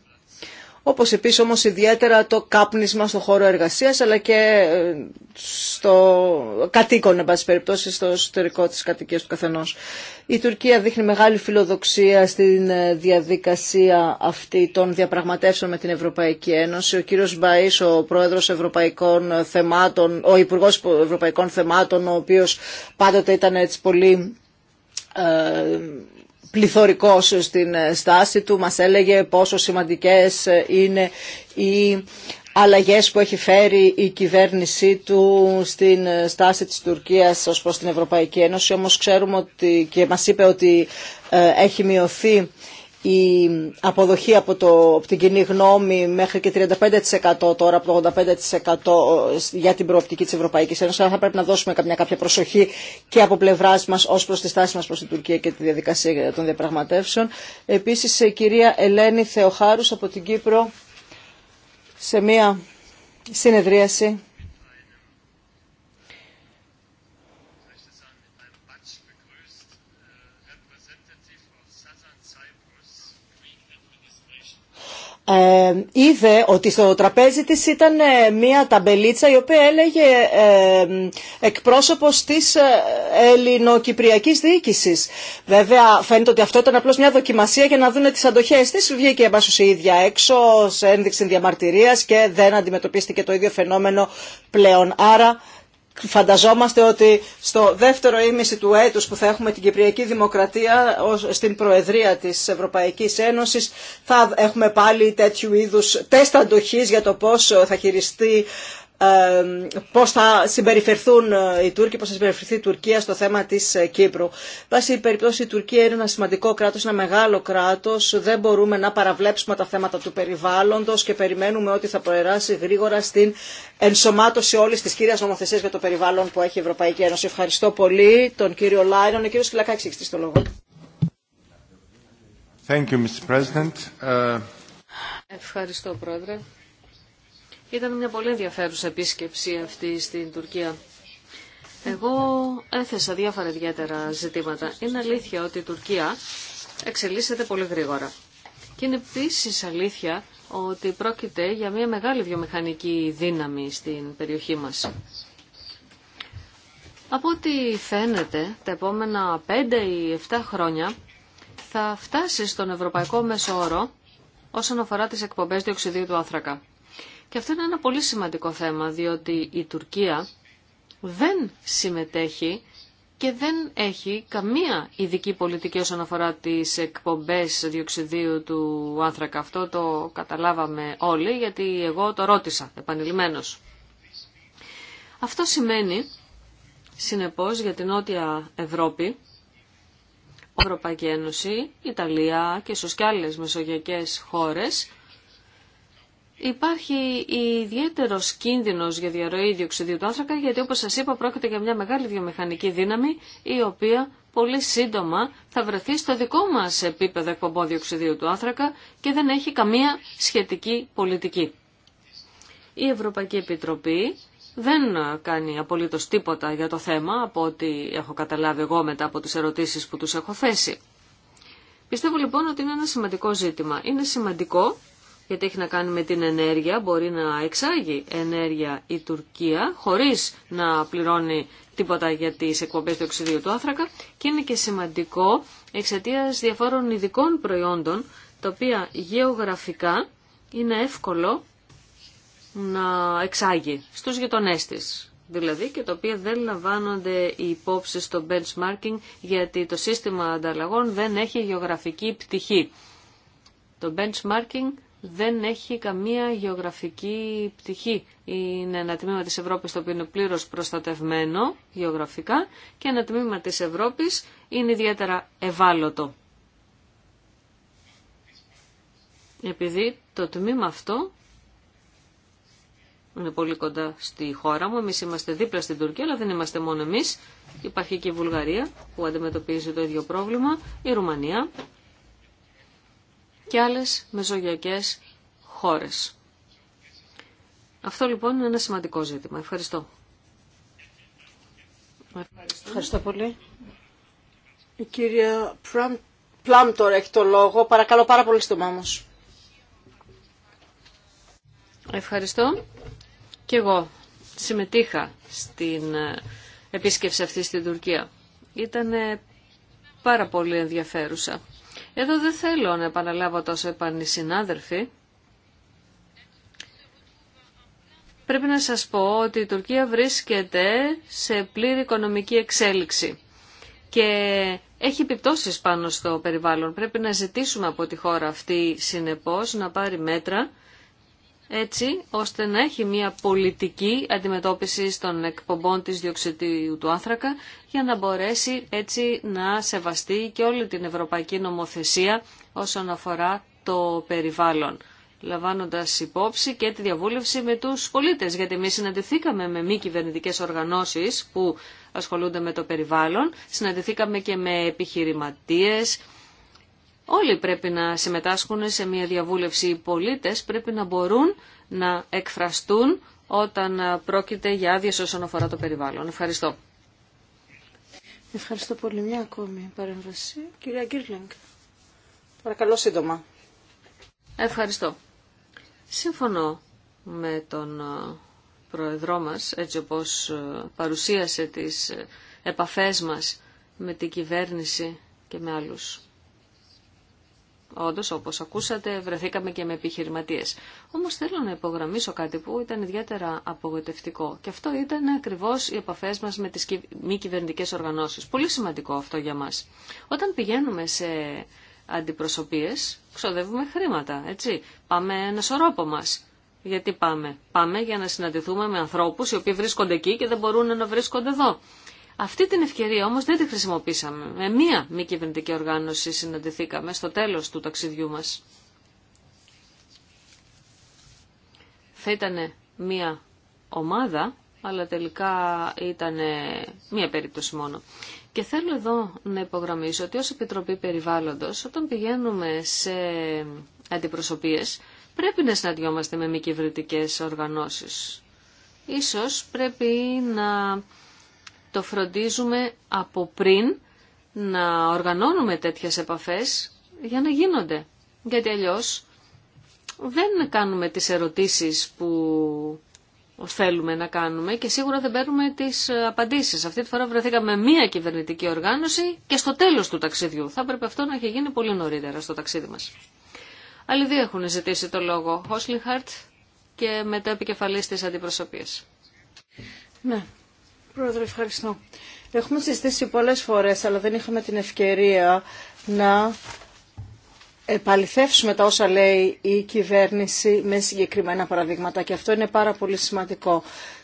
όπως επίσης όμως ιδιαίτερα το κάπνισμα στο χώρο εργασίας αλλά και ε, στο κατοίκον, εν πάση περιπτώσει, στο εσωτερικό της κατοικίας του καθενός. Η Τουρκία δείχνει μεγάλη φιλοδοξία στην ε, διαδικασία αυτή των διαπραγματεύσεων με την Ευρωπαϊκή Ένωση. Ο κύριος Μπαΐς, ο πρόεδρος Ευρωπαϊκών Θεμάτων, ο Υπουργός Ευρωπαϊκών Θεμάτων, ο οποίος πάντοτε ήταν έτσι πολύ ε, πληθωρικός στην ε, στάση του, μας έλεγε πόσο σημαντικές ε, είναι οι αλλαγές που έχει φέρει η κυβέρνησή του στην ε, στάση της Τουρκίας ως προς την Ευρωπαϊκή Ένωση. Όμως ξέρουμε ότι και μας είπε ότι έχει μειωθεί η αποδοχή από, το, την κοινή γνώμη μέχρι και 35% τώρα από το 85% για την προοπτική της Ευρωπαϊκής Ένωσης. Αλλά θα πρέπει να δώσουμε καμιά κάποια προσοχή και από πλευράς μας ως προς τη στάση μας προς την Τουρκία και τη διαδικασία των διαπραγματεύσεων. Επίσης η ε, κυρία Ελένη Θεοχάρους από την Κύπρο σε μια συνεδρίαση Ε, είδε ότι στο τραπέζι της ήταν ε, μία ταμπελίτσα η οποία έλεγε ε, εκπρόσωπος της ελληνοκυπριακής διοίκησης. Βέβαια φαίνεται ότι αυτό ήταν απλώς μια δοκιμασία για να δούνε τις αντοχές της. Βγήκε εμπάσως η ίδια έξω σε ένδειξη διαμαρτυρίας και δεν αντιμετωπίστηκε το ίδιο φαινόμενο πλέον. Άρα φανταζόμαστε ότι στο δεύτερο ήμιση του έτους που θα έχουμε την Κυπριακή Δημοκρατία στην Προεδρία της Ευρωπαϊκής Ένωσης θα έχουμε πάλι τέτοιου είδους τεστ αντοχής για το πώς θα χειριστεί πώς θα συμπεριφερθούν ε, οι Τούρκοι, πώς θα συμπεριφερθεί η Τουρκία στο θέμα της ε, Κύπρου. Πάση η περιπτώσει η Τουρκία είναι ένα σημαντικό κράτος, ένα μεγάλο κράτος. Δεν μπορούμε να παραβλέψουμε τα θέματα του περιβάλλοντος και περιμένουμε ότι θα προεράσει γρήγορα στην ενσωμάτωση όλη τη κύρια νομοθεσία για το περιβάλλον που έχει η Ευρωπαϊκή Ένωση. Ευχαριστώ πολύ τον κύριο Λάιρον. Ο κύριο Σκυλακάκη έχει το λόγο. Thank you, Mr. President. Ε, Ευχαριστώ, Πρόεδρε. Ήταν μια πολύ ενδιαφέρουσα επίσκεψη αυτή στην Τουρκία. Εγώ έθεσα διάφορα ιδιαίτερα ζητήματα. Είναι αλήθεια ότι η Τουρκία εξελίσσεται πολύ γρήγορα. Και είναι επίση αλήθεια ότι πρόκειται για μια μεγάλη βιομηχανική δύναμη στην περιοχή μας. Από ό,τι φαίνεται, τα επόμενα 5 ή 7 χρόνια θα φτάσει στον ευρωπαϊκό μεσόρο όσον αφορά τις εκπομπές διοξιδίου του άνθρακα. Και αυτό είναι ένα πολύ σημαντικό θέμα, διότι η Τουρκία δεν συμμετέχει και δεν έχει καμία ειδική πολιτική όσον αφορά τις εκπομπές διοξιδίου του άνθρακα. Αυτό το καταλάβαμε όλοι, γιατί εγώ το ρώτησα επανειλημμένος. Αυτό σημαίνει, συνεπώς, για την Νότια Ευρώπη, Ευρωπαϊκή Ένωση, Ιταλία και ίσως και άλλες μεσογειακές χώρες Υπάρχει ιδιαίτερο κίνδυνο για διαρροή διοξιδίου του άνθρακα, γιατί όπω σα είπα, πρόκειται για μια μεγάλη βιομηχανική δύναμη, η οποία πολύ σύντομα θα βρεθεί στο δικό μα επίπεδο εκπομπών διοξιδίου του άνθρακα και δεν έχει καμία σχετική πολιτική. Η Ευρωπαϊκή Επιτροπή δεν κάνει απολύτω τίποτα για το θέμα, από ό,τι έχω καταλάβει εγώ μετά από τι ερωτήσει που του έχω θέσει. Πιστεύω λοιπόν ότι είναι ένα σημαντικό ζήτημα. Είναι σημαντικό γιατί έχει να κάνει με την ενέργεια, μπορεί να εξάγει ενέργεια η Τουρκία χωρίς να πληρώνει τίποτα για τις εκπομπές του οξυδίου του άνθρακα και είναι και σημαντικό εξαιτία διαφόρων ειδικών προϊόντων τα οποία γεωγραφικά είναι εύκολο να εξάγει στους γειτονές της δηλαδή και τα οποία δεν λαμβάνονται οι υπόψεις στο benchmarking γιατί το σύστημα ανταλλαγών δεν έχει γεωγραφική πτυχή. Το benchmarking δεν έχει καμία γεωγραφική πτυχή. Είναι ένα τμήμα της Ευρώπης το οποίο είναι πλήρως προστατευμένο γεωγραφικά και ένα τμήμα της Ευρώπης είναι ιδιαίτερα ευάλωτο. Επειδή το τμήμα αυτό είναι πολύ κοντά στη χώρα μου, εμείς είμαστε δίπλα στην Τουρκία, αλλά δεν είμαστε μόνο εμείς. Υπάρχει και η Βουλγαρία που αντιμετωπίζει το ίδιο πρόβλημα, η Ρουμανία και άλλες μεζογειακές χώρες. Αυτό λοιπόν είναι ένα σημαντικό ζήτημα. Ευχαριστώ. Ευχαριστώ, πολύ. Η κυρία Πλάμτορ έχει το λόγο. Παρακαλώ πάρα πολύ στο μάμος. Ευχαριστώ. Και εγώ συμμετείχα στην ε, επίσκεψη αυτή στην Τουρκία. Ήταν πάρα πολύ ενδιαφέρουσα. Εδώ δεν θέλω να επαναλάβω τόσο επανή Πρέπει να σας πω ότι η Τουρκία βρίσκεται σε πλήρη οικονομική εξέλιξη και έχει επιπτώσεις πάνω στο περιβάλλον. Πρέπει να ζητήσουμε από τη χώρα αυτή συνεπώς να πάρει μέτρα έτσι ώστε να έχει μια πολιτική αντιμετώπιση των εκπομπών της διοξιδίου του άνθρακα για να μπορέσει έτσι να σεβαστεί και όλη την ευρωπαϊκή νομοθεσία όσον αφορά το περιβάλλον λαμβάνοντας υπόψη και τη διαβούλευση με τους πολίτες, γιατί εμεί συναντηθήκαμε με μη κυβερνητικές οργανώσεις που ασχολούνται με το περιβάλλον, συναντηθήκαμε και με επιχειρηματίες, Όλοι πρέπει να συμμετάσχουν σε μια διαβούλευση. Οι πολίτες πρέπει να μπορούν να εκφραστούν όταν πρόκειται για άδειες όσον αφορά το περιβάλλον. Ευχαριστώ. Ευχαριστώ πολύ. Μια ακόμη παρέμβαση. Κυρία Γκίρλινγκ, παρακαλώ σύντομα. Ευχαριστώ. Σύμφωνο με τον ε, Προεδρό μας, έτσι όπως ε, παρουσίασε τις ε, επαφές μας με την κυβέρνηση και με άλλους Όντω όπω ακούσατε, βρεθήκαμε και με επιχειρηματίε. Όμω θέλω να υπογραμμίσω κάτι που ήταν ιδιαίτερα απογοητευτικό. Και αυτό ήταν ακριβώ οι επαφέ μα με τι μη κυβερνητικέ οργανώσει. Πολύ σημαντικό αυτό για μα. Όταν πηγαίνουμε σε αντιπροσωπείε, ξοδεύουμε χρήματα, έτσι. Πάμε ένα σωρό από μας. Γιατί πάμε. Πάμε για να συναντηθούμε με ανθρώπου οι οποίοι βρίσκονται εκεί και δεν μπορούν να βρίσκονται εδώ. Αυτή την ευκαιρία όμως δεν τη χρησιμοποίησαμε. Με μία μη κυβερνητική οργάνωση συναντηθήκαμε στο τέλος του ταξιδιού μας. Θα ήταν μία ομάδα, αλλά τελικά ήταν μία περίπτωση μόνο. Και θέλω εδώ να υπογραμμίσω ότι ως Επιτροπή Περιβάλλοντος, όταν πηγαίνουμε σε αντιπροσωπείες, πρέπει να συναντιόμαστε με μη κυβερνητικέ οργανώσεις. Ίσως πρέπει να το φροντίζουμε από πριν να οργανώνουμε τέτοιες επαφές για να γίνονται. Γιατί αλλιώς δεν κάνουμε τις ερωτήσεις που θέλουμε να κάνουμε και σίγουρα δεν παίρνουμε τις απαντήσεις. Αυτή τη φορά βρεθήκαμε μία κυβερνητική οργάνωση και στο τέλος του ταξιδιού. Θα έπρεπε αυτό να έχει γίνει πολύ νωρίτερα στο ταξίδι μας. Άλλοι δύο έχουν ζητήσει το λόγο. Χόσλιχαρτ και μετά επικεφαλής της αντιπροσωπείας. Ναι, Πρόεδρε, ευχαριστώ. Έχουμε συζητήσει πολλές φορές, αλλά δεν είχαμε την ευκαιρία να επαληθεύσουμε τα όσα λέει η κυβέρνηση με συγκεκριμένα παραδείγματα και αυτό είναι πάρα πολύ σημαντικό.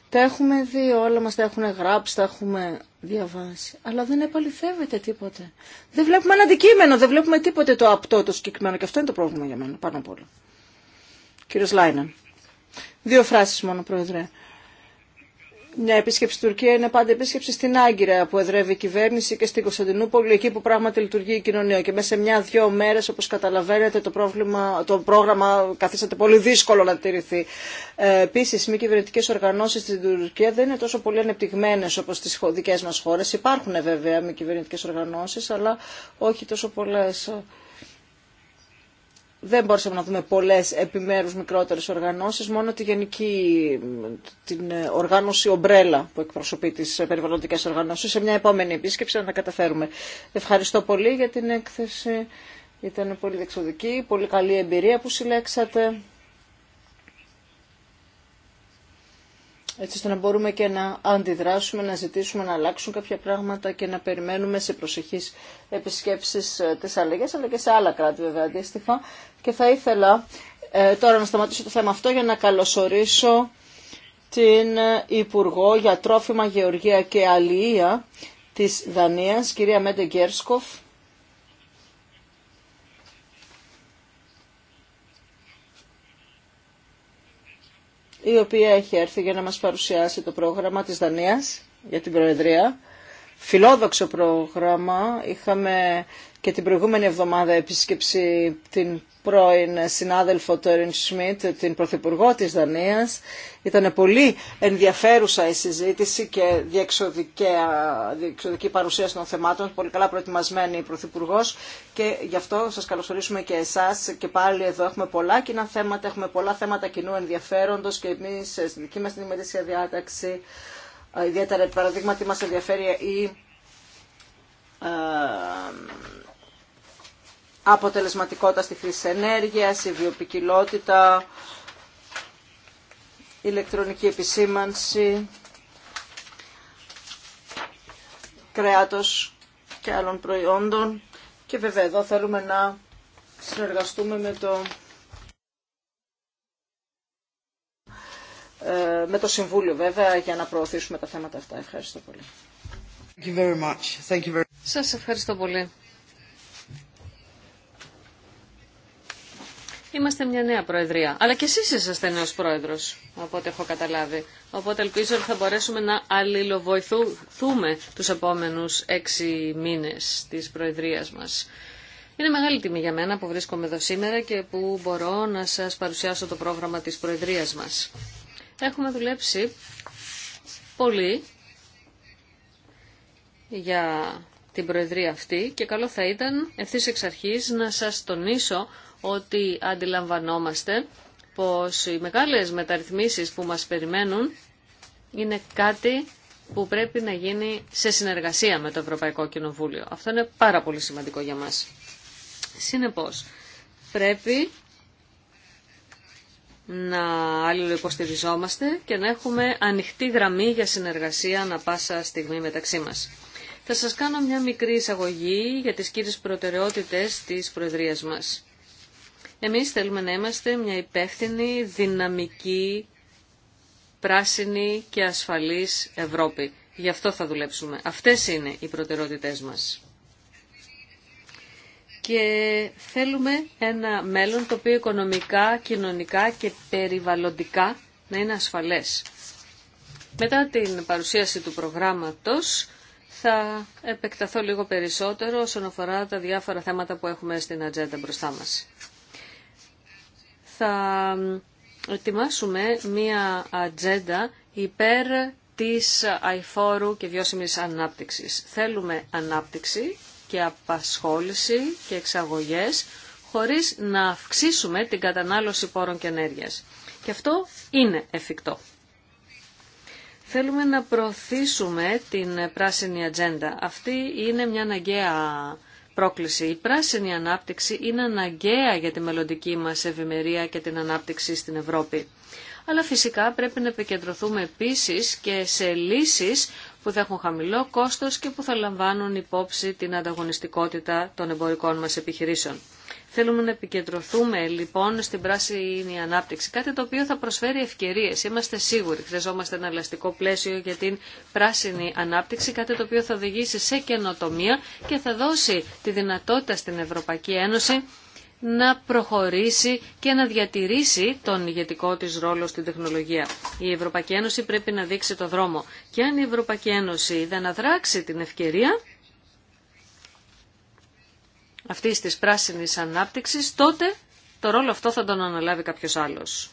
Τα έχουμε δει όλα μας, τα έχουν γράψει, τα έχουμε διαβάσει, αλλά δεν επαληθεύεται τίποτε. Δεν βλέπουμε ένα αντικείμενο, δεν βλέπουμε τίποτε το απτό το συγκεκριμένο και αυτό είναι το πρόβλημα για μένα πάνω απ' όλα. Κύριος Λάινεν, δύο φράσεις μόνο πρόεδρε μια επίσκεψη στην Τουρκία είναι πάντα επίσκεψη στην Άγκυρα που εδρεύει η κυβέρνηση και στην Κωνσταντινούπολη, εκεί που πράγματι λειτουργεί η κοινωνία. Και μέσα σε μια-δυο μέρε, όπω καταλαβαίνετε, το, πρόβλημα, το πρόγραμμα καθίσατε πολύ δύσκολο να τηρηθεί. Ε, Επίση, μη κυβερνητικέ οργανώσει στην Τουρκία δεν είναι τόσο πολύ ανεπτυγμένε όπω στι δικέ μα χώρε. Υπάρχουν βέβαια μη κυβερνητικέ οργανώσει, αλλά όχι τόσο πολλέ. Δεν μπορούσαμε να δούμε πολλές επιμέρους μικρότερες οργανώσεις, μόνο τη γενική την ε, οργάνωση ομπρέλα που εκπροσωπεί τις ε, περιβαλλοντικές οργανώσεις. Σε μια επόμενη επίσκεψη να τα καταφέρουμε. Ευχαριστώ πολύ για την έκθεση. Ήταν πολύ δεξοδική, πολύ καλή εμπειρία που συλλέξατε. έτσι ώστε να μπορούμε και να αντιδράσουμε, να ζητήσουμε να αλλάξουν κάποια πράγματα και να περιμένουμε σε προσεχείς επισκέψεις ε, της αλλαγές, αλλά και σε άλλα κράτη βέβαια αντίστοιχα. Και θα ήθελα ε, τώρα να σταματήσω το θέμα αυτό για να καλωσορίσω την ε, Υπουργό για Τρόφιμα, Γεωργία και Αλληλεία της Δανίας, κυρία Μέντε Γκέρσκοφ, η οποία έχει έρθει για να μας παρουσιάσει το πρόγραμμα της Δανίας για την Προεδρία φιλόδοξο πρόγραμμα. Είχαμε και την προηγούμενη εβδομάδα επίσκεψη την πρώην συνάδελφο Τόριν Σμιτ, την Πρωθυπουργό της Δανίας. Ήταν πολύ ενδιαφέρουσα η συζήτηση και διεξοδική παρουσίαση των θεμάτων, πολύ καλά προετοιμασμένη η Πρωθυπουργό και γι' αυτό σας καλωσορίσουμε και εσάς και πάλι εδώ έχουμε πολλά κοινά θέματα, έχουμε πολλά θέματα κοινού ενδιαφέροντο και εμεί ε, στην δική μα την ημερήσια διάταξη ε, ιδιαίτερα τι μας ενδιαφέρει η ε, αποτελεσματικότητα στη χρήση ενέργειας, η βιοπικιλότητα, η ηλεκτρονική επισήμανση, κρέατος και άλλων προϊόντων. Και βέβαια εδώ θέλουμε να συνεργαστούμε με το Ε, με το Συμβούλιο βέβαια για να προωθήσουμε τα θέματα αυτά. Ευχαριστώ πολύ. Σα Σας ευχαριστώ πολύ. Είμαστε μια νέα Προεδρία, αλλά και εσείς είσαστε νέος Πρόεδρος, από ό,τι έχω καταλάβει. Οπότε ελπίζω ότι θα μπορέσουμε να αλληλοβοηθούμε τους επόμενους έξι μήνες της Προεδρίας μας. Είναι μεγάλη τιμή για μένα που βρίσκομαι εδώ σήμερα και που μπορώ να σας παρουσιάσω το πρόγραμμα της Προεδρίας μας. Έχουμε δουλέψει πολύ για την Προεδρία αυτή και καλό θα ήταν ευθύ εξ αρχής να σας τονίσω ότι αντιλαμβανόμαστε πως οι μεγάλες μεταρρυθμίσεις που μας περιμένουν είναι κάτι που πρέπει να γίνει σε συνεργασία με το Ευρωπαϊκό Κοινοβούλιο. Αυτό είναι πάρα πολύ σημαντικό για μας. Συνεπώς, πρέπει να αλληλοϊποστηριζόμαστε και να έχουμε ανοιχτή γραμμή για συνεργασία ανα πάσα στιγμή μεταξύ μας. Θα σας κάνω μια μικρή εισαγωγή για τις κύριες προτεραιότητες της Προεδρίας μας. Εμείς θέλουμε να είμαστε μια υπεύθυνη, δυναμική, πράσινη και ασφαλής Ευρώπη. Γι' αυτό θα δουλέψουμε. Αυτές είναι οι προτεραιότητές μας και θέλουμε ένα μέλλον το οποίο οικονομικά, κοινωνικά και περιβαλλοντικά να είναι ασφαλές. Μετά την παρουσίαση του προγράμματος θα επεκταθώ λίγο περισσότερο όσον αφορά τα διάφορα θέματα που έχουμε στην ατζέντα μπροστά μας. Θα ετοιμάσουμε μία ατζέντα υπέρ της αηφόρου και βιώσιμης ανάπτυξης. Θέλουμε ανάπτυξη και απασχόληση και εξαγωγές χωρίς να αυξήσουμε την κατανάλωση πόρων και ενέργειας. Και αυτό είναι εφικτό. Θέλουμε να προωθήσουμε την πράσινη ατζέντα. Αυτή είναι μια αναγκαία πρόκληση. Η πράσινη ανάπτυξη είναι αναγκαία για τη μελλοντική μας ευημερία και την ανάπτυξη στην Ευρώπη. Αλλά φυσικά πρέπει να επικεντρωθούμε επίσης και σε λύσεις που θα έχουν χαμηλό κόστος και που θα λαμβάνουν υπόψη την ανταγωνιστικότητα των εμπορικών μας επιχειρήσεων. Θέλουμε να επικεντρωθούμε λοιπόν στην πράσινη ανάπτυξη, κάτι το οποίο θα προσφέρει ευκαιρίε. Είμαστε σίγουροι. Χρειαζόμαστε ένα ελαστικό πλαίσιο για την πράσινη ανάπτυξη, κάτι το οποίο θα οδηγήσει σε καινοτομία και θα δώσει τη δυνατότητα στην Ευρωπαϊκή Ένωση να προχωρήσει και να διατηρήσει τον ηγετικό της ρόλο στην τεχνολογία. Η Ευρωπαϊκή Ένωση πρέπει να δείξει το δρόμο. Και αν η Ευρωπαϊκή Ένωση δεν αδράξει την ευκαιρία αυτή της πράσινης ανάπτυξης, τότε το ρόλο αυτό θα τον αναλάβει κάποιος άλλος.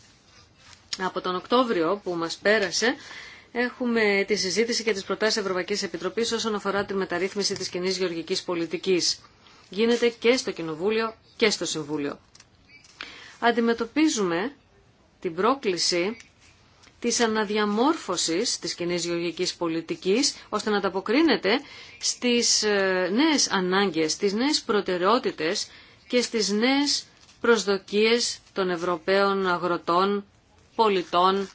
Από τον Οκτώβριο που μας πέρασε, έχουμε τη συζήτηση και τις προτάσεις Ευρωπαϊκής Επιτροπής όσον αφορά τη μεταρρύθμιση της κοινή γεωργικής πολιτικής γίνεται και στο Κοινοβούλιο και στο Συμβούλιο. Αντιμετωπίζουμε την πρόκληση της αναδιαμόρφωσης της κοινή γεωργικής πολιτικής, ώστε να ανταποκρίνεται στις ε, νέες ανάγκες, στις νέες προτεραιότητες και στις νέες προσδοκίες των Ευρωπαίων αγροτών, πολιτών,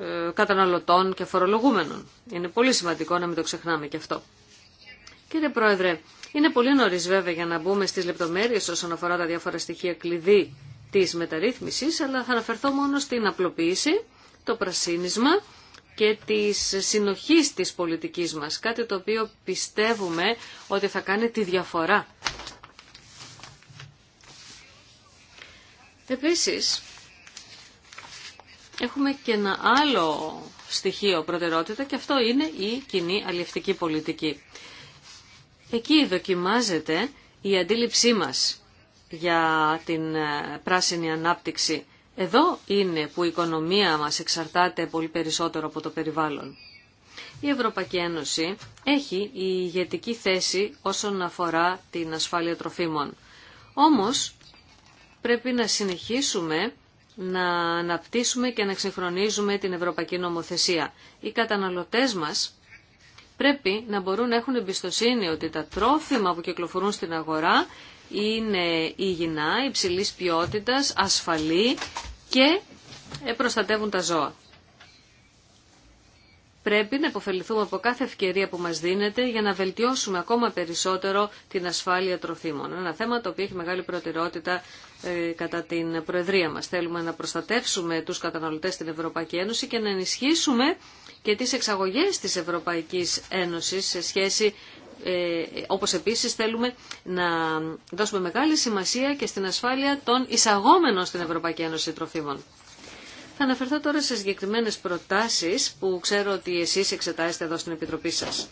ε, καταναλωτών και φορολογούμενων. Είναι πολύ σημαντικό να μην το ξεχνάμε και αυτό. Κύριε Πρόεδρε, είναι πολύ νωρί βέβαια για να μπούμε στις λεπτομέρειες όσον αφορά τα διάφορα στοιχεία κλειδί της μεταρρύθμισης, αλλά θα αναφερθώ μόνο στην απλοποίηση, το πρασίνισμα και τη συνοχή τη πολιτική μα κάτι το οποίο πιστεύουμε ότι θα κάνει τη διαφορά. Επίσης, έχουμε και ένα άλλο στοιχείο προτεραιότητα και αυτό είναι η κοινή αλληλευτική πολιτική. Εκεί δοκιμάζεται η αντίληψή μας για την ε, πράσινη ανάπτυξη. Εδώ είναι που η οικονομία μας εξαρτάται πολύ περισσότερο από το περιβάλλον. Η Ευρωπαϊκή Ένωση έχει η ηγετική θέση όσον αφορά την ασφάλεια τροφίμων. Όμως πρέπει να συνεχίσουμε να αναπτύσσουμε και να ξεχρονίζουμε την Ευρωπαϊκή Νομοθεσία. Οι καταναλωτές μας πρέπει να μπορούν να έχουν εμπιστοσύνη ότι τα τρόφιμα που κυκλοφορούν στην αγορά είναι υγιεινά, υψηλής ποιότητας, ασφαλή και ε, προστατεύουν τα ζώα. Πρέπει να υποφεληθούμε από κάθε ευκαιρία που μας δίνεται για να βελτιώσουμε ακόμα περισσότερο την ασφάλεια τροφίμων. Ένα θέμα το οποίο έχει μεγάλη προτεραιότητα ε, κατά την Προεδρία μας. Θέλουμε να προστατεύσουμε τους καταναλωτές στην Ευρωπαϊκή Ένωση και να ενισχύσουμε και τις εξαγωγές της Ευρωπαϊκής Ένωσης σε σχέση ε, όπως επίσης θέλουμε να δώσουμε μεγάλη σημασία και στην ασφάλεια των εισαγόμενων στην Ευρωπαϊκή Ένωση τροφίμων. Θα αναφερθώ τώρα σε συγκεκριμένες προτάσεις που ξέρω ότι εσείς εξετάζετε εδώ στην Επιτροπή σας.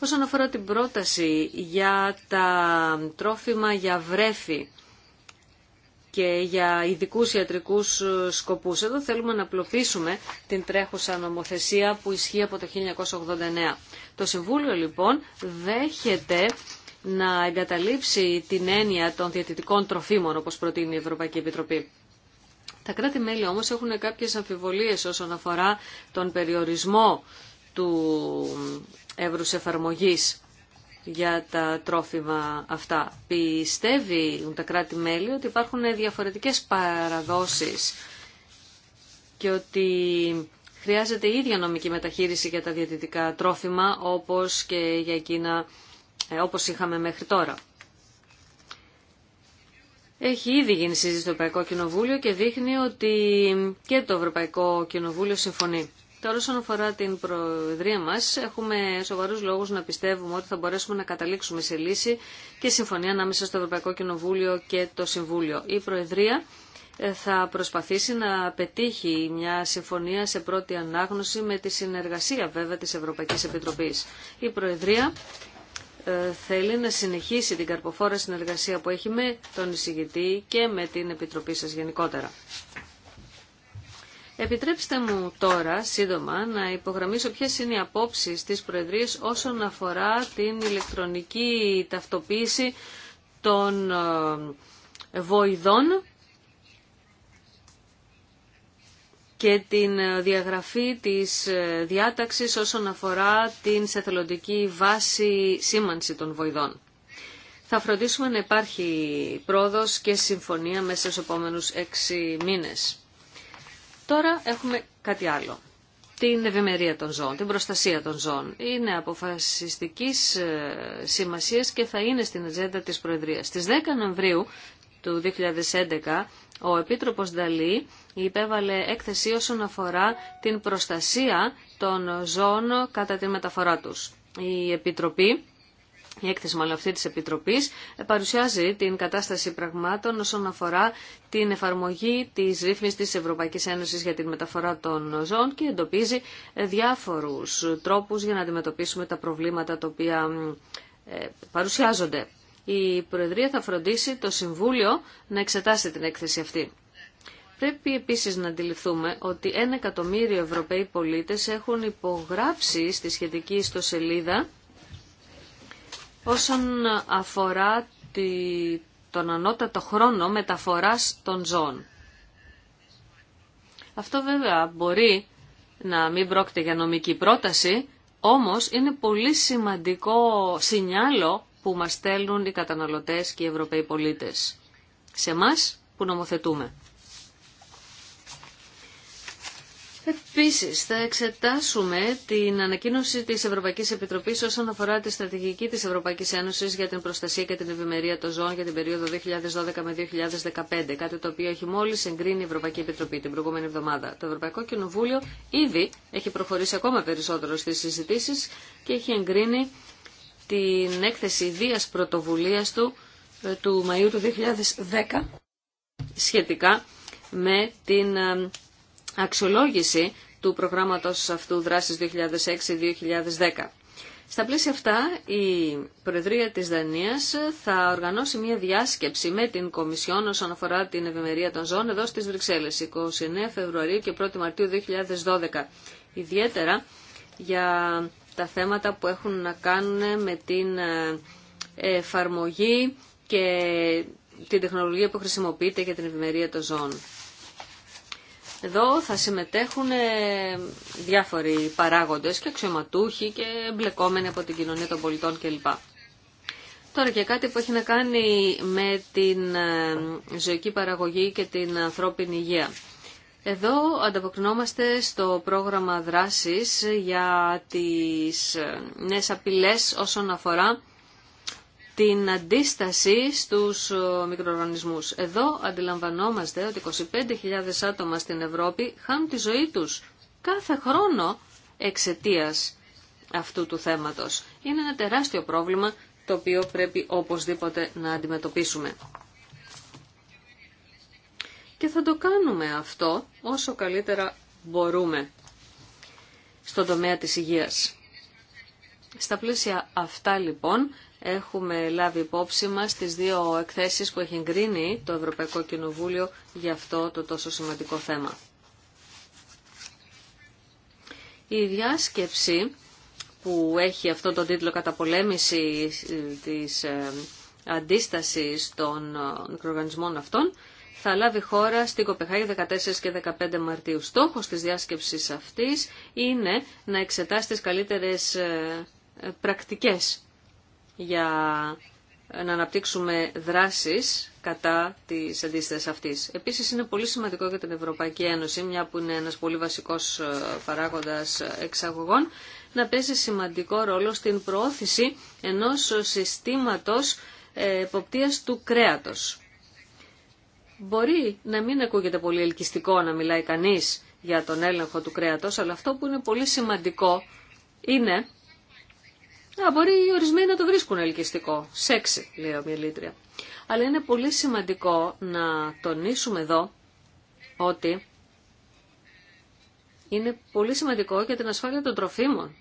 Όσον αφορά την πρόταση για τα τρόφιμα για βρέφη, και για ειδικούς ιατρικούς σκοπούς. Εδώ θέλουμε να απλοποιήσουμε την τρέχουσα νομοθεσία που ισχύει από το 1989. Το Συμβούλιο λοιπόν δέχεται να εγκαταλείψει την έννοια των διατητικών τροφίμων όπως προτείνει η Ευρωπαϊκή Επιτροπή. Τα κράτη-μέλη όμως έχουν κάποιες αμφιβολίες όσον αφορά τον περιορισμό του εύρους εφαρμογής για τα τρόφιμα αυτά. Πιστεύει τα κράτη-μέλη ότι υπάρχουν διαφορετικές παραδόσεις και ότι χρειάζεται η ίδια νομική μεταχείριση για τα διατητικά τρόφιμα όπως και για εκείνα ε, όπως είχαμε μέχρι τώρα. Έχει ήδη γίνει συζήτηση στο Ευρωπαϊκό Κοινοβούλιο και δείχνει ότι και το Ευρωπαϊκό Κοινοβούλιο συμφωνεί. Τώρα όσον αφορά την Προεδρία μας, έχουμε σοβαρού λόγους να πιστεύουμε ότι θα μπορέσουμε να καταλήξουμε σε λύση και συμφωνία ανάμεσα στο Ευρωπαϊκό Κοινοβούλιο και το Συμβούλιο. Η Προεδρία ε, θα προσπαθήσει να πετύχει μια συμφωνία σε πρώτη ανάγνωση με τη συνεργασία βέβαια της Ευρωπαϊκής Επιτροπής. Η Προεδρία ε, θέλει να συνεχίσει την καρποφόρα συνεργασία που έχει με τον εισηγητή και με την Επιτροπή σας γενικότερα. Επιτρέψτε μου τώρα, σύντομα, να υπογραμμίσω ποιες είναι οι απόψεις της Προεδρίας όσον αφορά την ηλεκτρονική ταυτοποίηση των ε, βοηδών και την ε, διαγραφή της ε, διάταξης όσον αφορά την σεθελοντική βάση σήμανση των βοηδών. Θα φροντίσουμε να υπάρχει πρόοδος και συμφωνία μέσα στους επόμενους έξι μήνες. Τώρα έχουμε κάτι άλλο. Την ευημερία των ζώων, την προστασία των ζώων. Είναι αποφασιστικής ε, σημασία και θα είναι στην ατζέντα της Προεδρίας. Στι 10 Νοεμβρίου του 2011 ο Επίτροπος Νταλή υπέβαλε έκθεση όσον αφορά την προστασία των ζώων κατά τη μεταφορά τους. Η Επιτροπή η έκθεση μάλλον αυτή της Επιτροπής ε, παρουσιάζει την κατάσταση πραγμάτων όσον αφορά την εφαρμογή της ρύθμισης της Ευρωπαϊκής Ένωσης για την μεταφορά των ζώων και εντοπίζει ε, διάφορους τρόπους για να αντιμετωπίσουμε τα προβλήματα τα οποία ε, παρουσιάζονται. Η Προεδρία θα φροντίσει το Συμβούλιο να εξετάσει την έκθεση αυτή. Πρέπει επίσης να αντιληφθούμε ότι ένα εκατομμύριο Ευρωπαίοι πολίτες έχουν υπογράψει στη σχετική ιστοσελίδα όσον αφορά τη, τον ανώτατο χρόνο μεταφοράς των ζώων. Αυτό βέβαια μπορεί να μην πρόκειται για νομική πρόταση, όμως είναι πολύ σημαντικό σινιάλο που μας στέλνουν οι καταναλωτές και οι Ευρωπαίοι πολίτες. Σε μας που νομοθετούμε. Επίσης, θα εξετάσουμε την ανακοίνωση της Ευρωπαϊκής Επιτροπής όσον αφορά τη στρατηγική της Ευρωπαϊκής Ένωσης για την προστασία και την ευημερία των ζώων για την περίοδο 2012 με 2015, κάτι το οποίο έχει μόλις εγκρίνει η Ευρωπαϊκή Επιτροπή την προηγούμενη εβδομάδα. Το Ευρωπαϊκό Κοινοβούλιο ήδη έχει προχωρήσει ακόμα περισσότερο στις συζητήσεις και έχει εγκρίνει την έκθεση ιδίας πρωτοβουλίας του ε, του Μαΐου του 2010 σχετικά με την ε, αξιολόγηση του προγράμματος αυτού δράσης 2006-2010. Στα πλαίσια αυτά, η Προεδρία της Δανίας θα οργανώσει μια διάσκεψη με την Κομισιόν όσον αφορά την ευημερία των ζώων εδώ στις Βρυξέλλες, 29 Φεβρουαρίου και 1 Μαρτίου 2012. Ιδιαίτερα για τα θέματα που έχουν να κάνουν με την ε, εφαρμογή και την τεχνολογία που χρησιμοποιείται για την ευημερία των ζώων. Εδώ θα συμμετέχουν ε, διάφοροι παράγοντες και αξιωματούχοι και εμπλεκόμενοι από την κοινωνία των πολιτών κλπ. Τώρα και κάτι που έχει να κάνει με την ε, ζωική παραγωγή και την ανθρώπινη υγεία. Εδώ ανταποκρινόμαστε στο πρόγραμμα δράσης για τις ε, νέες απειλές όσον αφορά την αντίσταση στους ε, μικροοργανισμούς. Εδώ αντιλαμβανόμαστε ότι 25.000 άτομα στην Ευρώπη χάνουν τη ζωή τους κάθε χρόνο εξαιτίας αυτού του θέματος. Είναι ένα τεράστιο πρόβλημα το οποίο πρέπει οπωσδήποτε να αντιμετωπίσουμε. Και θα το κάνουμε αυτό όσο καλύτερα μπορούμε στον τομέα της υγείας. Στα πλαίσια αυτά λοιπόν έχουμε λάβει υπόψη μας τις δύο εκθέσεις που έχει εγκρίνει το Ευρωπαϊκό Κοινοβούλιο για αυτό το τόσο σημαντικό θέμα. Η διάσκεψη που έχει αυτό τον τίτλο «Καταπολέμηση της ε, αντίστασης των ε, μικροοργανισμών αυτών» θα λάβει χώρα στην Κοπεχάγη 14 και 15 Μαρτίου. Στόχος της διάσκεψης αυτής είναι να εξετάσει τις καλύτερες ε, πρακτικές για να αναπτύξουμε δράσεις κατά της αντίστασης αυτής. Επίσης είναι πολύ σημαντικό για την Ευρωπαϊκή Ένωση, μια που είναι ένας πολύ βασικός ε, παράγοντας εξαγωγών, να παίζει σημαντικό ρόλο στην προώθηση ενός συστήματος ε, εποπτείας του κρέατος. Μπορεί να μην ακούγεται πολύ ελκυστικό να μιλάει κανείς για τον έλεγχο του κρέατος, αλλά αυτό που είναι πολύ σημαντικό είναι Α, μπορεί οι ορισμένοι να το βρίσκουν ελκυστικό. Σεξι, λέει ο Μιλήτρια. Αλλά είναι πολύ σημαντικό να τονίσουμε εδώ ότι είναι πολύ σημαντικό για την ασφάλεια των τροφίμων.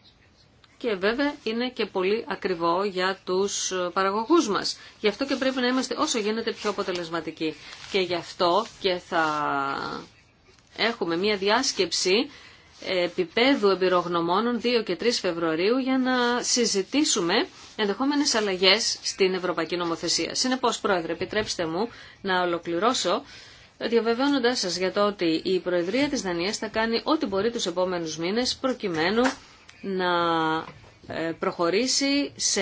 Και βέβαια είναι και πολύ ακριβό για τους παραγωγούς μας. Γι' αυτό και πρέπει να είμαστε όσο γίνεται πιο αποτελεσματικοί. Και γι' αυτό και θα έχουμε μια διάσκεψη επίπεδου εμπειρογνωμόνων 2 και 3 Φεβρουαρίου για να συζητήσουμε ενδεχόμενες αλλαγέ στην Ευρωπαϊκή Νομοθεσία. Συνεπώς, Πρόεδρε, επιτρέψτε μου να ολοκληρώσω διαβεβαιώνοντά σας για το ότι η Προεδρία της Δανία θα κάνει ό,τι μπορεί τους επόμενους μήνες προκειμένου να ε, προχωρήσει σε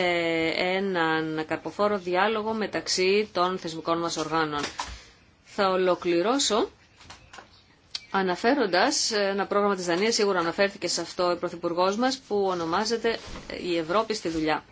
έναν καρποφόρο διάλογο μεταξύ των θεσμικών μας οργάνων. Θα ολοκληρώσω αναφέροντας ένα πρόγραμμα της Δανίας, σίγουρα αναφέρθηκε σε αυτό ο Πρωθυπουργό μας, που ονομάζεται «Η Ευρώπη στη δουλειά».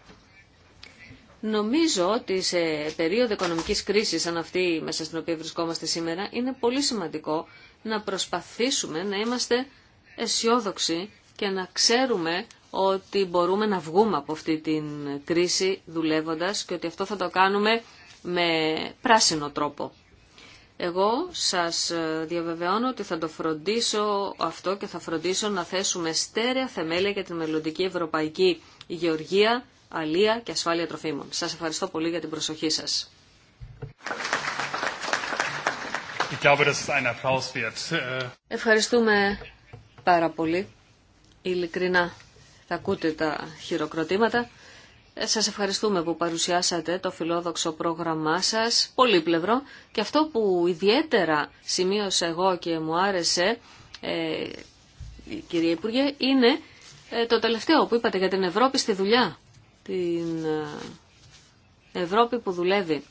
Νομίζω ότι σε περίοδο οικονομικής κρίσης, σαν αυτή μέσα στην οποία βρισκόμαστε σήμερα, είναι πολύ σημαντικό να προσπαθήσουμε να είμαστε αισιόδοξοι και να ξέρουμε ότι μπορούμε να βγούμε από αυτή την κρίση δουλεύοντας και ότι αυτό θα το κάνουμε με πράσινο τρόπο. Εγώ σας ε, διαβεβαιώνω ότι θα το φροντίσω αυτό και θα φροντίσω να θέσουμε στέρεα θεμέλια για την μελλοντική ευρωπαϊκή γεωργία, αλία και ασφάλεια τροφίμων. Σας ευχαριστώ πολύ για την προσοχή σας. Ευχαριστούμε πάρα πολύ. Ειλικρινά θα ακούτε τα χειροκροτήματα. Σας ευχαριστούμε που παρουσιάσατε το φιλόδοξο πρόγραμμά σας, πολύπλευρο. Και αυτό που ιδιαίτερα σημείωσα εγώ και μου άρεσε, ε, κύριε Υπουργέ, είναι ε, το τελευταίο που είπατε για την Ευρώπη στη δουλειά. Την ε, Ευρώπη που δουλεύει.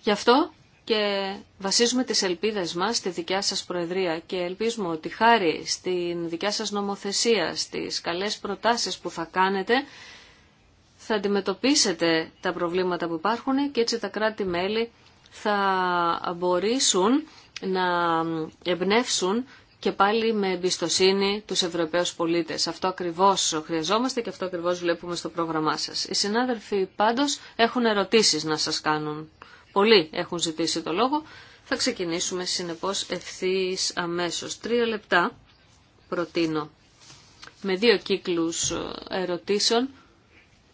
Γι' αυτό και βασίζουμε τις ελπίδες μας στη δικιά σας Προεδρία και ελπίζουμε ότι χάρη στην δικιά σας νομοθεσία, στις καλές προτάσεις που θα κάνετε, θα αντιμετωπίσετε τα προβλήματα που υπάρχουν και έτσι τα κράτη-μέλη θα μπορέσουν να εμπνεύσουν και πάλι με εμπιστοσύνη τους Ευρωπαίους πολίτες. Αυτό ακριβώς χρειαζόμαστε και αυτό ακριβώς βλέπουμε στο πρόγραμμά σας. Οι συνάδελφοι πάντως έχουν ερωτήσεις να σας κάνουν. Πολλοί έχουν ζητήσει το λόγο. Θα ξεκινήσουμε συνεπώς ευθύ αμέσως. Τρία λεπτά προτείνω με δύο κύκλους ε, ερωτήσεων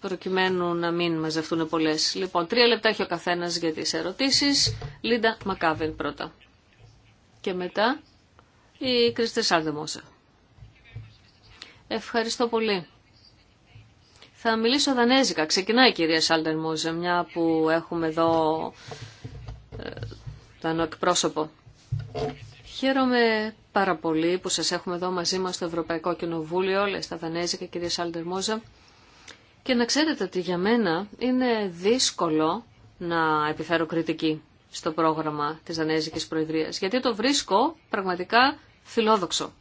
προκειμένου να μην μαζευτούν πολλέ. Λοιπόν, τρία λεπτά έχει ο καθένα για τις ερωτήσεις. Λίντα Μακάβεν πρώτα. Και μετά η Κρίστε Σάρδεμόσα. Ευχαριστώ πολύ. Θα μιλήσω δανέζικα. Ξεκινάει η κυρία Σάλτερ Μόζε, μια που έχουμε εδώ ε, τον εκπρόσωπο. Χαίρομαι πάρα πολύ που σας έχουμε εδώ μαζί μας στο Ευρωπαϊκό Κοινοβούλιο, όλες τα δανέζικα, κυρία Σάλτερ Μόζε. Και να ξέρετε ότι για μένα είναι δύσκολο να επιφέρω κριτική στο πρόγραμμα της Δανέζικης Προεδρίας, γιατί το βρίσκω πραγματικά φιλόδοξο.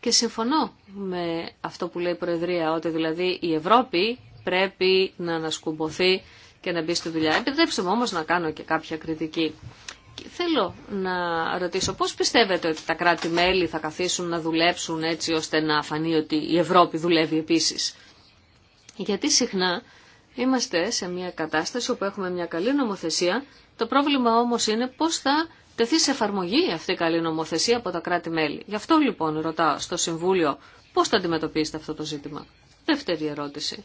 Και συμφωνώ με αυτό που λέει η Προεδρία, ότι δηλαδή η Ευρώπη πρέπει να ανασκουμποθεί και να μπει στη δουλειά. Επιτρέψτε μου όμως να κάνω και κάποια κριτική. Και θέλω να ρωτήσω πώς πιστεύετε ότι τα κράτη-μέλη θα καθίσουν να δουλέψουν έτσι ώστε να φανεί ότι η Ευρώπη δουλεύει επίσης. Γιατί συχνά είμαστε σε μια κατάσταση όπου έχουμε μια καλή νομοθεσία, το πρόβλημα όμως είναι πώς θα τεθεί σε εφαρμογή αυτή η καλή νομοθεσία από τα κράτη-μέλη. Γι' αυτό λοιπόν ρωτάω στο Συμβούλιο πώς θα αντιμετωπίσετε αυτό το ζήτημα. Δεύτερη ερώτηση.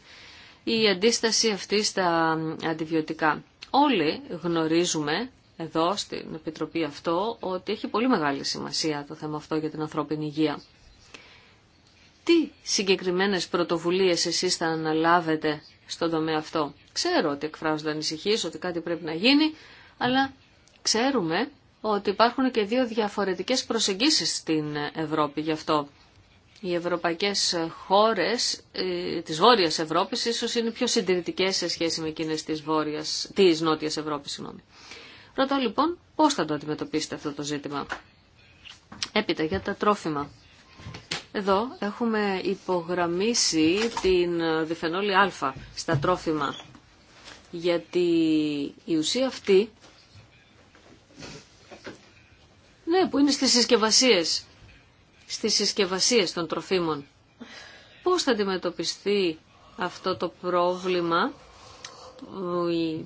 Η αντίσταση αυτή στα αντιβιωτικά. Όλοι γνωρίζουμε εδώ στην Επιτροπή αυτό ότι έχει πολύ μεγάλη σημασία το θέμα αυτό για την ανθρώπινη υγεία. Τι συγκεκριμένες πρωτοβουλίες εσείς θα αναλάβετε στον τομέα αυτό. Ξέρω ότι εκφράζονται ανησυχίες, ότι κάτι πρέπει να γίνει, αλλά ξέρουμε ότι υπάρχουν και δύο διαφορετικές προσεγγίσεις στην Ευρώπη γι' αυτό. Οι ευρωπαϊκές χώρες ε, της Βόρειας Ευρώπης ίσως είναι πιο συντηρητικές σε σχέση με εκείνες της, βόρειας, της Νότιας Ευρώπης. Ρωτώ λοιπόν πώς θα το αντιμετωπίσετε αυτό το ζήτημα. Έπειτα για τα τρόφιμα. Εδώ έχουμε υπογραμμίσει την διφενόλη α στα τρόφιμα, γιατί η ουσία αυτή, ναι, που είναι στις συσκευασίες, στις συσκευασίες των τροφίμων, πώς θα αντιμετωπιστεί αυτό το πρόβλημα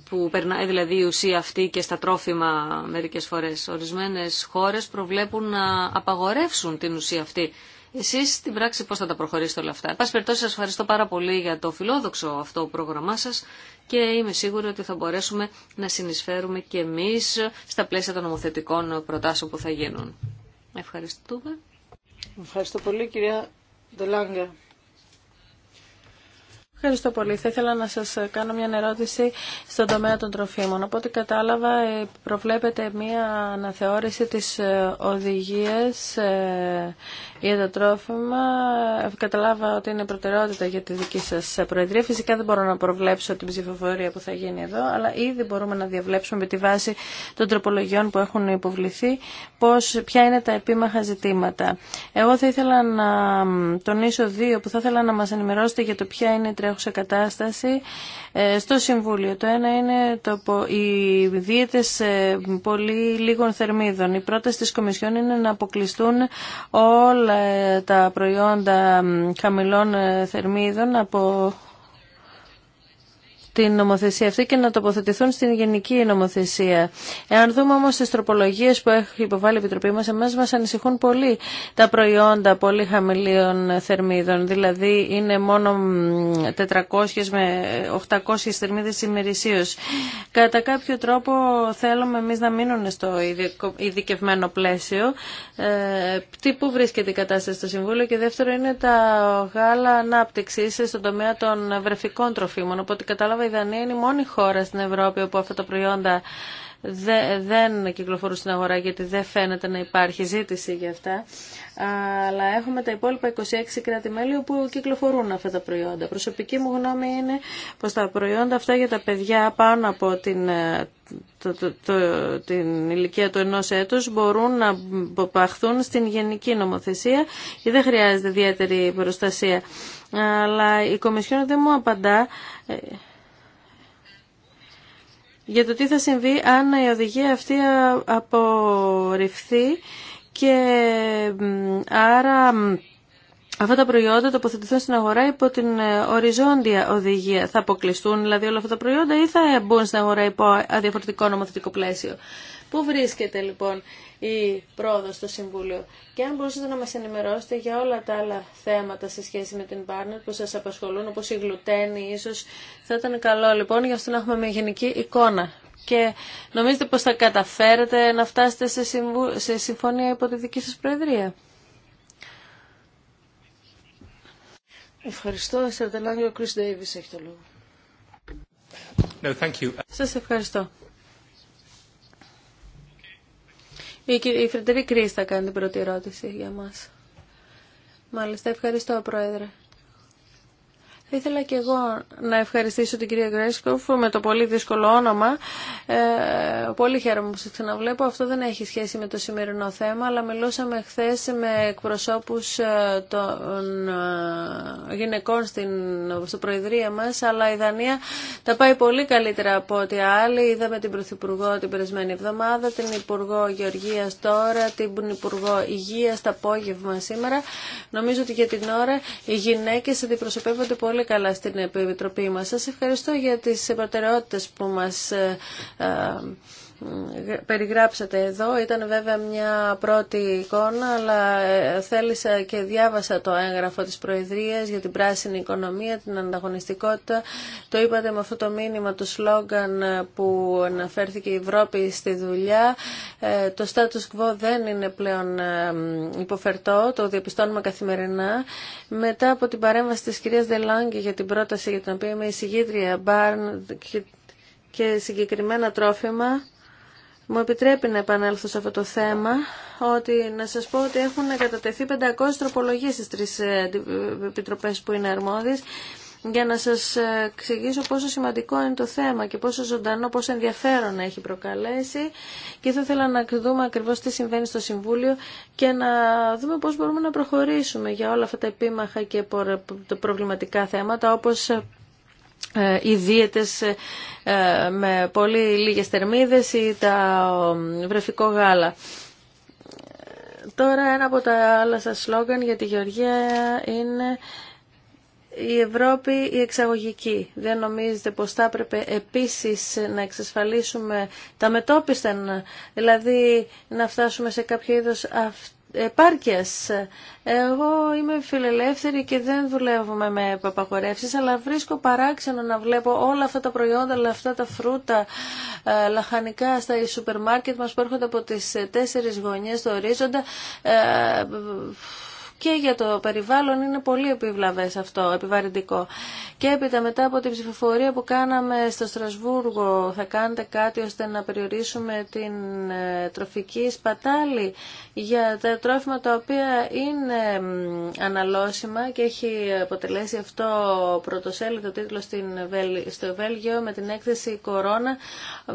που περνάει δηλαδή η ουσία αυτή και στα τρόφιμα μερικές φορές. Ορισμένες χώρες προβλέπουν να απαγορεύσουν την ουσία αυτή εσείς στην πράξη πώ θα τα προχωρήσετε όλα αυτά. Πάση περιπτώσει σας ευχαριστώ πάρα πολύ για το φιλόδοξο αυτό πρόγραμμά σας και είμαι σίγουρη ότι θα μπορέσουμε να συνεισφέρουμε και εμείς στα πλαίσια των νομοθετικών προτάσεων που θα γίνουν. Ευχαριστούμε. Ευχαριστώ πολύ κυρία Ντελάγκα. Ευχαριστώ πολύ. Θα ήθελα να σας κάνω μια ερώτηση στον τομέα των τροφίμων. Οπότε κατάλαβα, ε, προβλέπετε μια αναθεώρηση της ε, οδηγίας ε, για το τρόφιμα. Καταλάβα ότι είναι προτεραιότητα για τη δική σας προεδρία. Φυσικά δεν μπορώ να προβλέψω την ψηφοφορία που θα γίνει εδώ, αλλά ήδη μπορούμε να διαβλέψουμε με τη βάση των τροπολογιών που έχουν υποβληθεί πώς, ποια είναι τα επίμαχα ζητήματα. Εγώ θα ήθελα να τονίσω δύο που θα ήθελα να μας ενημερώσετε για το ποια είναι η τρέχουσα κατάσταση ε, στο Συμβούλιο. Το ένα είναι το, οι δίαιτες ε, πολύ λίγων θερμίδων. Η πρόταση της Κομισιόν είναι να αποκλειστούν όλα τα προϊόντα χαμηλών ε, θερμίδων από την νομοθεσία αυτή και να τοποθετηθούν στην γενική νομοθεσία. Εάν δούμε όμως τις τροπολογίες που έχει υποβάλει η Επιτροπή μας, εμάς μας ανησυχούν πολύ τα προϊόντα πολύ χαμηλίων θερμίδων. Δηλαδή είναι μόνο 400 με 800 θερμίδες ημερησίως. Κατά κάποιο τρόπο θέλουμε εμείς να μείνουν στο ειδικευμένο πλαίσιο. Ε, τι που βρίσκεται η κατάσταση στο Συμβούλιο και δεύτερο είναι τα γάλα ανάπτυξη στον τομέα των βρεφικών τροφίμων. Οπότε κατάλαβα η Δανία είναι η μόνη χώρα στην Ευρώπη όπου αυτά τα προϊόντα δεν κυκλοφορούν στην αγορά γιατί δεν φαίνεται να υπάρχει ζήτηση για αυτά. Αλλά έχουμε τα υπόλοιπα 26 κράτη-μέλη όπου κυκλοφορούν αυτά τα προϊόντα. Προσωπική μου γνώμη είναι πως τα προϊόντα αυτά για τα παιδιά πάνω από την, ε, την ηλικία του ενό έτου μπορούν να παχθούν στην γενική νομοθεσία και δεν χρειάζεται ιδιαίτερη προστασία. Αλλά η Κομισιόν δεν μου απαντά ε, για το τι θα συμβεί αν η οδηγία αυτή απορριφθεί και άρα αυτά τα προϊόντα τοποθετηθούν στην αγορά υπό την ε, οριζόντια οδηγία. Θα αποκλειστούν δηλαδή όλα αυτά τα προϊόντα ή θα μπουν στην αγορά υπό αδιαφορετικό νομοθετικό πλαίσιο. Πού βρίσκεται λοιπόν η πρόοδος στο Συμβούλιο. Και αν μπορούσατε να μας ενημερώσετε για όλα τα άλλα θέματα σε σχέση με την Πάρνετ που σας απασχολούν, όπως η γλουτένη ίσως, θα ήταν καλό λοιπόν για αυτό να έχουμε μια γενική εικόνα. Και νομίζετε πως θα καταφέρετε να φτάσετε σε, σε συμφωνία υπό τη δική σας Προεδρία. Ευχαριστώ. Σα Σας ευχαριστώ. Η Φρεντερή Κρίστα κάνει την πρώτη ερώτηση για μας. Μάλιστα, ευχαριστώ Πρόεδρε. Θα ήθελα και εγώ να ευχαριστήσω την κυρία Γκρέσκοφ με το πολύ δύσκολο όνομα. Ε, πολύ χαίρομαι που σας ξαναβλέπω. Αυτό δεν έχει σχέση με το σημερινό θέμα, αλλά μιλούσαμε χθε με εκπροσώπους ε, των ε, γυναικών στην, στο Προεδρία μας, αλλά η Δανία τα πάει πολύ καλύτερα από ό,τι άλλοι. Είδαμε την Πρωθυπουργό την περασμένη εβδομάδα, την Υπουργό Γεωργίας τώρα, την Υπουργό Υγεία το απόγευμα σήμερα. Νομίζω ότι για την ώρα οι αντιπροσωπεύονται πολύ καλά στην Επιτροπή μας. Σας ευχαριστώ για τις προτεραιότητες που μας ε, ε, περιγράψατε εδώ. Ήταν βέβαια μια πρώτη εικόνα, αλλά ε, θέλησα και διάβασα το έγγραφο της Προεδρίας για την πράσινη οικονομία, την ανταγωνιστικότητα. Το είπατε με αυτό το μήνυμα του σλόγγαν ε, που αναφέρθηκε η Ευρώπη στη δουλειά. Ε, το status quo δεν είναι πλέον υποφερτό, το διαπιστώνουμε καθημερινά. Μετά από την παρέμβαση της κυρίας Δελάνγκη για την πρόταση για την οποία είμαι εισηγήτρια, μπάρν και συγκεκριμένα τρόφιμα, μου επιτρέπει να επανέλθω σε αυτό το θέμα, ότι να σας πω ότι έχουν κατατεθεί 500 τροπολογίες στις τρεις ε, ε, επιτροπές που είναι αρμόδιες, για να σας ε, εξηγήσω πόσο σημαντικό είναι το θέμα και πόσο ζωντανό, πόσο ενδιαφέρον έχει προκαλέσει και θα ήθελα να δούμε ακριβώς τι συμβαίνει στο Συμβούλιο και να δούμε πώς μπορούμε να προχωρήσουμε για όλα αυτά τα επίμαχα και προβληματικά θέματα όπως ε, οι δίαιτες ε, ε, με πολύ λίγες θερμίδες ή τα βρεφικό γάλα. Τώρα ένα από τα άλλα σας σλόγγαν για τη Γεωργία είναι η Ευρώπη η εξαγωγική. Δεν νομίζετε πως θα έπρεπε επίσης να εξασφαλίσουμε τα μετόπιστα, δηλαδή να φτάσουμε σε κάποιο είδος αυτή επάρκειας. Εγώ είμαι φιλελεύθερη και δεν δουλεύουμε με παπαγορεύσεις, αλλά βρίσκω παράξενο να βλέπω όλα αυτά τα προϊόντα, όλα αυτά τα φρούτα, ε, λαχανικά στα σούπερ μάρκετ μας που έρχονται από τις τέσσερις γωνιές του ορίζοντα ε, και για το περιβάλλον είναι πολύ επιβλαβές αυτό, επιβαρυντικό. Και έπειτα μετά από την ψηφοφορία που κάναμε στο Στρασβούργο θα κάνετε κάτι ώστε να περιορίσουμε την ε, τροφική σπατάλη για τα τρόφιμα τα οποία είναι αναλώσιμα και έχει αποτελέσει αυτό πρωτοσέλιδο τίτλο στην, στο Βέλγιο με την έκθεση Κορώνα 80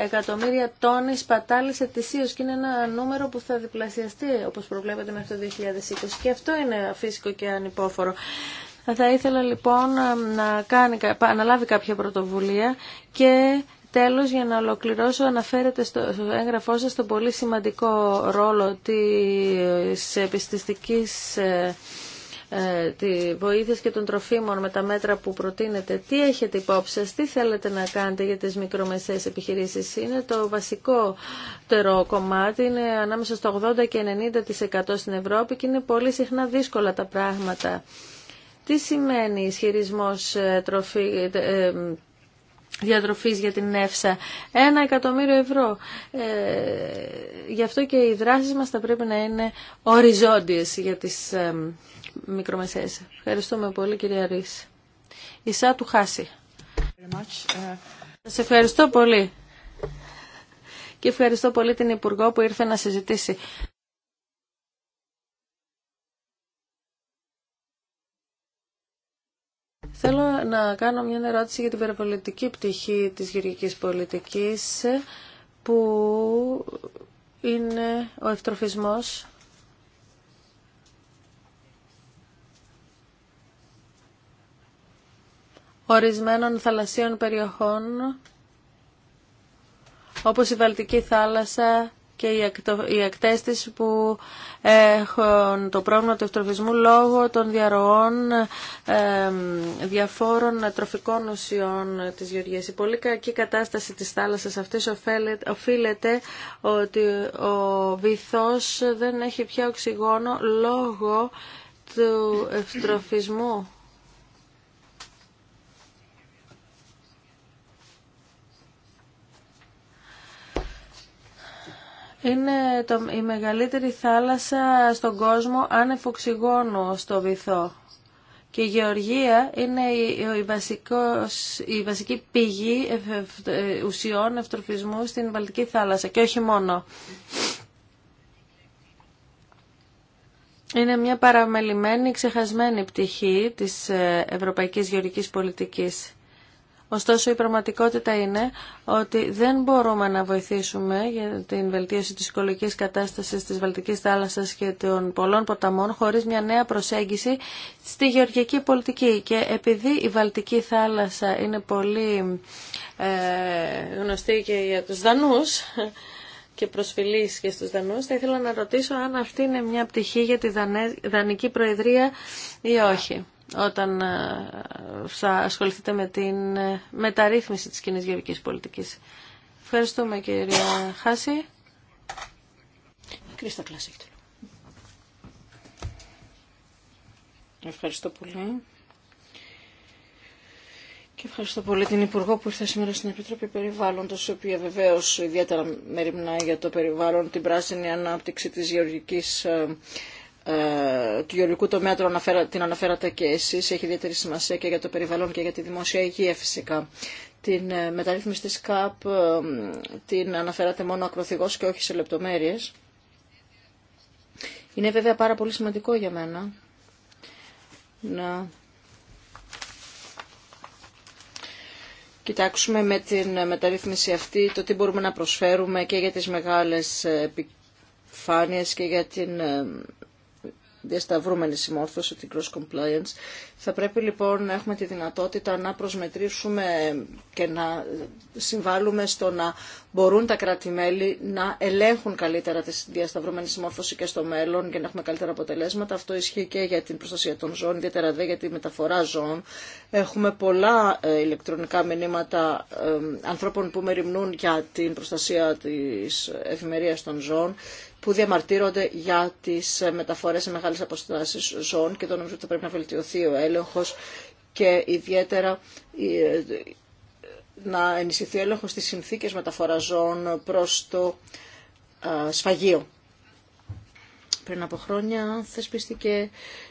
ε, εκατομμύρια τόνοι σπατάλης ετησίως και είναι ένα νούμερο που θα διπλασιαστεί όπως προβλέπετε με το 2020 και αυτό είναι φυσικό και ανυπόφορο. Θα ήθελα λοιπόν να, κάνει, να λάβει κάποια πρωτοβουλία και Τέλος, για να ολοκληρώσω, αναφέρεται στο έγγραφό σας τον πολύ σημαντικό ρόλο της επιστηστικής ε, ε, τη βοήθεια και των τροφίμων με τα μέτρα που προτείνετε, τι έχετε υπόψη σας, τι θέλετε να κάνετε για τις μικρομεσαίες επιχειρήσεις. Είναι το βασικό τερό κομμάτι, είναι ανάμεσα στο 80 και 90% στην Ευρώπη και είναι πολύ συχνά δύσκολα τα πράγματα. Τι σημαίνει ισχυρισμός ε, τροφή, ε, διατροφής για την ΕΦΣΑ. Ένα εκατομμύριο ευρώ. Ε, γι' αυτό και οι δράσεις μας θα πρέπει να είναι οριζόντιες για τις μικρομεσαίες. Ευχαριστούμε πολύ κυρία Ρίση. Ισά του Χάση. Σας ευχαριστώ πολύ. Και ευχαριστώ πολύ την Υπουργό που ήρθε να συζητήσει. Θέλω να κάνω μια ερώτηση για την περιπολιτική πτυχή της γεωργικής πολιτικής που είναι ο ευτροφισμός ορισμένων θαλασσίων περιοχών όπως η Βαλτική θάλασσα και οι ακτές της που έχουν το πρόβλημα του ευτροφισμού λόγω των διαρροών διαφόρων τροφικών ουσιών της Γεωργίας. Η πολύ κακή κατάσταση της θάλασσας αυτής οφείλεται ότι ο βυθός δεν έχει πια οξυγόνο λόγω του ευτροφισμού είναι το, η μεγαλύτερη θάλασσα στον κόσμο ανεφοξυγόνου στο βυθό. Και η γεωργία είναι η, βασικός, η βασική πηγή ε, ουσιών ευτροφισμού στην Βαλτική θάλασσα και όχι μόνο. Είναι μια παραμελημένη, ξεχασμένη πτυχή της ε, ευρωπαϊκής γεωργικής πολιτικής. Ωστόσο η πραγματικότητα είναι ότι δεν μπορούμε να βοηθήσουμε για την βελτίωση της οικολογικής κατάστασης της Βαλτικής θάλασσας και των πολλών ποταμών χωρίς μια νέα προσέγγιση στη γεωργική πολιτική. Και επειδή η Βαλτική θάλασσα είναι πολύ ε, γνωστή και για τους Δανούς, και προσφυλής και στους Δανούς, θα ήθελα να ρωτήσω αν αυτή είναι μια πτυχή για τη Δανική Προεδρία ή όχι όταν ε, θα ασχοληθείτε με την ε, μεταρρύθμιση της κοινής γεωργικής πολιτικής. Ευχαριστούμε κυρία Χάση. Κρίστα Ευχαριστώ πολύ. Και ευχαριστώ πολύ την Υπουργό που ήρθε σήμερα στην Επιτροπή Περιβάλλοντος, η οποία βεβαίως ιδιαίτερα μεριμνά για το περιβάλλον, την πράσινη ανάπτυξη της γεωργικής ε, ε, του γεωργικού τομέα την αναφέρατε και εσείς, έχει ιδιαίτερη σημασία και για το περιβαλλον και για τη δημόσια υγεία φυσικά. Την ε, μεταρρύθμιση της ΚΑΠ ε, την αναφέρατε μόνο ακροθυγώς και όχι σε λεπτομέρειες. Είναι βέβαια πάρα πολύ σημαντικό για μένα να κοιτάξουμε με την μεταρρύθμιση αυτή το τι μπορούμε να προσφέρουμε και για τις μεγάλες επιφάνειες και για την διασταυρούμενη συμμόρφωση, την cross compliance. Θα πρέπει λοιπόν να έχουμε τη δυνατότητα να προσμετρήσουμε και να συμβάλλουμε στο να μπορούν τα κράτη-μέλη να ελέγχουν καλύτερα τη διασταυρούμενη συμμόρφωση και στο μέλλον και να έχουμε καλύτερα αποτελέσματα. Αυτό ισχύει και για την προστασία των ζώων, ιδιαίτερα δε για τη μεταφορά ζώων. Έχουμε πολλά ε, ηλεκτρονικά μηνύματα ε, ανθρώπων που μεριμνούν για την προστασία της ευημερίας των ζώων που διαμαρτύρονται για τι ε, μεταφορέ σε μεγάλε αποστάσει ζώων και εδώ νομίζω ότι θα πρέπει να βελτιωθεί ο έλεγχο και ιδιαίτερα ε, να ενισχυθεί ο έλεγχος στι συνθήκες μεταφορά ζώων προ το ε, σφαγείο. Πριν από χρόνια θεσπίστηκε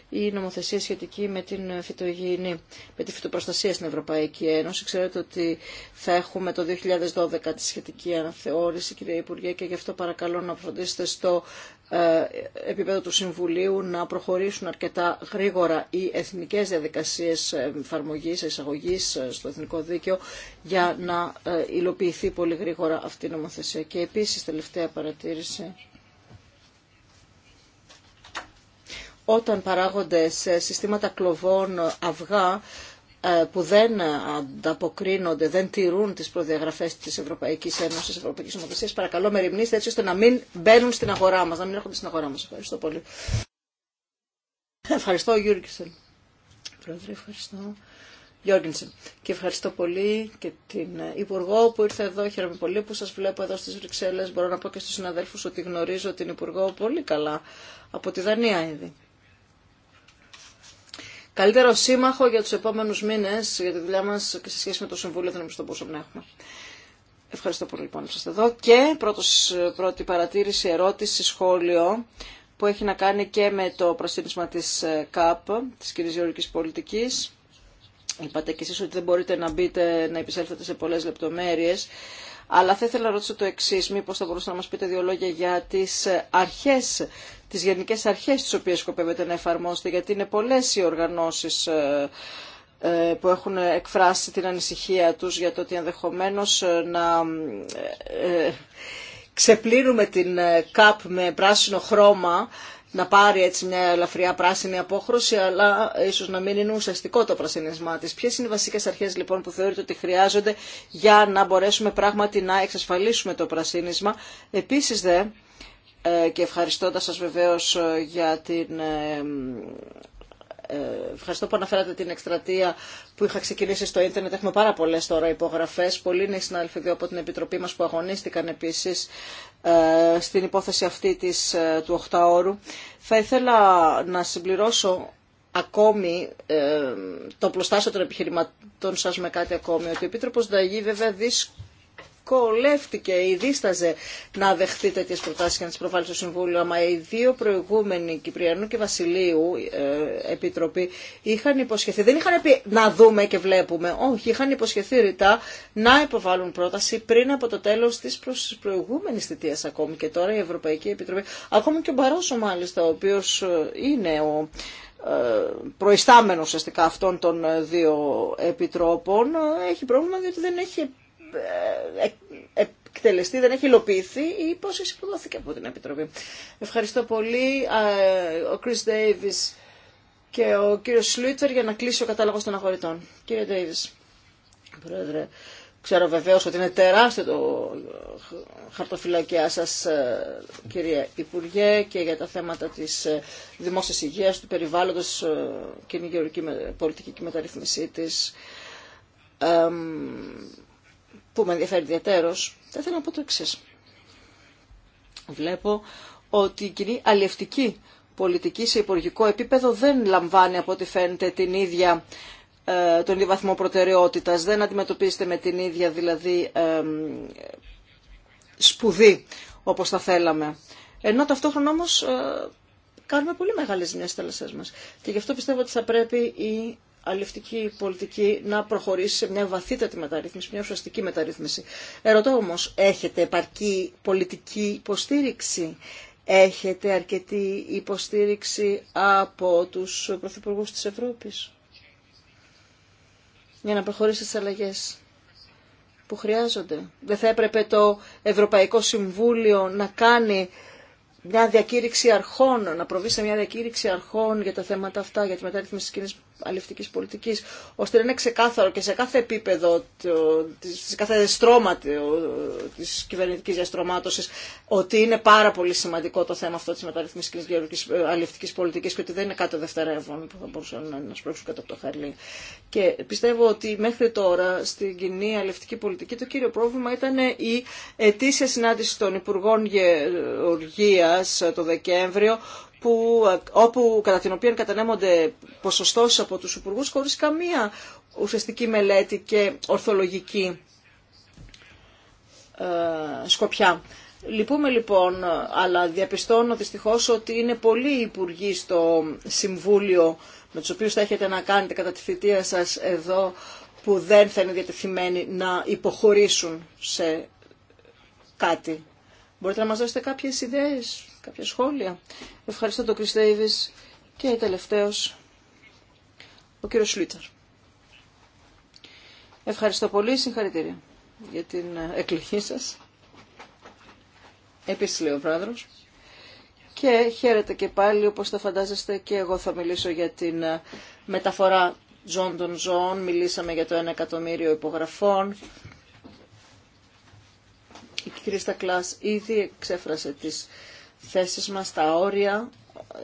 η νομοθεσία σχετική με την φυτογενή, με τη φυτοπροστασία στην Ευρωπαϊκή Ένωση. Ξέρετε ότι θα έχουμε το 2012 τη σχετική αναθεώρηση, κυρία Υπουργέ, και γι' αυτό παρακαλώ να φροντίσετε στο ε, επίπεδο του Συμβουλίου να προχωρήσουν αρκετά γρήγορα οι εθνικές διαδικασίες εφαρμογή, εισαγωγή ε, στο εθνικό δίκαιο για να ε, υλοποιηθεί πολύ γρήγορα αυτή η νομοθεσία. Και επίσης τελευταία παρατήρηση όταν παράγονται σε συστήματα κλοβών αυγά ε, που δεν ανταποκρίνονται, δεν τηρούν τις προδιαγραφές της Ευρωπαϊκής Ένωσης, της Ευρωπαϊκής Ομοθεσίας, παρακαλώ με έτσι ώστε να μην μπαίνουν στην αγορά μας, να μην έρχονται στην αγορά μας. Ευχαριστώ πολύ. Ευχαριστώ, Γιούργισεν. Πρόεδρε, ευχαριστώ. Γιώργινσεν. Και ευχαριστώ πολύ και την Υπουργό που ήρθε εδώ. Χαίρομαι πολύ που σας βλέπω εδώ στις Βρυξέλλες. Μπορώ να πω και στους συναδέλφους ότι γνωρίζω την Υπουργό πολύ καλά από τη Δανία ήδη καλύτερο σύμμαχο για τους επόμενους μήνες, για τη δουλειά μας και σε σχέση με το Συμβούλιο δεν το που έχουμε. Ευχαριστώ πολύ λοιπόν που είστε εδώ. Και πρώτος, πρώτη παρατήρηση, ερώτηση, σχόλιο που έχει να κάνει και με το προσθήνισμα της ε, ΚΑΠ, της κυρίας γεωργικής πολιτικής. Είπατε κι εσείς ότι δεν μπορείτε να μπείτε, να επισέλθετε σε πολλές λεπτομέρειες. Αλλά θα ήθελα να ρωτήσω το εξή, μήπω θα μπορούσατε να μα πείτε δύο λόγια για τι ε, αρχέ, τι γενικέ αρχέ τι οποίε σκοπεύετε να εφαρμόσετε, γιατί είναι πολλέ οι οργανώσει ε, ε, που έχουν εκφράσει την ανησυχία τους για το ότι ενδεχομένω να ξεπλύνουμε την ΚΑΠ με πράσινο χρώμα να πάρει έτσι μια ελαφριά πράσινη απόχρωση, αλλά ίσω να μην είναι ουσιαστικό το πρασινισμά τη. Ποιε είναι οι βασικέ αρχέ λοιπόν που θεωρείτε ότι χρειάζονται για να μπορέσουμε πράγματι να εξασφαλίσουμε το πρασίνισμα. Επίση, δε, ε, και ευχαριστώντα σα βεβαίω ε, για την ε, ευχαριστώ που αναφέρατε την εκστρατεία που είχα ξεκινήσει στο ίντερνετ. Έχουμε πάρα πολλέ τώρα υπογραφέ. Πολλοί είναι οι συνάδελφοι από την Επιτροπή μα που αγωνίστηκαν επίση ε, στην υπόθεση αυτή της, ε, του 8 Θα ήθελα να συμπληρώσω ακόμη ε, το πλωστάσιο των επιχειρηματών σας με κάτι ακόμη, ότι ο Επίτροπος Νταγή βέβαια δύσκολα δυσκολεύτηκε ή δίσταζε να δεχτεί τέτοιε προτάσει και να τι προβάλλει στο Συμβούλιο. αλλά οι δύο προηγούμενοι Κυπριανού και Βασιλείου ε, Επίτροποι είχαν υποσχεθεί, δεν είχαν πει να δούμε και βλέπουμε, όχι, είχαν υποσχεθεί ρητά να υποβάλουν πρόταση πριν από το τέλο τη προηγούμενη θητεία ακόμη και τώρα η Ευρωπαϊκή Επιτροπή. Ακόμη και ο Μπαρόσο μάλιστα, ο οποίο ε, είναι ο ε, προϊστάμενο ουσιαστικά αυτών των δύο επιτρόπων ε, έχει πρόβλημα διότι δεν έχει ε, ε, εκτελεστεί, δεν έχει υλοποιηθεί η υπόσχεση που από την Επιτροπή. Ευχαριστώ πολύ. Ο Chris Davis και ο κύριος Σλούιτσερ για να κλείσει ο κατάλογος των αγορητών. Κύριε Davis, Πρόεδρε, ξέρω βεβαίως ότι είναι τεράστιο το χαρτοφυλακιά σας, ε, κυρία Υπουργέ, και για τα θέματα της δημόσιας υγείας, του περιβάλλοντος, την γεωργική πολιτική και μεταρρυθμισή της που με ενδιαφέρει ιδιαίτερω, θα ήθελα να πω το εξή. Βλέπω ότι η κοινή αλληλευτική πολιτική σε υπουργικό επίπεδο δεν λαμβάνει από ό,τι φαίνεται την ίδια ε, τον ίδιο βαθμό προτεραιότητας, δεν αντιμετωπίζεται με την ίδια δηλαδή ε, σπουδή όπως θα θέλαμε. Ενώ ταυτόχρονα όμως ε, κάνουμε πολύ μεγάλες ζημιές στις μας. Και γι' αυτό πιστεύω ότι θα πρέπει η αλληλευτική πολιτική να προχωρήσει σε μια βαθύτατη μεταρρύθμιση, μια ουσιαστική μεταρρύθμιση. Ερωτώ όμως, έχετε επαρκή πολιτική υποστήριξη, έχετε αρκετή υποστήριξη από τους Πρωθυπουργού της Ευρώπης για να προχωρήσει στις αλλαγές που χρειάζονται. Δεν θα έπρεπε το Ευρωπαϊκό Συμβούλιο να κάνει μια διακήρυξη αρχών, να προβεί σε μια διακήρυξη αρχών για τα θέματα αυτά, για τη μεταρρύθμιση της κοινής αλληλευτικής πολιτικής, ώστε να είναι ξεκάθαρο και σε κάθε επίπεδο, σε κάθε στρώμα της κυβερνητικής διαστρωμάτωσης, ότι είναι πάρα πολύ σημαντικό το θέμα αυτό της μεταρρυθμίσης ε, αλληλευτικής πολιτικής και ότι δεν είναι κάτι δευτερεύον που θα μπορούσαν να σπρώξουν κάτω από το χαρλί. Και πιστεύω ότι μέχρι τώρα στην κοινή αλληλευτική πολιτική το κύριο πρόβλημα ήταν η ετήσια συνάντηση των Υπουργών Γεωργίας το Δεκέμβριο, που, όπου, κατά την οποία κατανέμονται ποσοστώσεις από τους υπουργού χωρίς καμία ουσιαστική μελέτη και ορθολογική ε, σκοπιά. Λυπούμε λοιπόν, αλλά διαπιστώνω δυστυχώς ότι είναι πολλοί υπουργοί στο Συμβούλιο με τους οποίους θα έχετε να κάνετε κατά τη θητεία σας εδώ που δεν θα είναι διατεθειμένοι να υποχωρήσουν σε κάτι. Μπορείτε να μας δώσετε κάποιες ιδέες κάποια σχόλια. Ευχαριστώ τον Κρις και τελευταίο ο κύριος Σλίτσαρ. Ευχαριστώ πολύ, συγχαρητήρια για την εκλογή σας. Επίσης λέει ο πρόεδρος. Και χαίρετε και πάλι, όπως θα φαντάζεστε, και εγώ θα μιλήσω για την ε, μεταφορά ζών των ζώων. Μιλήσαμε για το 1 εκατομμύριο υπογραφών. Η κυρία Κλάς ήδη εξέφρασε τις θέσεις μας, τα όρια.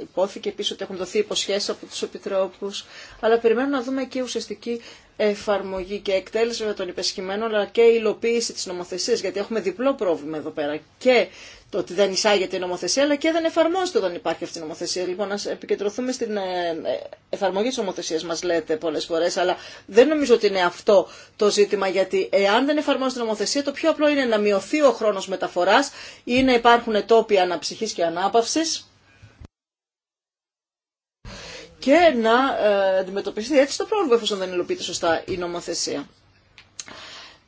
Υπόθηκε επίσης ότι έχουν δοθεί υποσχέσεις από τους επιτρόπους, αλλά περιμένουμε να δούμε και ουσιαστική εφαρμογή και εκτέλεση βέβαια των υπεσχημένων, αλλά και η υλοποίηση της νομοθεσίας, γιατί έχουμε διπλό πρόβλημα εδώ πέρα. Και το ότι δεν εισάγεται η νομοθεσία, αλλά και δεν εφαρμόζεται όταν υπάρχει αυτή η νομοθεσία. Λοιπόν, να επικεντρωθούμε στην ε, ε, εφαρμογή της νομοθεσίας, μας λέτε πολλές φορές, αλλά δεν νομίζω ότι είναι αυτό το ζήτημα, γιατί εάν δεν εφαρμόζεται η νομοθεσία, το πιο απλό είναι να μειωθεί ο χρόνος μεταφοράς ή να υπάρχουν τόποι αναψυχή και ανάπαυση και να ε, αντιμετωπιστεί έτσι το πρόβλημα εφόσον δεν υλοποιείται σωστά η νομοθεσία.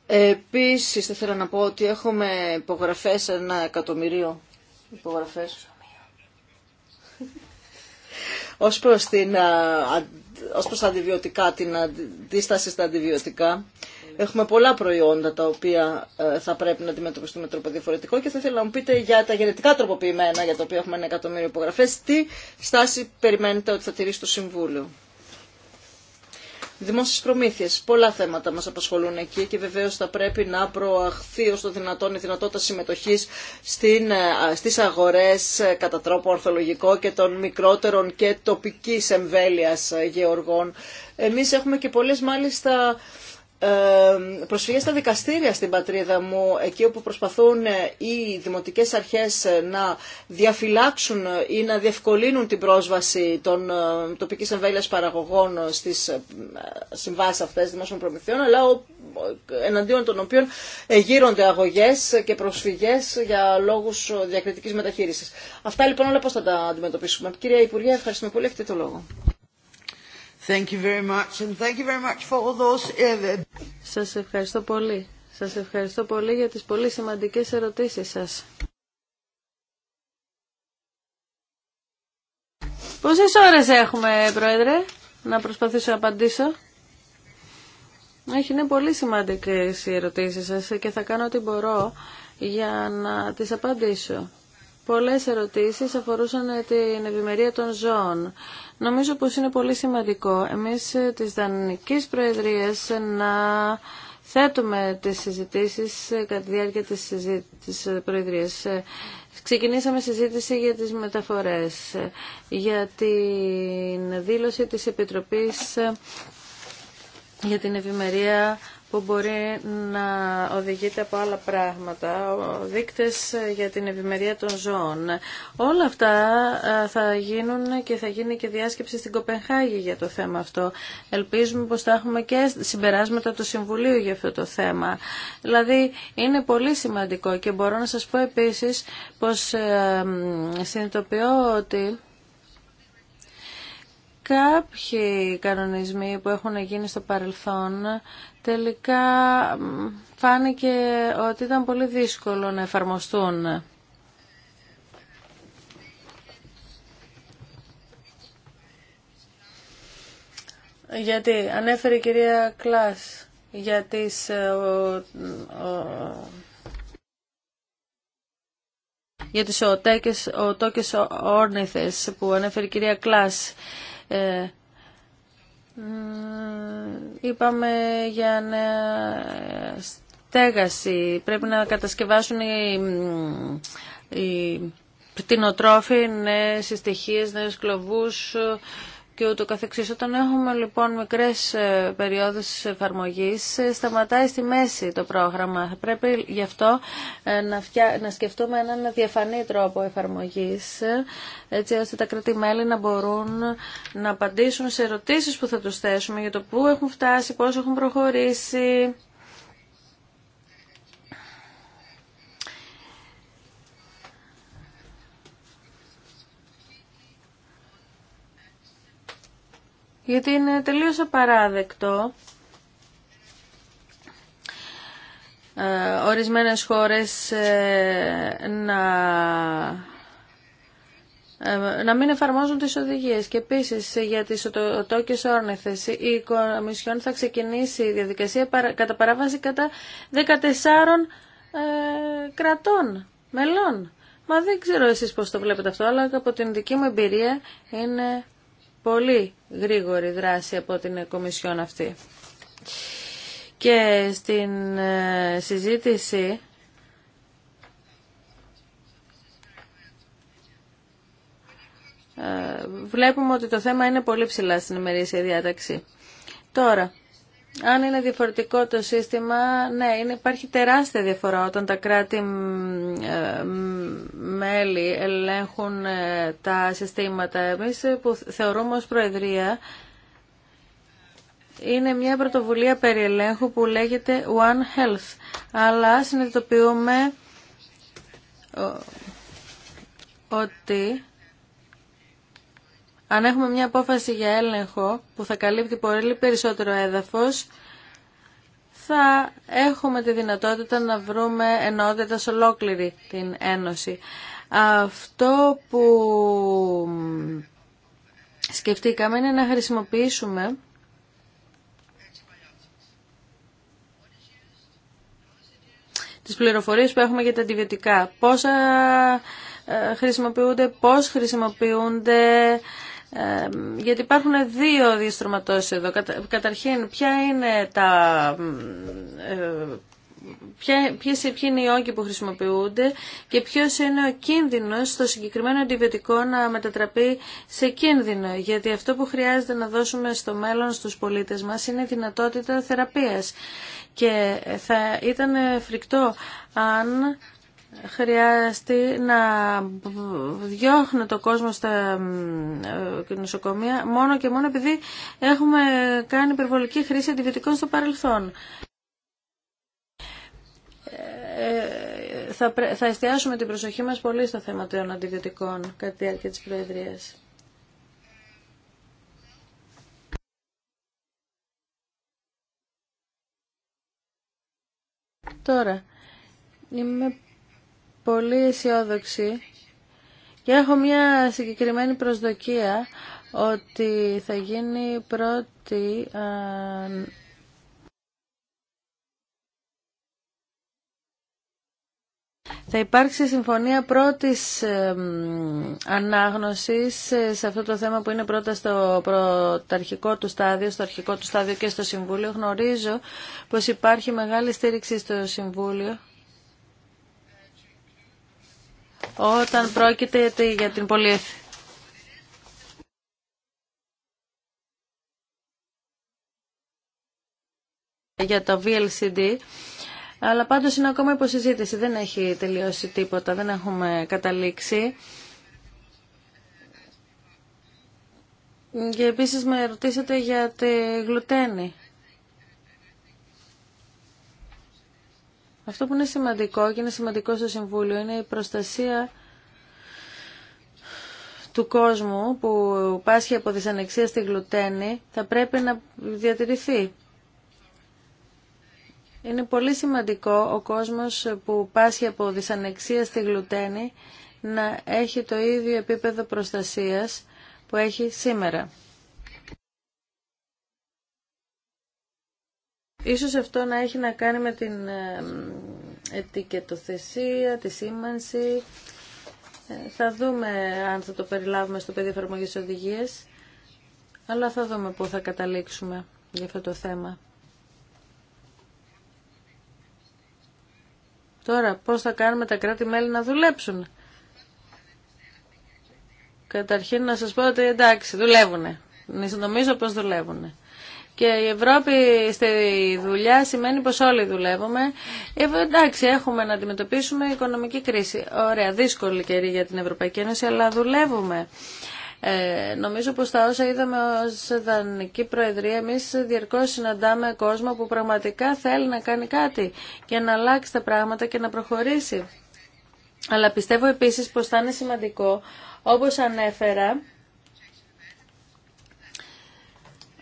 Επίσης, θα ήθελα να πω ότι έχουμε υπογραφές, ένα εκατομμυρίο υπογραφές. [LAUGHS] ως προς, την, ε, ως προς τα αντιβιωτικά, την αντίσταση στα αντιβιωτικά, Έχουμε πολλά προϊόντα τα οποία ε, θα πρέπει να αντιμετωπιστούν με τρόπο διαφορετικό και θα ήθελα να μου πείτε για τα γενετικά τροποποιημένα για τα οποία έχουμε ένα εκατομμύριο υπογραφέ, τι στάση περιμένετε ότι θα τηρήσει το Συμβούλιο. Δημόσιε προμήθειε. πολλά θέματα μα απασχολούν εκεί και βεβαίω θα πρέπει να προαχθεί ως το δυνατόν η δυνατότητα συμμετοχή ε, στι αγορέ ε, κατά τρόπο ορθολογικό και των μικρότερων και τοπική εμβέλεια γεωργών. Εμεί έχουμε και πολλέ μάλιστα προσφυγές στα δικαστήρια στην πατρίδα μου, εκεί όπου προσπαθούν ε, οι δημοτικές αρχές ε, να διαφυλάξουν ή να διευκολύνουν την πρόσβαση των ε, τοπικής εμβέλειας παραγωγών στις συμβάσεις αυτές δημόσιων προμηθειών, αλλά εναντίον των οποίων γύρονται αγωγές και προσφυγές για λόγους διακριτικής μεταχείρισης. Αυτά λοιπόν όλα πώς θα τα αντιμετωπίσουμε. Κυρία Υπουργέ, ευχαριστούμε πολύ. Έχετε το λόγο. Thank Σας ευχαριστώ πολύ. Σας ευχαριστώ πολύ για τις πολύ σημαντικές ερωτήσεις σας. Πόσες ώρες έχουμε, Πρόεδρε, να προσπαθήσω να απαντήσω. Έχει, είναι πολύ σημαντικές οι ερωτήσεις σας και θα κάνω ό,τι μπορώ για να τις απαντήσω. Πολλές ερωτήσεις αφορούσαν ε, την ευημερία των ζώων. Νομίζω πως είναι πολύ σημαντικό εμείς ε, της Δανικής Προεδρίας να θέτουμε τις συζητήσεις ε, κατά τη διάρκεια της, της Προεδρίας. Ξεκινήσαμε συζήτηση για τις μεταφορές, για την δήλωση της Επιτροπής για την ευημερία που μπορεί να οδηγείται από άλλα πράγματα, δείκτες για την ευημερία των ζώων. Όλα αυτά ε, θα γίνουν και θα γίνει και διάσκεψη στην Κοπενχάγη για το θέμα αυτό. Ελπίζουμε πως θα έχουμε και συμπεράσματα του Συμβουλίου για αυτό το θέμα. Δηλαδή είναι πολύ σημαντικό και μπορώ να σας πω επίσης πως ε, συνειδητοποιώ ότι κάποιοι κανονισμοί που έχουν γίνει στο παρελθόν τελικά φάνηκε ότι ήταν πολύ δύσκολο να εφαρμοστούν. Γιατί ανέφερε η κυρία Κλάς για τις, ε, ο, ο, για οτόκες, ορνηθες που ανέφερε η κυρία Κλάς ε, είπαμε για να στέγαση. Πρέπει να κατασκευάσουν οι, οι πτυνοτρόφοι νέες συστοιχίες, νέους κλωβούς, και ούτω καθεξής. Όταν έχουμε λοιπόν μικρές ε, περιόδους εφαρμογή ε, σταματάει στη μέση το πρόγραμμα. Θα πρέπει γι' αυτό ε, να, να σκεφτούμε έναν διαφανή τρόπο εφαρμογής, έτσι ώστε τα κρατη να μπορούν να απαντήσουν σε ερωτήσεις που θα τους θέσουμε για το πού έχουν φτάσει, πώς έχουν προχωρήσει. γιατί είναι τελείως απαράδεκτο ε, ορισμένες χώρες ε, να ε, να μην εφαρμόζουν τις οδηγίες και επίσης για τις οτόκες όρνηθες η Κομισιόν θα ξεκινήσει η διαδικασία κατά παράβαση κατά 14 κρατών μελών. Μα δεν ξέρω εσείς πώς το βλέπετε αυτό, αλλά από την δική μου εμπειρία είναι πολύ γρήγορη δράση από την Κομισιόν αυτή. Και στην ε, συζήτηση ε, βλέπουμε ότι το θέμα είναι πολύ ψηλά στην ημερήσια διάταξη. Τώρα, αν είναι διαφορετικό το σύστημα, ναι, είναι, υπάρχει τεράστια διαφορά όταν τα κράτη-μέλη ε, ελέγχουν ε, τα συστήματα. Εμείς ε, που θεωρούμε ως Προεδρία, είναι μια πρωτοβουλία περί ελέγχου που λέγεται One Health, αλλά συνειδητοποιούμε ότι αν έχουμε μια απόφαση για έλεγχο που θα καλύπτει πολύ περισσότερο έδαφος, θα έχουμε τη δυνατότητα να βρούμε ενότητα σε ολόκληρη την Ένωση. Αυτό που σκεφτήκαμε είναι να χρησιμοποιήσουμε τις πληροφορίες που έχουμε για τα αντιβιωτικά. Πόσα ε, χρησιμοποιούνται, πώς χρησιμοποιούνται, γιατί υπάρχουν δύο διαστροματώσεις εδώ. καταρχήν, ποια είναι τα, ε, ποια, ποιες, ποιοι είναι οι όγκοι που χρησιμοποιούνται και ποιος είναι ο κίνδυνος στο συγκεκριμένο αντιβιωτικό να μετατραπεί σε κίνδυνο. Γιατί αυτό που χρειάζεται να δώσουμε στο μέλλον στους πολίτες μας είναι η δυνατότητα θεραπείας. Και θα ήταν φρικτό αν χρειαστεί να διώχνει το κόσμο στα ε, νοσοκομεία μόνο και μόνο επειδή έχουμε κάνει υπερβολική χρήση αντιβιωτικών στο παρελθόν. Ε, θα, θα εστιάσουμε την προσοχή μας πολύ στο θέμα των αντιβιωτικών κατά τη διάρκεια της Προεδρίας. Τώρα, είμαι πολύ αισιόδοξη και έχω μια συγκεκριμένη προσδοκία ότι θα γίνει πρώτη Θα υπάρξει συμφωνία πρώτης ανάγνωσης ε, σε αυτό το θέμα που είναι πρώτα στο πρωταρχικό του στάδιο, στο αρχικό του στάδιο και στο Συμβούλιο. Γνωρίζω πως υπάρχει μεγάλη στήριξη στο Συμβούλιο όταν πρόκειται για την πολυεθνική. για το VLCD. Αλλά πάντως είναι ακόμα υποσυζήτηση, δεν έχει τελειώσει τίποτα, δεν έχουμε καταλήξει. Και επίσης με ρωτήσατε για τη γλουτένη. Αυτό που είναι σημαντικό και είναι σημαντικό στο Συμβούλιο είναι η προστασία του κόσμου που πάσχει από δυσανεξία στη γλουτένη θα πρέπει να διατηρηθεί. Είναι πολύ σημαντικό ο κόσμος που πάσχει από δυσανεξία στη γλουτένη να έχει το ίδιο επίπεδο προστασίας που έχει σήμερα. Ίσως αυτό να έχει να κάνει με την ε, ετικετοθεσία, τη σήμανση. Ε, θα δούμε αν θα το περιλάβουμε στο πεδίο εφαρμογής οδηγίε. αλλά θα δούμε πού θα καταλήξουμε για αυτό το θέμα. Τώρα, πώς θα κάνουμε τα κράτη-μέλη να δουλέψουν. Καταρχήν να σας πω ότι εντάξει, δουλεύουνε. Νομίζω πως δουλεύουνε και η Ευρώπη στη δουλειά σημαίνει πως όλοι δουλεύουμε. Ε, εντάξει, έχουμε να αντιμετωπίσουμε οικονομική κρίση. Ωραία, δύσκολη καιρή για την Ευρωπαϊκή Ένωση, αλλά δουλεύουμε. Ε, νομίζω πως τα όσα είδαμε ως δανεική Προεδρία, εμείς διαρκώς συναντάμε κόσμο που πραγματικά θέλει να κάνει κάτι και να αλλάξει τα πράγματα και να προχωρήσει. Αλλά πιστεύω επίσης πως θα είναι σημαντικό, όπως ανέφερα,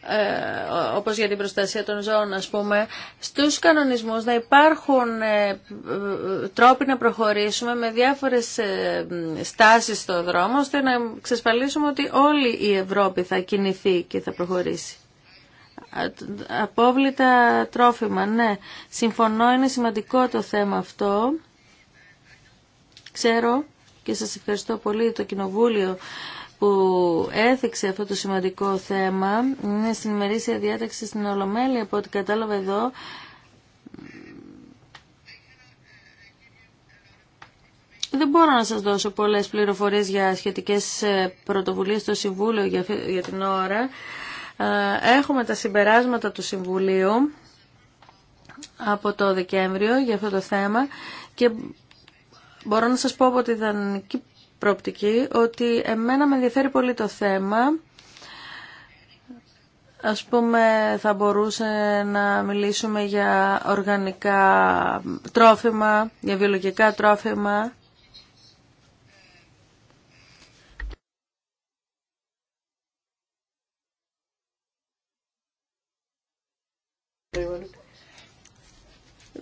Ε, όπως για την προστασία των ζώων ας πούμε, στους κανονισμούς να υπάρχουν ε, ε, τρόποι να προχωρήσουμε με διάφορες στάσεις στο δρόμο ώστε να εξασφαλίσουμε ότι όλη η Ευρώπη θα κινηθεί και θα προχωρήσει. Απόβλητα τρόφιμα, ναι. Συμφωνώ, είναι σημαντικό το θέμα αυτό. Ξέρω και σας ευχαριστώ πολύ το Κοινοβούλιο που έθιξε αυτό το σημαντικό θέμα είναι στην ημερήσια διάταξη στην Ολομέλεια από ό,τι κατάλαβα εδώ Δεν μπορώ να σας δώσω πολλές πληροφορίες για σχετικές ε, πρωτοβουλίες στο Συμβούλιο για την ώρα. Ε, έχουμε τα συμπεράσματα του Συμβουλίου από το Δεκέμβριο για αυτό το θέμα και μπορώ να σας πω από τη δανεική προοπτική ότι εμένα με ενδιαφέρει πολύ το θέμα. Ας πούμε θα μπορούσε να μιλήσουμε για οργανικά τρόφιμα, για βιολογικά τρόφιμα.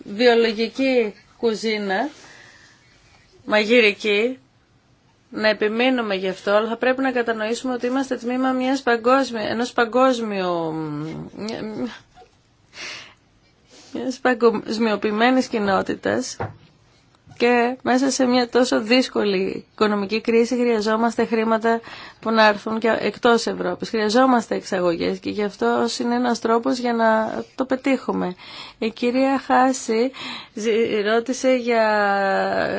Βιολογική κουζίνα, μαγειρική, να επιμείνουμε γι' αυτό, αλλά θα πρέπει να κατανοήσουμε ότι είμαστε τμήμα μιας παγκόσμια, ενός παγκόσμιου, μια παγκοσμιοποιημένη κοινότητας και μέσα σε μια τόσο δύσκολη οικονομική κρίση χρειαζόμαστε χρήματα που να έρθουν και εκτός Ευρώπης. Χρειαζόμαστε εξαγωγές και γι' αυτό είναι ένας τρόπος για να το πετύχουμε. Η κυρία Χάση ρώτησε για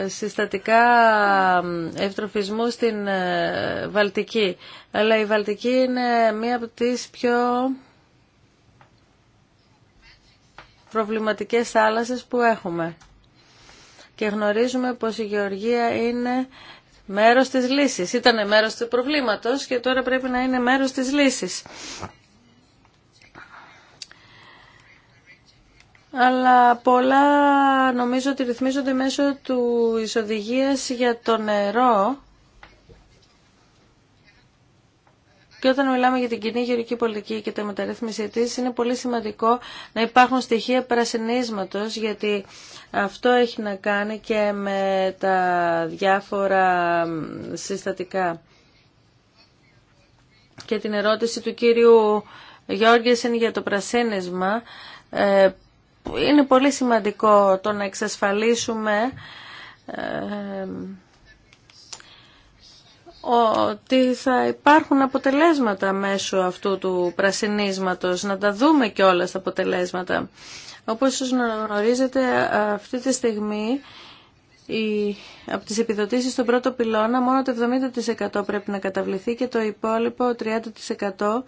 συστατικά ευτροφισμού στην ε, Βαλτική. Αλλά η Βαλτική είναι μία από τις πιο προβληματικές θάλασσες που έχουμε και γνωρίζουμε πως η γεωργία είναι μέρος της λύσης. Ήταν μέρος του προβλήματος και τώρα πρέπει να είναι μέρος της λύσης. αλλά πολλά νομίζω ότι ρυθμίζονται μέσω του οδηγία για το νερό Και όταν μιλάμε για την κοινή γεωρική πολιτική και τη μεταρρύθμιση τη, είναι πολύ σημαντικό να υπάρχουν στοιχεία πρασινίσματο, γιατί αυτό έχει να κάνει και με τα διάφορα συστατικά. Και την ερώτηση του κύριου Γιώργης για το πρασίνισμα. Ε, είναι πολύ σημαντικό το να εξασφαλίσουμε ε, ότι θα υπάρχουν αποτελέσματα μέσω αυτού του πρασινίσματος, να τα δούμε όλα τα αποτελέσματα. Όπως γνωρίζετε αυτή τη στιγμή η, από τις επιδοτήσεις στον πρώτο πυλώνα μόνο το 70% πρέπει να καταβληθεί και το υπόλοιπο 30%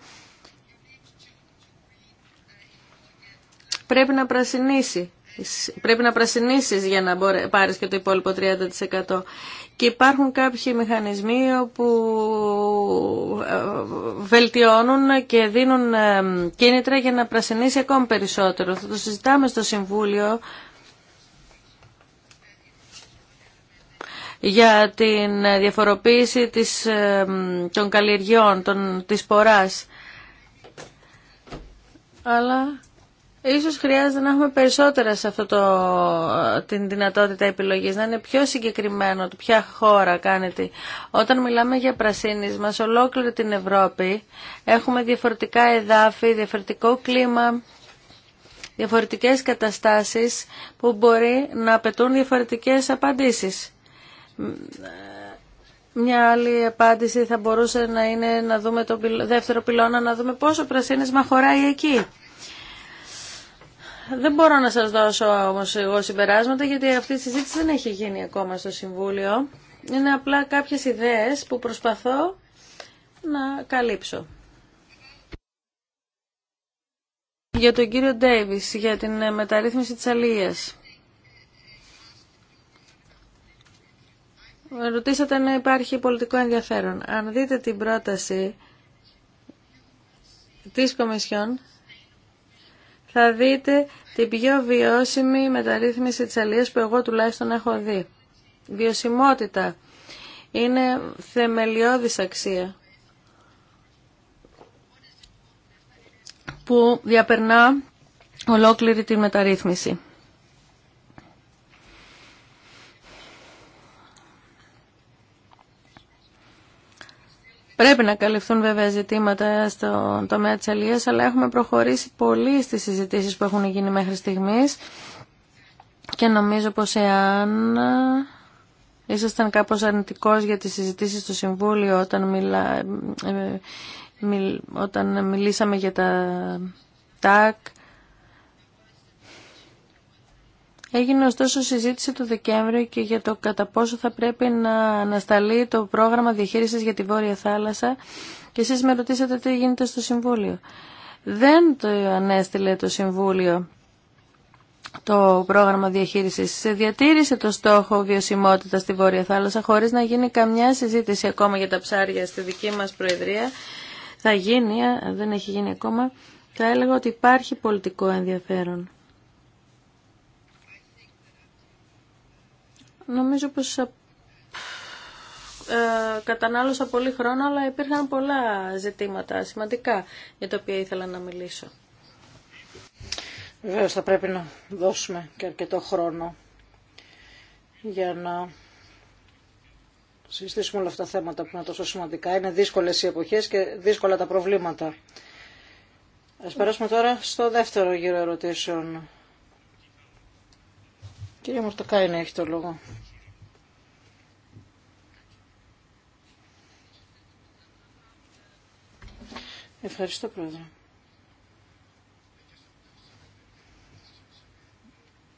πρέπει να πρασινίσει. Πρέπει να πρασινίσεις για να πάρεις και το υπόλοιπο 30% και υπάρχουν κάποιοι μηχανισμοί που ε, βελτιώνουν και δίνουν ε, κίνητρα για να πρασινίσει ακόμη περισσότερο. Θα το συζητάμε στο Συμβούλιο για την διαφοροποίηση της, ε, των καλλιεργιών, των, της ποράς. Αλλά Ίσως χρειάζεται να έχουμε περισσότερα σε αυτό το, την δυνατότητα επιλογής, να είναι πιο συγκεκριμένο το ποια χώρα κάνετε. Όταν μιλάμε για πρασίνισμα, σε ολόκληρη την Ευρώπη έχουμε διαφορετικά εδάφη, διαφορετικό κλίμα, διαφορετικές καταστάσεις που μπορεί να απαιτούν διαφορετικές απαντήσεις. Μια άλλη απάντηση θα μπορούσε να είναι να δούμε το δεύτερο πυλώνα, να δούμε πόσο πρασίνισμα χωράει εκεί. Δεν μπορώ να σας δώσω όμως εγώ συμπεράσματα γιατί αυτή η συζήτηση δεν έχει γίνει ακόμα στο Συμβούλιο. Είναι απλά κάποιες ιδέες που προσπαθώ να καλύψω. Για τον κύριο Ντέιβις, για την μεταρρύθμιση της αλίας. Ρωτήσατε να υπάρχει πολιτικό ενδιαφέρον. Αν δείτε την πρόταση της Κομισιόν, θα δείτε την πιο βιώσιμη μεταρρύθμιση της αλίας που εγώ τουλάχιστον έχω δει. Βιωσιμότητα είναι θεμελιώδης αξία που διαπερνά ολόκληρη τη μεταρρύθμιση. Πρέπει να καλυφθούν βέβαια ζητήματα στον τομέα τη αλίας, αλλά έχουμε προχωρήσει πολύ στις συζητήσει που έχουν γίνει μέχρι στιγμή. και νομίζω πως εάν ήσασταν κάπω αρνητικός για τις συζητήσει στο Συμβούλιο όταν, μιλά... Ε, ε, όταν μιλήσαμε για τα ΤΑΚ, Έγινε ωστόσο συζήτηση το Δεκέμβριο και για το κατά πόσο θα πρέπει να ανασταλεί το πρόγραμμα διαχείρισης για τη Βόρεια Θάλασσα και εσείς με ρωτήσατε τι γίνεται στο Συμβούλιο. Δεν το ανέστειλε το Συμβούλιο το πρόγραμμα διαχείρισης. Διατήρησε το στόχο βιωσιμότητα στη Βόρεια Θάλασσα χωρίς να γίνει καμιά συζήτηση ακόμα για τα ψάρια στη δική μας Προεδρία. Θα γίνει, δεν έχει γίνει ακόμα. Θα έλεγα ότι υπάρχει πολιτικό ενδιαφέρον. νομίζω πως ε, κατανάλωσα πολύ χρόνο, αλλά υπήρχαν πολλά ζητήματα σημαντικά για τα οποία ήθελα να μιλήσω. Βεβαίως θα πρέπει να δώσουμε και αρκετό χρόνο για να συζητήσουμε όλα αυτά τα θέματα που είναι τόσο σημαντικά. Είναι δύσκολες οι εποχές και δύσκολα τα προβλήματα. Ας περάσουμε τώρα στο δεύτερο γύρο ερωτήσεων. Κύριε να έχει το λόγο. Ευχαριστώ, Πρόεδρε.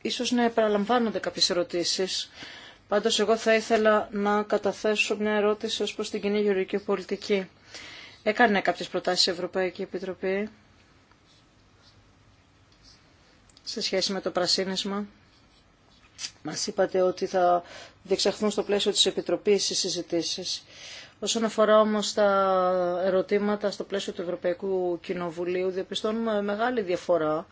Ίσως να επαναλαμβάνονται κάποιες ερωτήσεις. Πάντως εγώ θα ήθελα να καταθέσω μια ερώτηση ως προς την κοινή γεωργική πολιτική. Έκανε κάποιες προτάσεις η Ευρωπαϊκή Επιτροπή σε σχέση με το πρασίνισμα. Μας είπατε ότι θα διεξαχθούν στο πλαίσιο της Επιτροπής οι συζητήσεις. Όσον αφορά όμως τα ερωτήματα στο πλαίσιο του Ευρωπαϊκού Κοινοβουλίου, διαπιστώνουμε μεγάλη διαφορά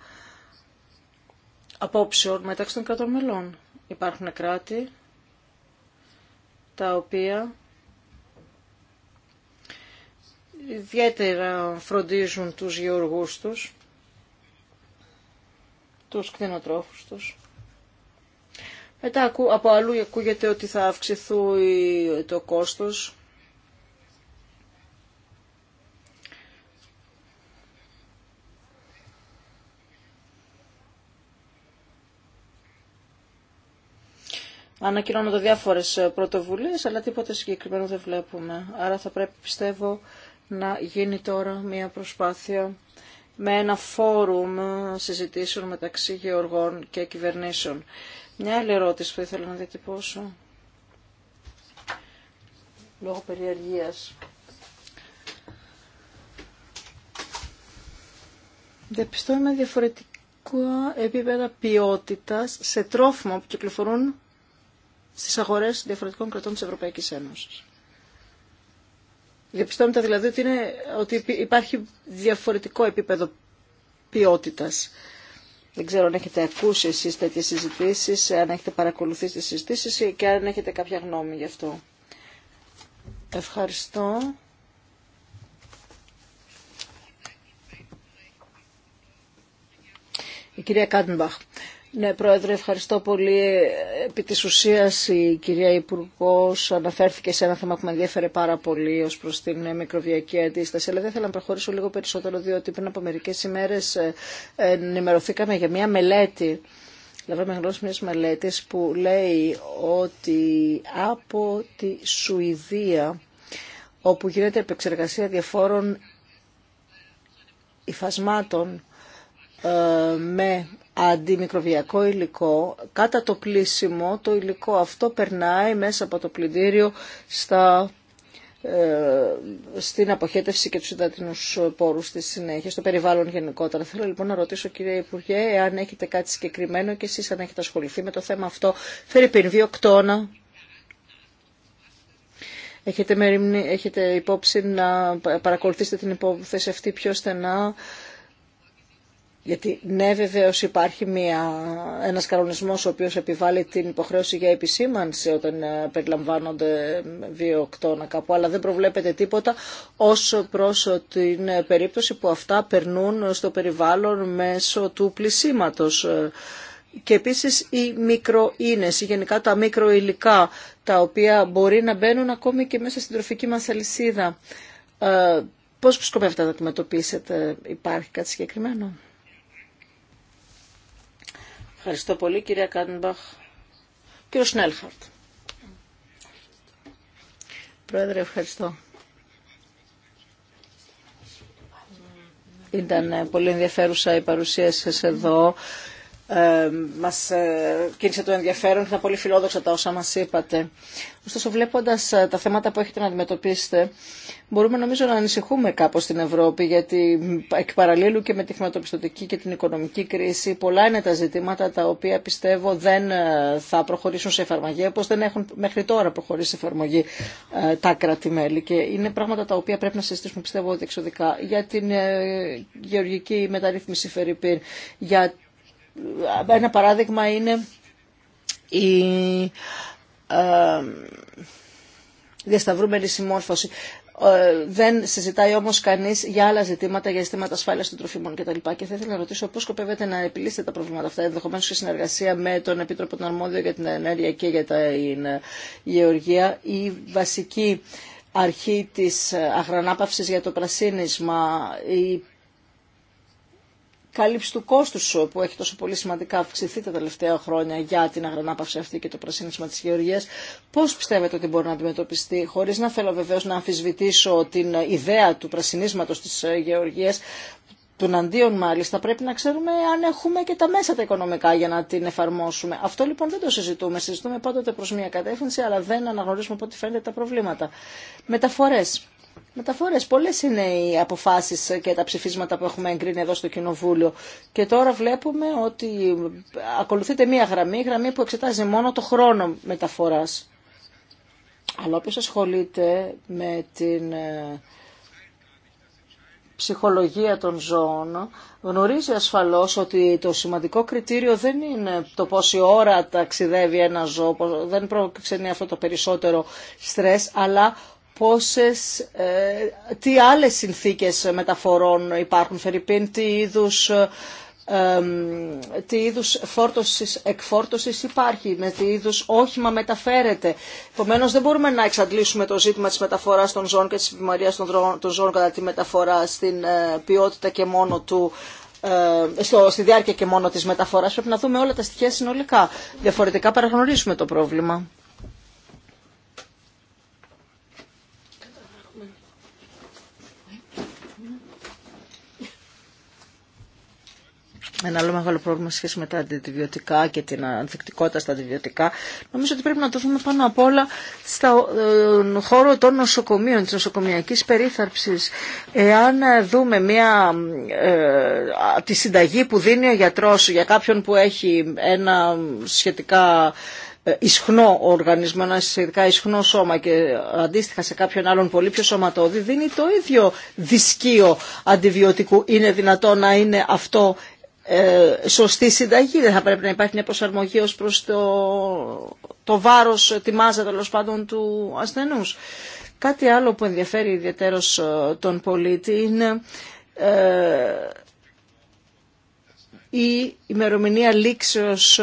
απόψεων μεταξύ των κρατών μελών. Υπάρχουν κράτη τα οποία ιδιαίτερα φροντίζουν τους γεωργούς τους, τους κτηνοτρόφους τους, μετά από αλλού ακούγεται ότι θα αυξηθούν το κόστος. Ανακοινώνονται διάφορες πρωτοβουλίες, αλλά τίποτα συγκεκριμένο δεν βλέπουμε. Άρα θα πρέπει, πιστεύω, να γίνει τώρα μια προσπάθεια με ένα φόρουμ συζητήσεων μεταξύ γεωργών και κυβερνήσεων. Μια άλλη ερώτηση που ήθελα να διατυπώσω. Λόγω περιεργίας. Διαπιστώνουμε διαφορετικό επίπεδα ποιότητας σε τρόφιμα που κυκλοφορούν στις αγορές διαφορετικών κρατών της Ευρωπαϊκής Ένωσης. Διαπιστώνουμε δηλαδή ότι, είναι, ότι υπάρχει διαφορετικό επίπεδο ποιότητας δεν ξέρω αν έχετε ακούσει εσείς τέτοιες συζητήσεις, αν έχετε παρακολουθήσει τις συζητήσεις και αν έχετε κάποια γνώμη γι' αυτό. Ευχαριστώ. Η κυρία Κάντμπαχ. Ναι, Πρόεδρε, ευχαριστώ πολύ. Επί της ουσίας η κυρία Υπουργό αναφέρθηκε σε ένα θέμα που με ενδιαφέρε πάρα πολύ ως προς την μικροβιακή αντίσταση. Αλλά δεν ήθελα να προχωρήσω λίγο περισσότερο, διότι πριν από μερικές ημέρες ε, ενημερωθήκαμε για μια μελέτη λάβαμε γνώση μιας μελέτης που λέει ότι από τη Σουηδία όπου γίνεται επεξεργασία διαφόρων υφασμάτων ε, με αντιμικροβιακό υλικό, κατά το πλήσιμο το υλικό αυτό περνάει μέσα από το πλυντήριο στα, ε, στην αποχέτευση και τους υδατινούς πόρους στη συνέχεια, στο περιβάλλον γενικότερα. Θέλω λοιπόν να ρωτήσω κύριε Υπουργέ, εάν έχετε κάτι συγκεκριμένο και εσείς αν έχετε ασχοληθεί με το θέμα αυτό, φέρει δύο κτώνα. Έχετε, έχετε υπόψη να παρακολουθήσετε την υπόθεση αυτή πιο στενά. Γιατί ναι βεβαίω υπάρχει μια, ένας κανονισμός ο οποίος επιβάλλει την υποχρέωση για επισήμανση όταν ε, περιλαμβάνονται οκτώνα κάπου, αλλά δεν προβλέπεται τίποτα όσο προς την περίπτωση που αυτά περνούν στο περιβάλλον μέσω του πλησίματος. Και επίσης οι μικροίνες, γενικά τα μικροιλικά τα οποία μπορεί να μπαίνουν ακόμη και μέσα στην τροφική μας αλυσίδα. Ε, πώς σκοπεύετε να τα αντιμετωπίσετε, υπάρχει κάτι συγκεκριμένο. Ευχαριστώ πολύ κυρία Κάντμπαχ. Κύριο Σνέλχαρτ. Πρόεδρε, ευχαριστώ. Ήταν πολύ ενδιαφέρουσα η παρουσία σας εδώ ε, μας ε, κίνησε το ενδιαφέρον και ήταν πολύ φιλόδοξα τα όσα μας είπατε. Ωστόσο βλέποντας ε, τα θέματα που έχετε να αντιμετωπίσετε μπορούμε νομίζω να ανησυχούμε κάπως στην Ευρώπη γιατί εκ παραλλήλου και με τη χρηματοπιστωτική και την οικονομική κρίση πολλά είναι τα ζητήματα τα οποία πιστεύω δεν ε, θα προχωρήσουν σε εφαρμογή όπως δεν έχουν μέχρι τώρα προχωρήσει σε εφαρμογή τα κράτη-μέλη και είναι πράγματα τα οποία πρέπει να συζητήσουμε πιστεύω διεξοδικά για την γεωργική μεταρρύθμιση Φερρυπίν, ένα παράδειγμα είναι η ε, διασταυρούμενη συμμόρφωση. Ε, δεν συζητάει όμω κανεί για άλλα ζητήματα, για ζητήματα ασφάλεια των τροφίμων κτλ. Και θα ήθελα να ρωτήσω πώ σκοπεύετε να επιλύσετε τα προβλήματα αυτά, ενδεχομένω και συνεργασία με τον Επίτροπο των Αρμόδιων για την Ενέργεια και για την ε, Γεωργία. Η βασική αρχή τη αγρανάπαυση για το πρασίνισμα, η κάλυψη του κόστου ε, που έχει τόσο πολύ σημαντικά αυξηθεί τα τελευταία χρόνια για την αγρανάπαυση αυτή και το πρασίνισμα τη γεωργία. Πώ πιστεύετε ότι μπορεί να αντιμετωπιστεί, χωρί να θέλω βεβαίω να αμφισβητήσω την ιδέα του πρασινίσματο τη ε, γεωργία, των αντίον μάλιστα πρέπει να ξέρουμε αν έχουμε και τα μέσα τα οικονομικά για να την εφαρμόσουμε. Αυτό λοιπόν δεν το συζητούμε. Συζητούμε πάντοτε προς μια κατεύθυνση αλλά δεν αναγνωρίζουμε ό,τι φαίνεται τα προβλήματα. Μεταφορές μεταφορές. Πολλές είναι οι αποφάσεις και τα ψηφίσματα που έχουμε εγκρίνει εδώ στο Κοινοβούλιο. Και τώρα βλέπουμε ότι ακολουθείται μία γραμμή, γραμμή που εξετάζει μόνο το χρόνο μεταφοράς. Αλλά όποιος ασχολείται με την ε, ψυχολογία των ζώων γνωρίζει ασφαλώς ότι το σημαντικό κριτήριο δεν είναι το πόση ώρα ταξιδεύει ένα ζώο, δεν προξενεί αυτό το περισσότερο στρες, αλλά πόσες, ε, τι άλλες συνθήκες μεταφορών υπάρχουν, Φερρυπίν, τι είδους τι είδους φόρτωσης, εκφόρτωσης υπάρχει, με τι είδους όχημα μεταφέρεται. Επομένω δεν μπορούμε να εξαντλήσουμε το ζήτημα της μεταφοράς των ζώων και της επιμαρίας των, των ζώων κατά τη μεταφορά στην ε, ποιότητα και μόνο του ε, στο, στη διάρκεια και μόνο της μεταφοράς πρέπει να δούμε όλα τα στοιχεία συνολικά. Διαφορετικά παραγνωρίζουμε το πρόβλημα. ένα άλλο μεγάλο πρόβλημα σχέση με τα αντιβιωτικά και την ανθεκτικότητα στα αντιβιωτικά. Νομίζω ότι πρέπει να το δούμε πάνω απ' όλα στον ε, χώρο των νοσοκομείων, της νοσοκομιακής περίθαρψης. Εάν δούμε μια, ε, τη συνταγή που δίνει ο γιατρός για κάποιον που έχει ένα σχετικά ε, ισχνό οργανισμό, ένα σχετικά ισχνό σώμα και αντίστοιχα σε κάποιον άλλον πολύ πιο σωματώδη, δίνει το ίδιο δισκείο αντιβιωτικού. Είναι δυνατό να είναι αυτό ε, σωστή συνταγή. Δεν θα πρέπει να υπάρχει μια προσαρμογή ως προς το, το βάρος, τη μάζα πάντων του ασθενούς. Κάτι άλλο που ενδιαφέρει ιδιαίτερος ε, τον πολίτη είναι ε, η ημερομηνία λήξεως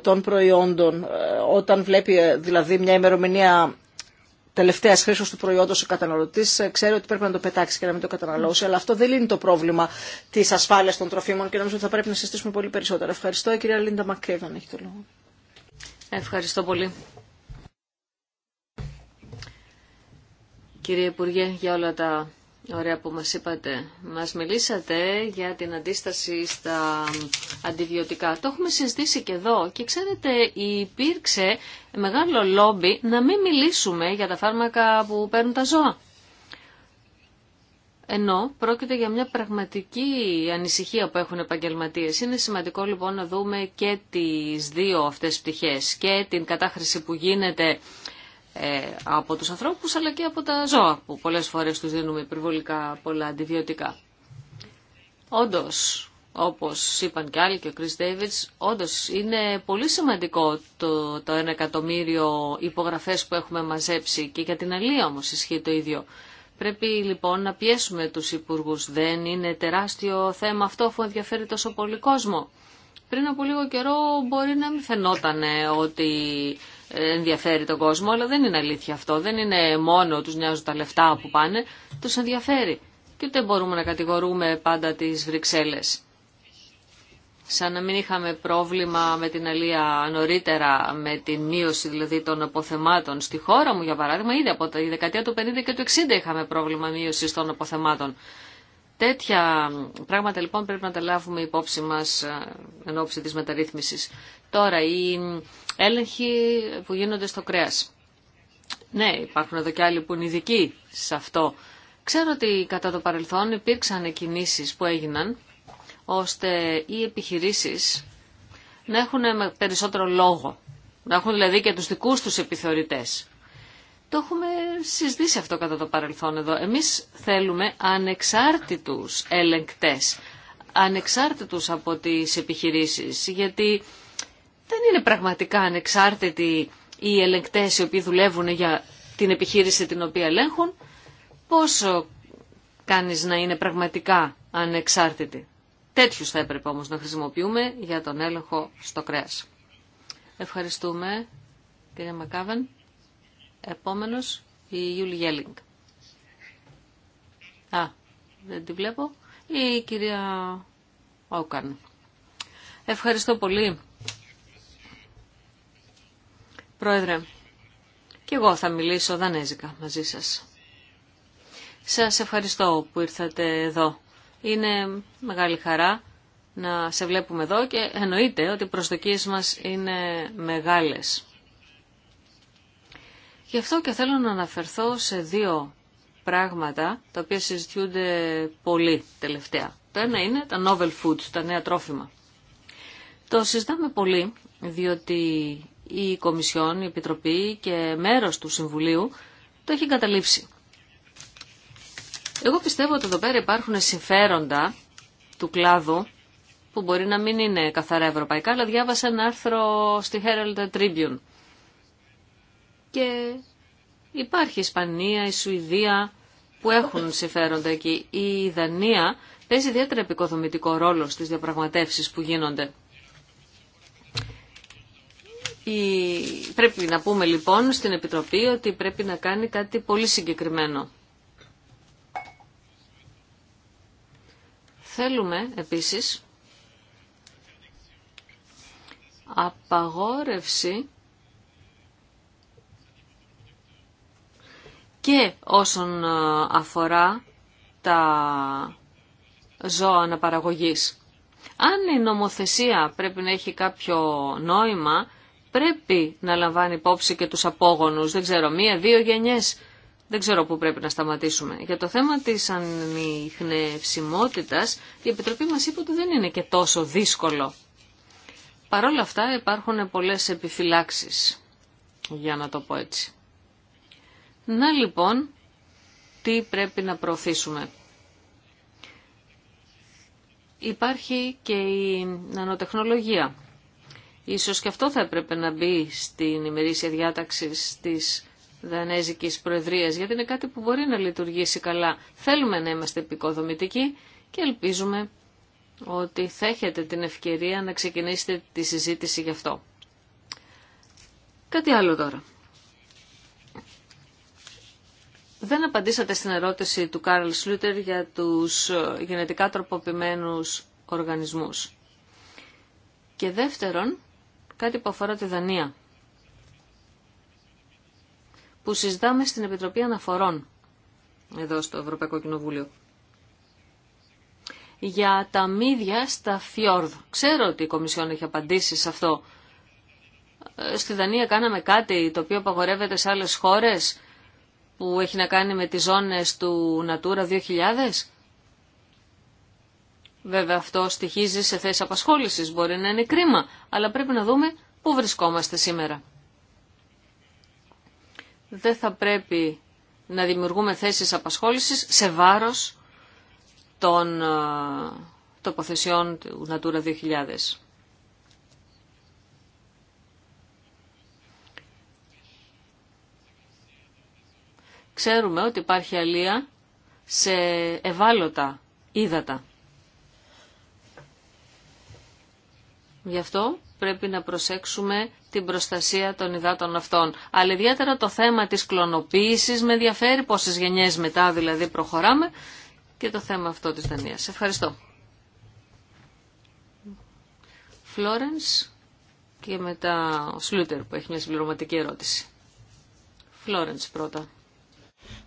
των προϊόντων. Όταν βλέπει δηλαδή μια ημερομηνία τελευταία χρήση του προϊόντο ο καταναλωτή ε, ξέρει ότι πρέπει να το πετάξει και να μην το καταναλώσει. Αλλά αυτό δεν λύνει το πρόβλημα τη ασφάλεια των τροφίμων και νομίζω ότι θα πρέπει να συζητήσουμε πολύ περισσότερο. Ευχαριστώ. Η κυρία Λίντα Μακέβαν έχει το λόγο. Ευχαριστώ πολύ. Κύριε Υπουργέ, για όλα τα Ωραία που μας είπατε. Μας μιλήσατε για την αντίσταση στα αντιβιωτικά. Το έχουμε συζητήσει και εδώ και ξέρετε υπήρξε μεγάλο λόμπι να μην μιλήσουμε για τα φάρμακα που παίρνουν τα ζώα. Ενώ πρόκειται για μια πραγματική ανησυχία που έχουν επαγγελματίε. Είναι σημαντικό λοιπόν να δούμε και τις δύο αυτές πτυχές και την κατάχρηση που γίνεται ε, από τους ανθρώπους αλλά και από τα ζώα που πολλές φορές τους δίνουμε υπερβολικά πολλά αντιβιωτικά. Όντως, όπως είπαν και άλλοι και ο Chris Davids, όντως είναι πολύ σημαντικό το, το ένα εκατομμύριο υπογραφές που έχουμε μαζέψει και για την αλία όμως ισχύει το ίδιο. Πρέπει λοιπόν να πιέσουμε τους υπουργούς. Δεν είναι τεράστιο θέμα αυτό αφού ενδιαφέρει τόσο πολύ κόσμο. Πριν από λίγο καιρό μπορεί να μην φαινόταν ότι ε, ενδιαφέρει τον κόσμο, αλλά δεν είναι αλήθεια αυτό. Δεν είναι μόνο τους νοιάζουν τα λεφτά που πάνε, τους ενδιαφέρει. Και ούτε μπορούμε να κατηγορούμε πάντα τις Βρυξέλλες. Σαν να μην είχαμε πρόβλημα με την αλία νωρίτερα, με την μείωση δηλαδή των αποθεμάτων. Στη χώρα μου, για παράδειγμα, ήδη από τη δεκαετία του 50 και του 60 είχαμε πρόβλημα μείωση των αποθεμάτων. Τέτοια πράγματα λοιπόν πρέπει να τα λάβουμε υπόψη μας ε, εν ώψη της μεταρρύθμισης. Τώρα, οι έλεγχοι που γίνονται στο κρέας. Ναι, υπάρχουν εδώ και άλλοι που είναι ειδικοί σε αυτό. Ξέρω ότι κατά το παρελθόν υπήρξαν κινήσεις που έγιναν ώστε οι επιχειρήσεις να έχουν περισσότερο λόγο. Να έχουν δηλαδή και τους δικούς τους επιθεωρητές. Το έχουμε συζητήσει αυτό κατά το παρελθόν εδώ. Εμείς θέλουμε ανεξάρτητους ελεγκτές, ανεξάρτητους από τις επιχειρήσεις, γιατί δεν είναι πραγματικά ανεξάρτητοι οι ελεγκτές οι οποίοι δουλεύουν για την επιχείρηση την οποία ελέγχουν, πόσο κάνεις να είναι πραγματικά ανεξάρτητοι. Τέτοιους θα έπρεπε όμως να χρησιμοποιούμε για τον έλεγχο στο κρέας. Ευχαριστούμε, κύριε Μακάβεν. Επόμενος, η Γιούλη Γέλινγκ. Α, δεν τη βλέπω. Η κυρία Όκαν. Ευχαριστώ πολύ. Πρόεδρε, και εγώ θα μιλήσω δανέζικα μαζί σας. Σας ευχαριστώ που ήρθατε εδώ. Είναι μεγάλη χαρά να σε βλέπουμε εδώ και εννοείται ότι οι προσδοκίες μας είναι μεγάλες. Γι' αυτό και θέλω να αναφερθώ σε δύο πράγματα τα οποία συζητιούνται πολύ τελευταία. Το ένα είναι τα novel foods, τα νέα τρόφιμα. Το συζητάμε πολύ διότι η Κομισιόν, η Επιτροπή και μέρος του Συμβουλίου το έχει καταλήψει. Εγώ πιστεύω ότι εδώ πέρα υπάρχουν συμφέροντα του κλάδου που μπορεί να μην είναι καθαρά ευρωπαϊκά, αλλά διάβασα ένα άρθρο στη Herald Tribune και υπάρχει η Ισπανία, η Σουηδία που έχουν συμφέροντα εκεί. Η Δανία παίζει ιδιαίτερα επικοδομητικό ρόλο στις διαπραγματεύσεις που γίνονται. Η... Πρέπει να πούμε λοιπόν στην Επιτροπή ότι πρέπει να κάνει κάτι πολύ συγκεκριμένο. Θέλουμε επίσης απαγόρευση και όσον ε, αφορά τα ζώα αναπαραγωγής. Αν η νομοθεσία πρέπει να έχει κάποιο νόημα, πρέπει να λαμβάνει υπόψη και τους απόγονους, δεν ξέρω, μία, δύο γενιές. Δεν ξέρω πού πρέπει να σταματήσουμε. Για το θέμα της ανιχνευσιμότητας, η Επιτροπή μας είπε ότι δεν είναι και τόσο δύσκολο. Παρ' όλα αυτά υπάρχουν πολλές επιφυλάξεις, για να το πω έτσι. Να λοιπόν, τι πρέπει να προωθήσουμε. Υπάρχει και η νανοτεχνολογία. Ίσως και αυτό θα έπρεπε να μπει στην ημερήσια διάταξη της Δανέζικης Προεδρίας, γιατί είναι κάτι που μπορεί να λειτουργήσει καλά. Θέλουμε να είμαστε επικοδομητικοί και ελπίζουμε ότι θα έχετε την ευκαιρία να ξεκινήσετε τη συζήτηση γι' αυτό. Κάτι άλλο τώρα. Δεν απαντήσατε στην ερώτηση του Κάρλ Σλούτερ για τους ε, γενετικά τροποποιημένους οργανισμούς. Και δεύτερον, κάτι που αφορά τη Δανία, που συζητάμε στην Επιτροπή Αναφορών, εδώ στο Ευρωπαϊκό Κοινοβούλιο, για τα μύδια στα φιόρδ. Ξέρω ότι η Κομισιόν έχει απαντήσει σε αυτό. Ε, στη Δανία κάναμε κάτι το οποίο απαγορεύεται σε άλλες χώρες που έχει να κάνει με τις ζώνες του Natura 2000. Βέβαια αυτό στοιχίζει σε θέση απασχόλησης, μπορεί να είναι κρίμα, αλλά πρέπει να δούμε πού βρισκόμαστε σήμερα. Δεν θα πρέπει να δημιουργούμε θέσεις απασχόλησης σε βάρος των ε, τοποθεσιών του Natura 2000. Ξέρουμε ότι υπάρχει αλία σε ευάλωτα ύδατα. Γι' αυτό πρέπει να προσέξουμε την προστασία των υδάτων αυτών. Αλλά ιδιαίτερα το θέμα της κλωνοποίησης με ενδιαφέρει πόσες γενιές μετά δηλαδή προχωράμε και το θέμα αυτό της Δανίας. Ευχαριστώ. Φλόρενς και μετά ο Σλούτερ που έχει μια συμπληρωματική ερώτηση. Φλόρενς πρώτα.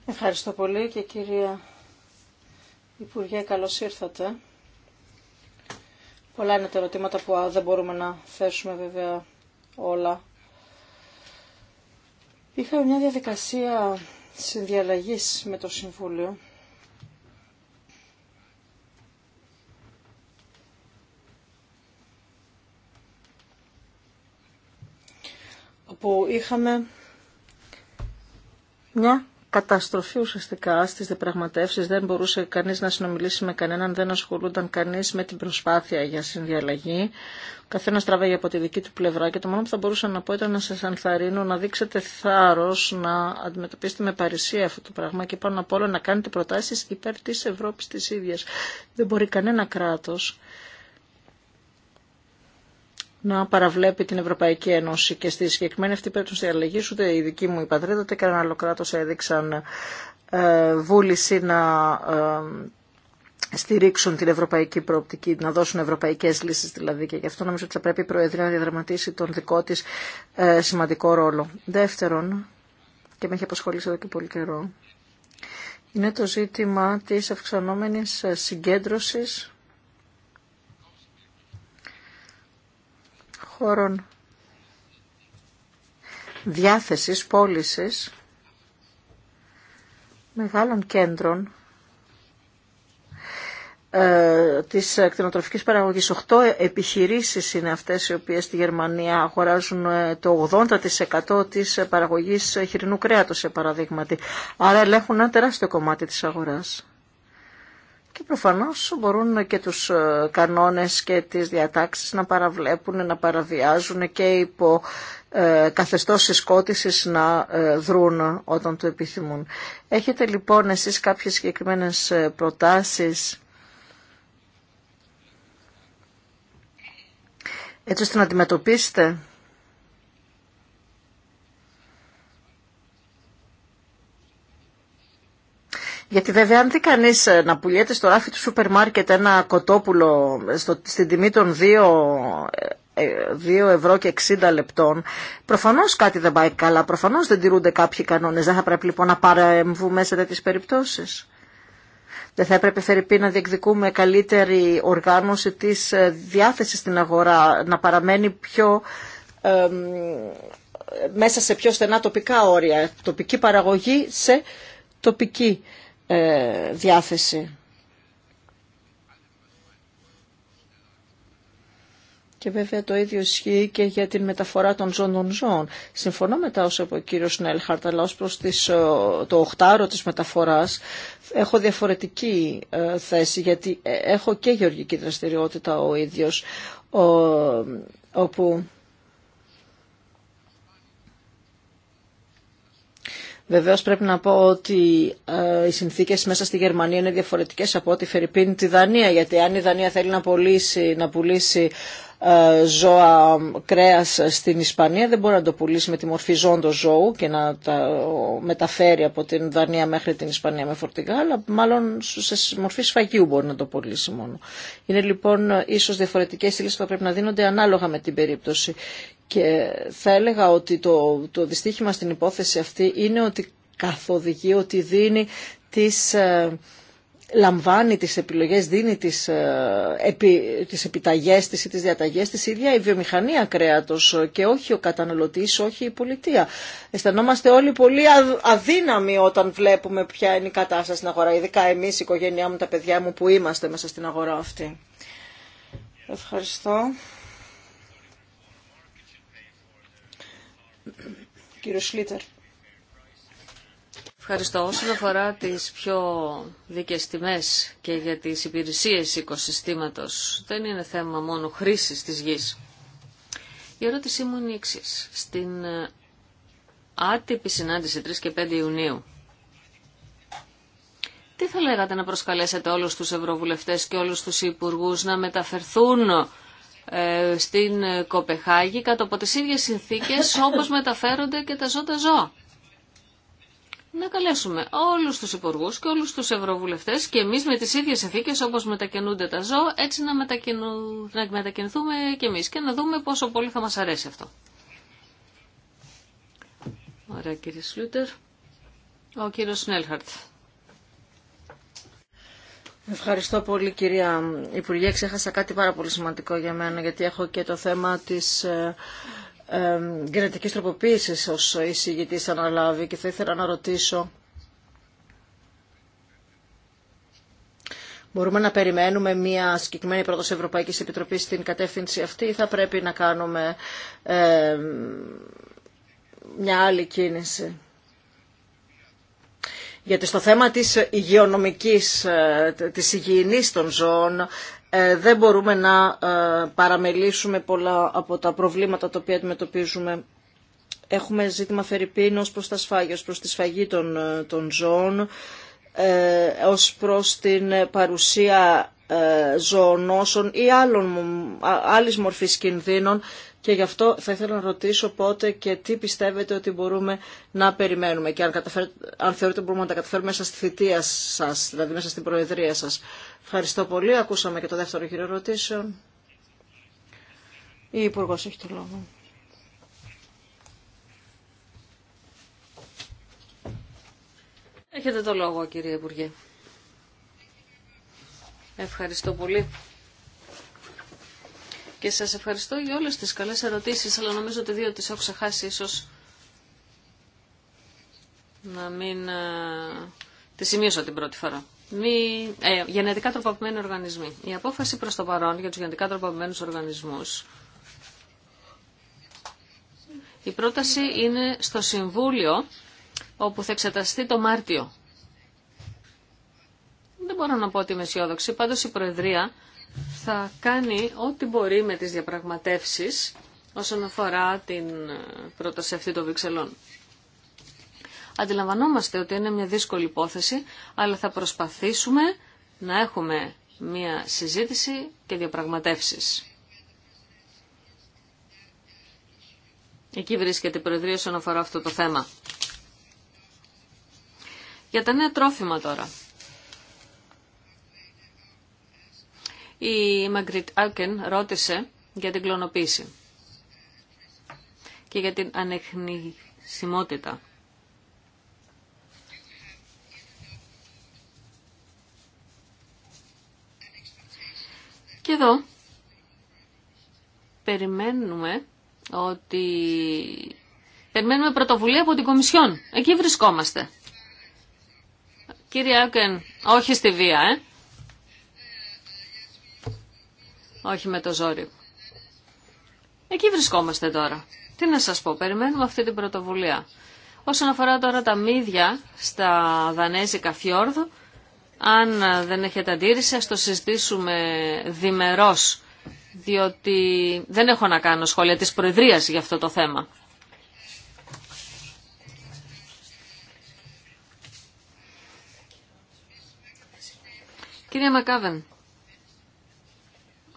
Ευχαριστώ πολύ και κυρία Υπουργέ, καλώς ήρθατε. Πολλά είναι τα ερωτήματα που δεν μπορούμε να θέσουμε βέβαια όλα. Είχαμε μια διαδικασία συνδιαλλαγής με το Συμβούλιο. όπου είχαμε μια καταστροφή ουσιαστικά στις διαπραγματεύσεις. Δεν μπορούσε κανείς να συνομιλήσει με κανέναν, δεν ασχολούνταν κανείς με την προσπάθεια για συνδιαλλαγή. Καθένα καθένας από τη δική του πλευρά και το μόνο που θα μπορούσα να πω ήταν να σας ανθαρρύνω, να δείξετε θάρρος, να αντιμετωπίσετε με παρησία αυτό το πράγμα και πάνω απ' όλα να κάνετε προτάσεις υπέρ της Ευρώπης της ίδιας. Δεν μπορεί κανένα κράτος να παραβλέπει την Ευρωπαϊκή Ένωση και στη συγκεκριμένη αυτή περίπτωση αλλαγή ούτε η δική μου η πατρίδα ούτε κανένα άλλο κράτο έδειξαν ε, βούληση να ε, στηρίξουν την ευρωπαϊκή προοπτική, να δώσουν ευρωπαϊκές λύσεις δηλαδή και γι' αυτό νομίζω ότι θα πρέπει η Προεδρία να διαδραματίσει τον δικό της ε, σημαντικό ρόλο. Δεύτερον, και με έχει απασχολήσει εδώ και πολύ καιρό, είναι το ζήτημα της αυξανόμενης συγκέντρωσης χώρων διάθεσης, πώλησης μεγάλων κέντρων ε, της κτηνοτροφικής παραγωγής. Οχτώ επιχειρήσεις είναι αυτές οι οποίες στη Γερμανία αγοράζουν ε, το 80% της παραγωγής χοιρινού κρέατος, σε παραδείγματι. Άρα ελέγχουν ένα τεράστιο κομμάτι της αγοράς και προφανώς μπορούν και τους ε, κανόνες και τις διατάξεις να παραβλέπουν, να παραβιάζουν και υπό ε, καθεστώς συσκότησης να ε, δρούν όταν το επιθυμούν. Έχετε λοιπόν εσείς κάποιες συγκεκριμένες ε, προτάσεις έτσι ώστε να αντιμετωπίσετε Γιατί βέβαια αν δει κανεί ε, να πουλιέται στο ράφι του σούπερ μάρκετ ένα κοτόπουλο ε, στο, στην τιμή των 2 2 ε, ευρώ και 60 λεπτών. προφανώς κάτι δεν πάει καλά. προφανώς δεν τηρούνται κάποιοι κανόνες, Δεν θα πρέπει λοιπόν να παρεμβούμε σε τέτοιες περιπτώσεις. Δεν θα έπρεπε φερειπή να διεκδικούμε καλύτερη οργάνωση της διάθεσης στην αγορά, να παραμένει πιο μέσα σε πιο στενά τοπικά όρια, τοπική παραγωγή σε τοπική ε, διάθεση. Και βέβαια το ίδιο ισχύει και για την μεταφορά των ζώων των ζώων. Συμφωνώ μετά όσο είπε ο κύριο Νέλχαρτ, αλλά ω προ ε, το οχτάρο τη μεταφορά έχω διαφορετική ε, θέση, γιατί έχω και γεωργική δραστηριότητα ο ίδιο, όπου Βεβαίω πρέπει να πω ότι ε, οι συνθήκε μέσα στη Γερμανία είναι διαφορετικέ από ό,τι φερειπίνει τη Δανία. Γιατί αν η Δανία θέλει να πουλήσει, να ε, ζώα κρέα στην Ισπανία, δεν μπορεί να το πουλήσει με τη μορφή ζώντο ζώου και να τα μεταφέρει από την Δανία μέχρι την Ισπανία με φορτηγά, αλλά μάλλον σε μορφή σφαγίου μπορεί να το πουλήσει μόνο. Είναι λοιπόν ίσω διαφορετικέ λύσει που θα πρέπει να δίνονται ανάλογα με την περίπτωση. Και θα έλεγα ότι το, το δυστύχημα στην υπόθεση αυτή είναι ότι καθοδηγεί, ότι δίνει τις, ε, λαμβάνει τις επιλογές, δίνει τις, ε, επι, τις επιταγές της ή τις διαταγές της ίδια η βιομηχανία κρέατος και όχι ο καταναλωτής, όχι η πολιτεία. Αισθανόμαστε όλοι πολύ αδύναμοι όταν βλέπουμε ποια είναι η κατάσταση στην αγορά, ειδικά εμείς, η οικογένειά μου, τα παιδιά μου που είμαστε μέσα στην αγορά αυτή. Ευχαριστώ. Κύριε Σλίτερ. Ευχαριστώ. Όσον αφορά τις πιο δίκαιες τιμές και για τις υπηρεσίες οικοσυστήματος, δεν είναι θέμα μόνο χρήσης της γης. Η ερώτησή μου είναι η εξή. Στην ε, άτυπη συνάντηση 3 και 5 Ιουνίου, τι θα λέγατε να προσκαλέσετε όλους τους ευρωβουλευτές και όλους τους υπουργούς να μεταφερθούν ε, στην Κοπεχάγη κάτω από τις ίδιες συνθήκες [LAUGHS] όπως μεταφέρονται και τα ζώτα ζώα. Να καλέσουμε όλους τους υπουργούς και όλους τους ευρωβουλευτές και εμείς με τις ίδιες συνθήκες όπως μετακινούνται τα ζώα έτσι να, μετακινου... μετακινηθούμε και εμείς και να δούμε πόσο πολύ θα μας αρέσει αυτό. Ωραία κύριε Σλούτερ. Ο κύριος Σνέλχαρτ. Ευχαριστώ πολύ κυρία Υπουργέ. Ξέχασα κάτι πάρα πολύ σημαντικό για μένα γιατί έχω και το θέμα της ε, ε, γενετικής τροποποίησης ως εισηγητής αναλάβει και θα ήθελα να ρωτήσω Μπορούμε να περιμένουμε μια συγκεκριμένη πρόταση Ευρωπαϊκής Επιτροπής στην κατεύθυνση αυτή ή θα πρέπει να κάνουμε ε, μια άλλη κίνηση. Γιατί στο θέμα της υγειονομικής, ε, της υγιεινής των ζώων ε, δεν μπορούμε να ε, παραμελήσουμε πολλά από τα προβλήματα τα οποία αντιμετωπίζουμε. Έχουμε ζήτημα φερρυπίν ως προς τα σφάγια, προς τη σφαγή των, ζώων, ως προς την παρουσία ζωονόσων ή άλλων, άλλης μορφής κινδύνων και γι' αυτό θα ήθελα να ρωτήσω πότε και τι πιστεύετε ότι μπορούμε να περιμένουμε και αν, αν θεωρείτε ότι μπορούμε να τα καταφέρουμε μέσα στη θητεία σας, δηλαδή μέσα στην προεδρία σας. Ευχαριστώ πολύ. Ακούσαμε και το δεύτερο κύριο ερωτήσεων. Η υπουργό έχει το λόγο. Έχετε το λόγο κύριε Υπουργέ. Ευχαριστώ πολύ. Και σας ευχαριστώ για όλες τις καλές ερωτήσεις, αλλά νομίζω ότι δύο τις έχω ξεχάσει ίσως να μην... Ε, Τη σημείωσα την πρώτη φορά. Μη, ε, γενετικά τροποποιημένοι οργανισμοί. Η απόφαση προς το παρόν για τους γενετικά τροποποιημένους οργανισμούς η πρόταση είναι στο Συμβούλιο όπου θα εξεταστεί το Μάρτιο. Δεν μπορώ να πω ότι είμαι αισιόδοξη. Πάντως η Προεδρία θα κάνει ό,τι μπορεί με τις διαπραγματεύσεις όσον αφορά την πρόταση αυτή των Βρυξελών. Αντιλαμβανόμαστε ότι είναι μια δύσκολη υπόθεση, αλλά θα προσπαθήσουμε να έχουμε μια συζήτηση και διαπραγματεύσεις. Εκεί βρίσκεται η Προεδρία όσον αφορά αυτό το θέμα. Για τα νέα τρόφιμα τώρα. Η Μαγκριτ Άλκεν ρώτησε για την κλωνοποίηση και για την ανεχνησιμότητα. Και εδώ περιμένουμε ότι περιμένουμε πρωτοβουλία από την Κομισιόν. Εκεί βρισκόμαστε. Κύριε Άκεν, όχι στη βία, ε. όχι με το ζόρι. Εκεί βρισκόμαστε τώρα. Τι να σας πω, περιμένουμε αυτή την πρωτοβουλία. Όσον αφορά τώρα τα μύδια στα δανέζικα φιόρδο, αν δεν έχετε αντίρρηση, ας το συζητήσουμε διμερός, διότι δεν έχω να κάνω σχόλια της Προεδρίας για αυτό το θέμα. Κυρία Μακάβεν,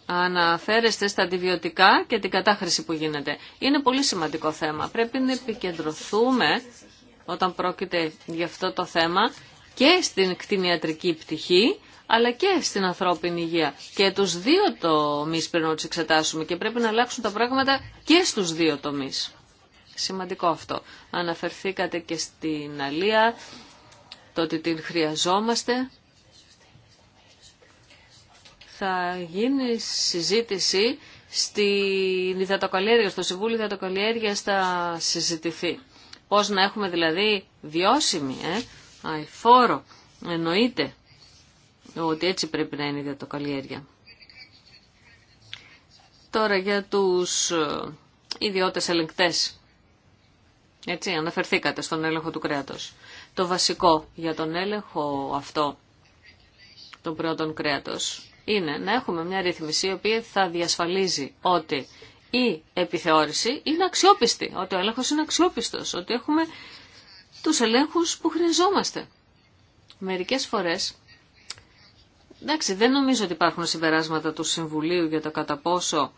αναφέρεστε στα αντιβιωτικά και την κατάχρηση που γίνεται. Είναι πολύ σημαντικό θέμα. Πρέπει να επικεντρωθούμε όταν πρόκειται για αυτό το θέμα και στην κτηνιατρική πτυχή αλλά και στην ανθρώπινη υγεία. Και τους δύο τομείς πρέπει να τους εξετάσουμε και πρέπει να αλλάξουν τα πράγματα και στους δύο τομείς. Σημαντικό αυτό. Αναφερθήκατε και στην αλία, το ότι την χρειαζόμαστε θα γίνει συζήτηση στην υδατοκαλλιέργεια, στο Συμβούλιο Υδατοκαλλιέργειας θα συζητηθεί. Πώς να έχουμε δηλαδή βιώσιμη, ε, αηφόρο, εννοείται ότι έτσι πρέπει να είναι η υδατοκαλλιέργεια. Τώρα για τους ε, ιδιώτες ελεγκτές. Έτσι, αναφερθήκατε στον έλεγχο του κρέατος. Το βασικό για τον έλεγχο αυτό τον πρώτων κρέατος είναι να έχουμε μια ρύθμιση η οποία θα διασφαλίζει ότι η επιθεώρηση είναι αξιόπιστη, ότι ο έλεγχος είναι αξιόπιστος, ότι έχουμε τους ελέγχους που χρειαζόμαστε. Μερικές φορές, εντάξει δεν νομίζω ότι υπάρχουν συμπεράσματα του Συμβουλίου για το κατά πόσο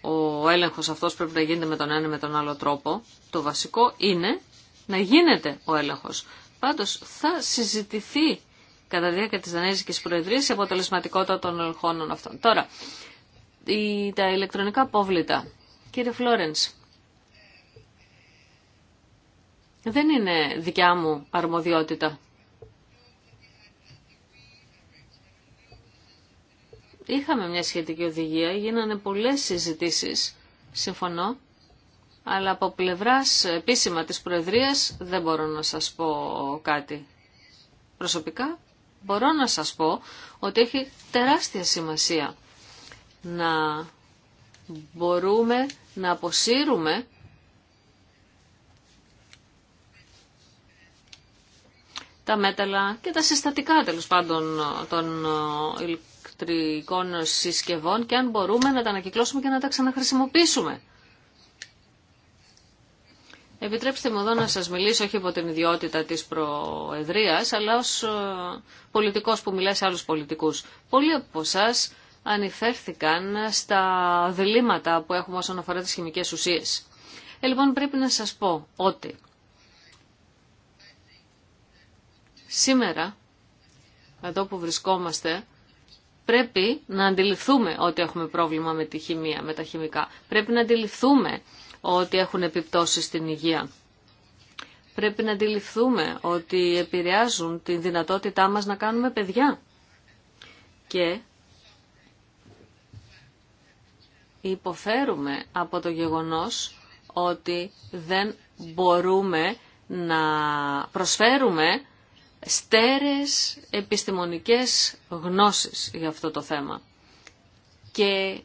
ο έλεγχος αυτός πρέπει να γίνεται με τον ένα με τον άλλο τρόπο. Το βασικό είναι να γίνεται ο έλεγχος. Πάντως θα συζητηθεί κατά τη διάρκεια τη Δανέζικη Προεδρία η αποτελεσματικότητα των ελχώνων αυτών. Τώρα, η, τα ηλεκτρονικά απόβλητα. Κύριε Φλόρενς, δεν είναι δικιά μου αρμοδιότητα. Είχαμε μια σχετική οδηγία, γίνανε πολλές συζητήσεις, συμφωνώ, αλλά από πλευράς επίσημα της Προεδρίας δεν μπορώ να σας πω κάτι. Προσωπικά μπορώ να σας πω ότι έχει τεράστια σημασία να μπορούμε να αποσύρουμε τα μέταλλα και τα συστατικά τέλο πάντων των ε, ηλεκτρικών συσκευών και αν μπορούμε να τα ανακυκλώσουμε και να τα ξαναχρησιμοποιήσουμε. Επιτρέψτε μου εδώ να σας μιλήσω όχι από την ιδιότητα της Προεδρίας, αλλά ως ε, πολιτικός που μιλάει σε άλλους πολιτικούς. Πολλοί από εσά ανηφέρθηκαν στα διλήμματα που έχουμε όσον αφορά τις χημικές ουσίες. Ε, λοιπόν, πρέπει να σας πω ότι σήμερα, εδώ που βρισκόμαστε, πρέπει να αντιληφθούμε ότι έχουμε πρόβλημα με τη χημεία, με τα χημικά. Πρέπει να αντιληφθούμε ότι έχουν επιπτώσεις στην υγεία. Πρέπει να αντιληφθούμε ότι επηρεάζουν τη δυνατότητά μας να κάνουμε παιδιά. Και υποφέρουμε από το γεγονός ότι δεν μπορούμε να προσφέρουμε στέρες επιστημονικές γνώσεις για αυτό το θέμα. Και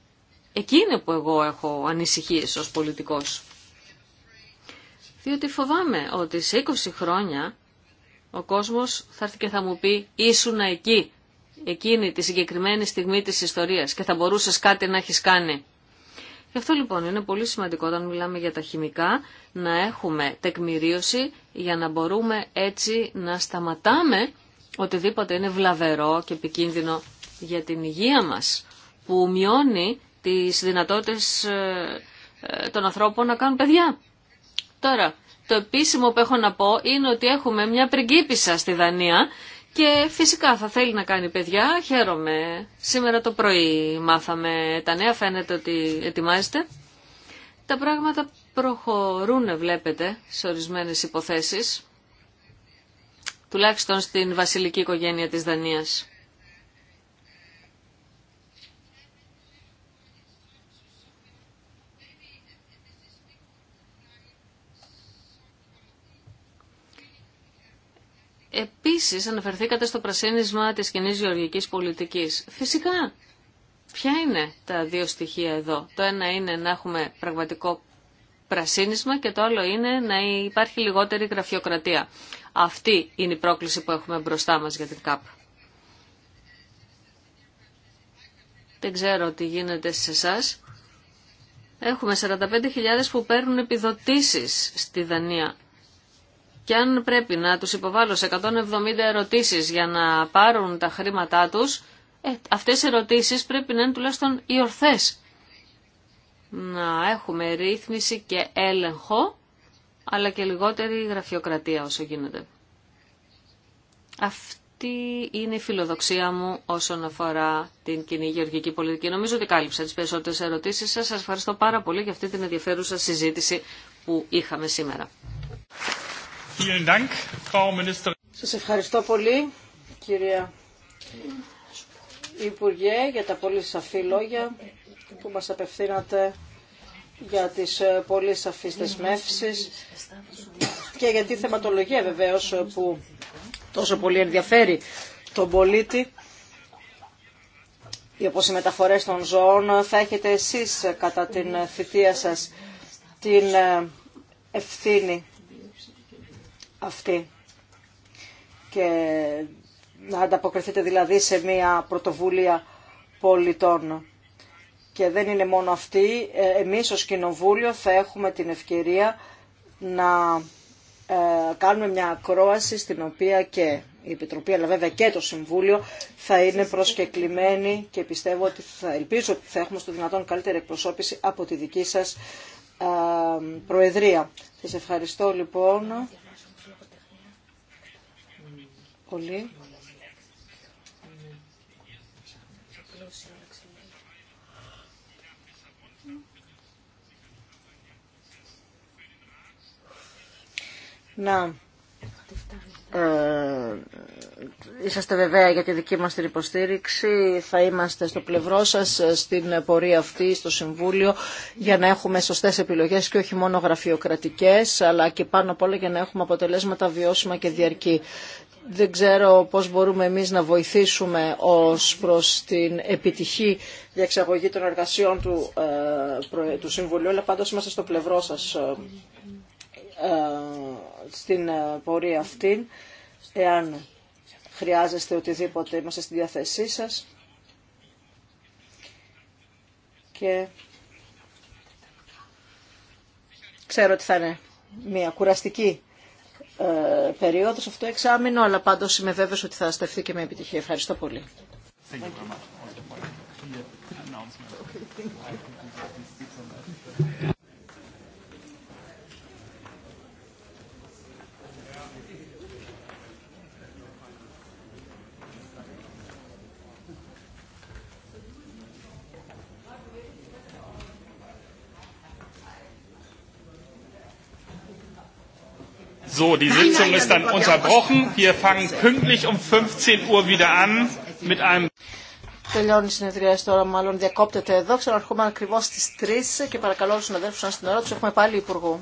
Εκεί είναι που εγώ έχω ανησυχίες ως πολιτικός. Διότι φοβάμαι ότι σε 20 χρόνια ο κόσμος θα έρθει και θα μου πει «Ήσουν εκεί, εκείνη τη συγκεκριμένη στιγμή της ιστορίας και θα μπορούσες κάτι να έχεις κάνει». Γι' αυτό λοιπόν είναι πολύ σημαντικό όταν μιλάμε για τα χημικά να έχουμε τεκμηρίωση για να μπορούμε έτσι να σταματάμε οτιδήποτε είναι βλαβερό και επικίνδυνο για την υγεία μας που μειώνει τις δυνατότητες ε, ε, των ανθρώπων να κάνουν παιδιά. Τώρα, το επίσημο που έχω να πω είναι ότι έχουμε μια πριγκίπισσα στη Δανία και φυσικά θα θέλει να κάνει παιδιά. Χαίρομαι. Σήμερα το πρωί μάθαμε τα νέα, φαίνεται ότι ετοιμάζεται. Τα πράγματα προχωρούν, βλέπετε, σε ορισμένες υποθέσεις, τουλάχιστον στην βασιλική οικογένεια της Δανίας. Επίσης αναφερθήκατε στο πρασίνισμα της κοινή γεωργικής πολιτικής. Φυσικά, ποια είναι τα δύο στοιχεία εδώ. Το ένα είναι να έχουμε πραγματικό πρασίνισμα και το άλλο είναι να υπάρχει λιγότερη γραφειοκρατία. Αυτή είναι η πρόκληση που έχουμε μπροστά μας για την ΚΑΠ. Δεν ξέρω τι γίνεται σε εσά. Έχουμε 45.000 που παίρνουν επιδοτήσεις στη Δανία και αν πρέπει να τους υποβάλω σε 170 ερωτήσεις για να πάρουν τα χρήματά τους, ε, αυτές οι ερωτήσεις πρέπει να είναι τουλάχιστον οι ορθές. Να έχουμε ρύθμιση και έλεγχο, αλλά και λιγότερη γραφειοκρατία όσο γίνεται. Αυτή είναι η φιλοδοξία μου όσον αφορά την κοινή γεωργική πολιτική. Νομίζω ότι κάλυψα τις περισσότερες ερωτήσεις σας. Σας ευχαριστώ πάρα πολύ για αυτή την ενδιαφέρουσα συζήτηση που είχαμε σήμερα. Σας ευχαριστώ πολύ, κυρία Υπουργέ, για τα πολύ σαφή λόγια που μας απευθύνατε για τις ε, πολύ σαφείς δεσμεύσεις και για τη θεματολογία βεβαίως ε, που τόσο πολύ ενδιαφέρει τον πολίτη όπως οι μεταφορές των ζώων ε, θα έχετε εσείς κατά την θητεία σας την ευθύνη αυτή και να ανταποκριθείτε δηλαδή σε μια πρωτοβουλία πολιτών. Και δεν είναι μόνο αυτή, ε, εμείς ως Κοινοβούλιο θα έχουμε την ευκαιρία να ε, κάνουμε μια ακρόαση στην οποία και η Επιτροπή αλλά βέβαια και το Συμβούλιο θα είναι προσκεκλημένη και πιστεύω ότι θα ελπίζω ότι θα έχουμε στο δυνατόν καλύτερη εκπροσώπηση από τη δική σας ε, Προεδρία. Σας ευχαριστώ λοιπόν πολύ. Να ε, είσαστε βέβαια για τη δική μας την υποστήριξη. Θα είμαστε στο πλευρό σας ε, στην πορεία αυτή, στο Συμβούλιο, για να έχουμε σωστές επιλογές και όχι μόνο γραφειοκρατικές, αλλά και πάνω απ' όλα για να έχουμε αποτελέσματα βιώσιμα και διαρκή δεν ξέρω πώς μπορούμε εμείς να βοηθήσουμε ως προς την επιτυχή διαξαγωγή των εργασιών του, ε, του Συμβουλίου, αλλά πάντως είμαστε στο πλευρό σας ε, ε, στην πορεία αυτή. Εάν χρειάζεστε οτιδήποτε, είμαστε στη διαθέσή σας. Και ξέρω ότι θα είναι μια κουραστική ε, περίοδος, αυτό εξάμεινο, αλλά πάντως είμαι βέβαιος ότι θα στεφθεί και με επιτυχία. Ευχαριστώ πολύ. Thank you So, die Sitzung ist dann unterbrochen. Wir fangen pünktlich um 15 Uhr wieder an mit einem. Τελειώνει η συνεδρία τώρα, μάλλον διακόπτεται εδώ. Ξαναρχόμαστε ακριβώ στι 3 και παρακαλώ του συναδέλφου να στην ώρα του έχουμε πάλι υπουργό.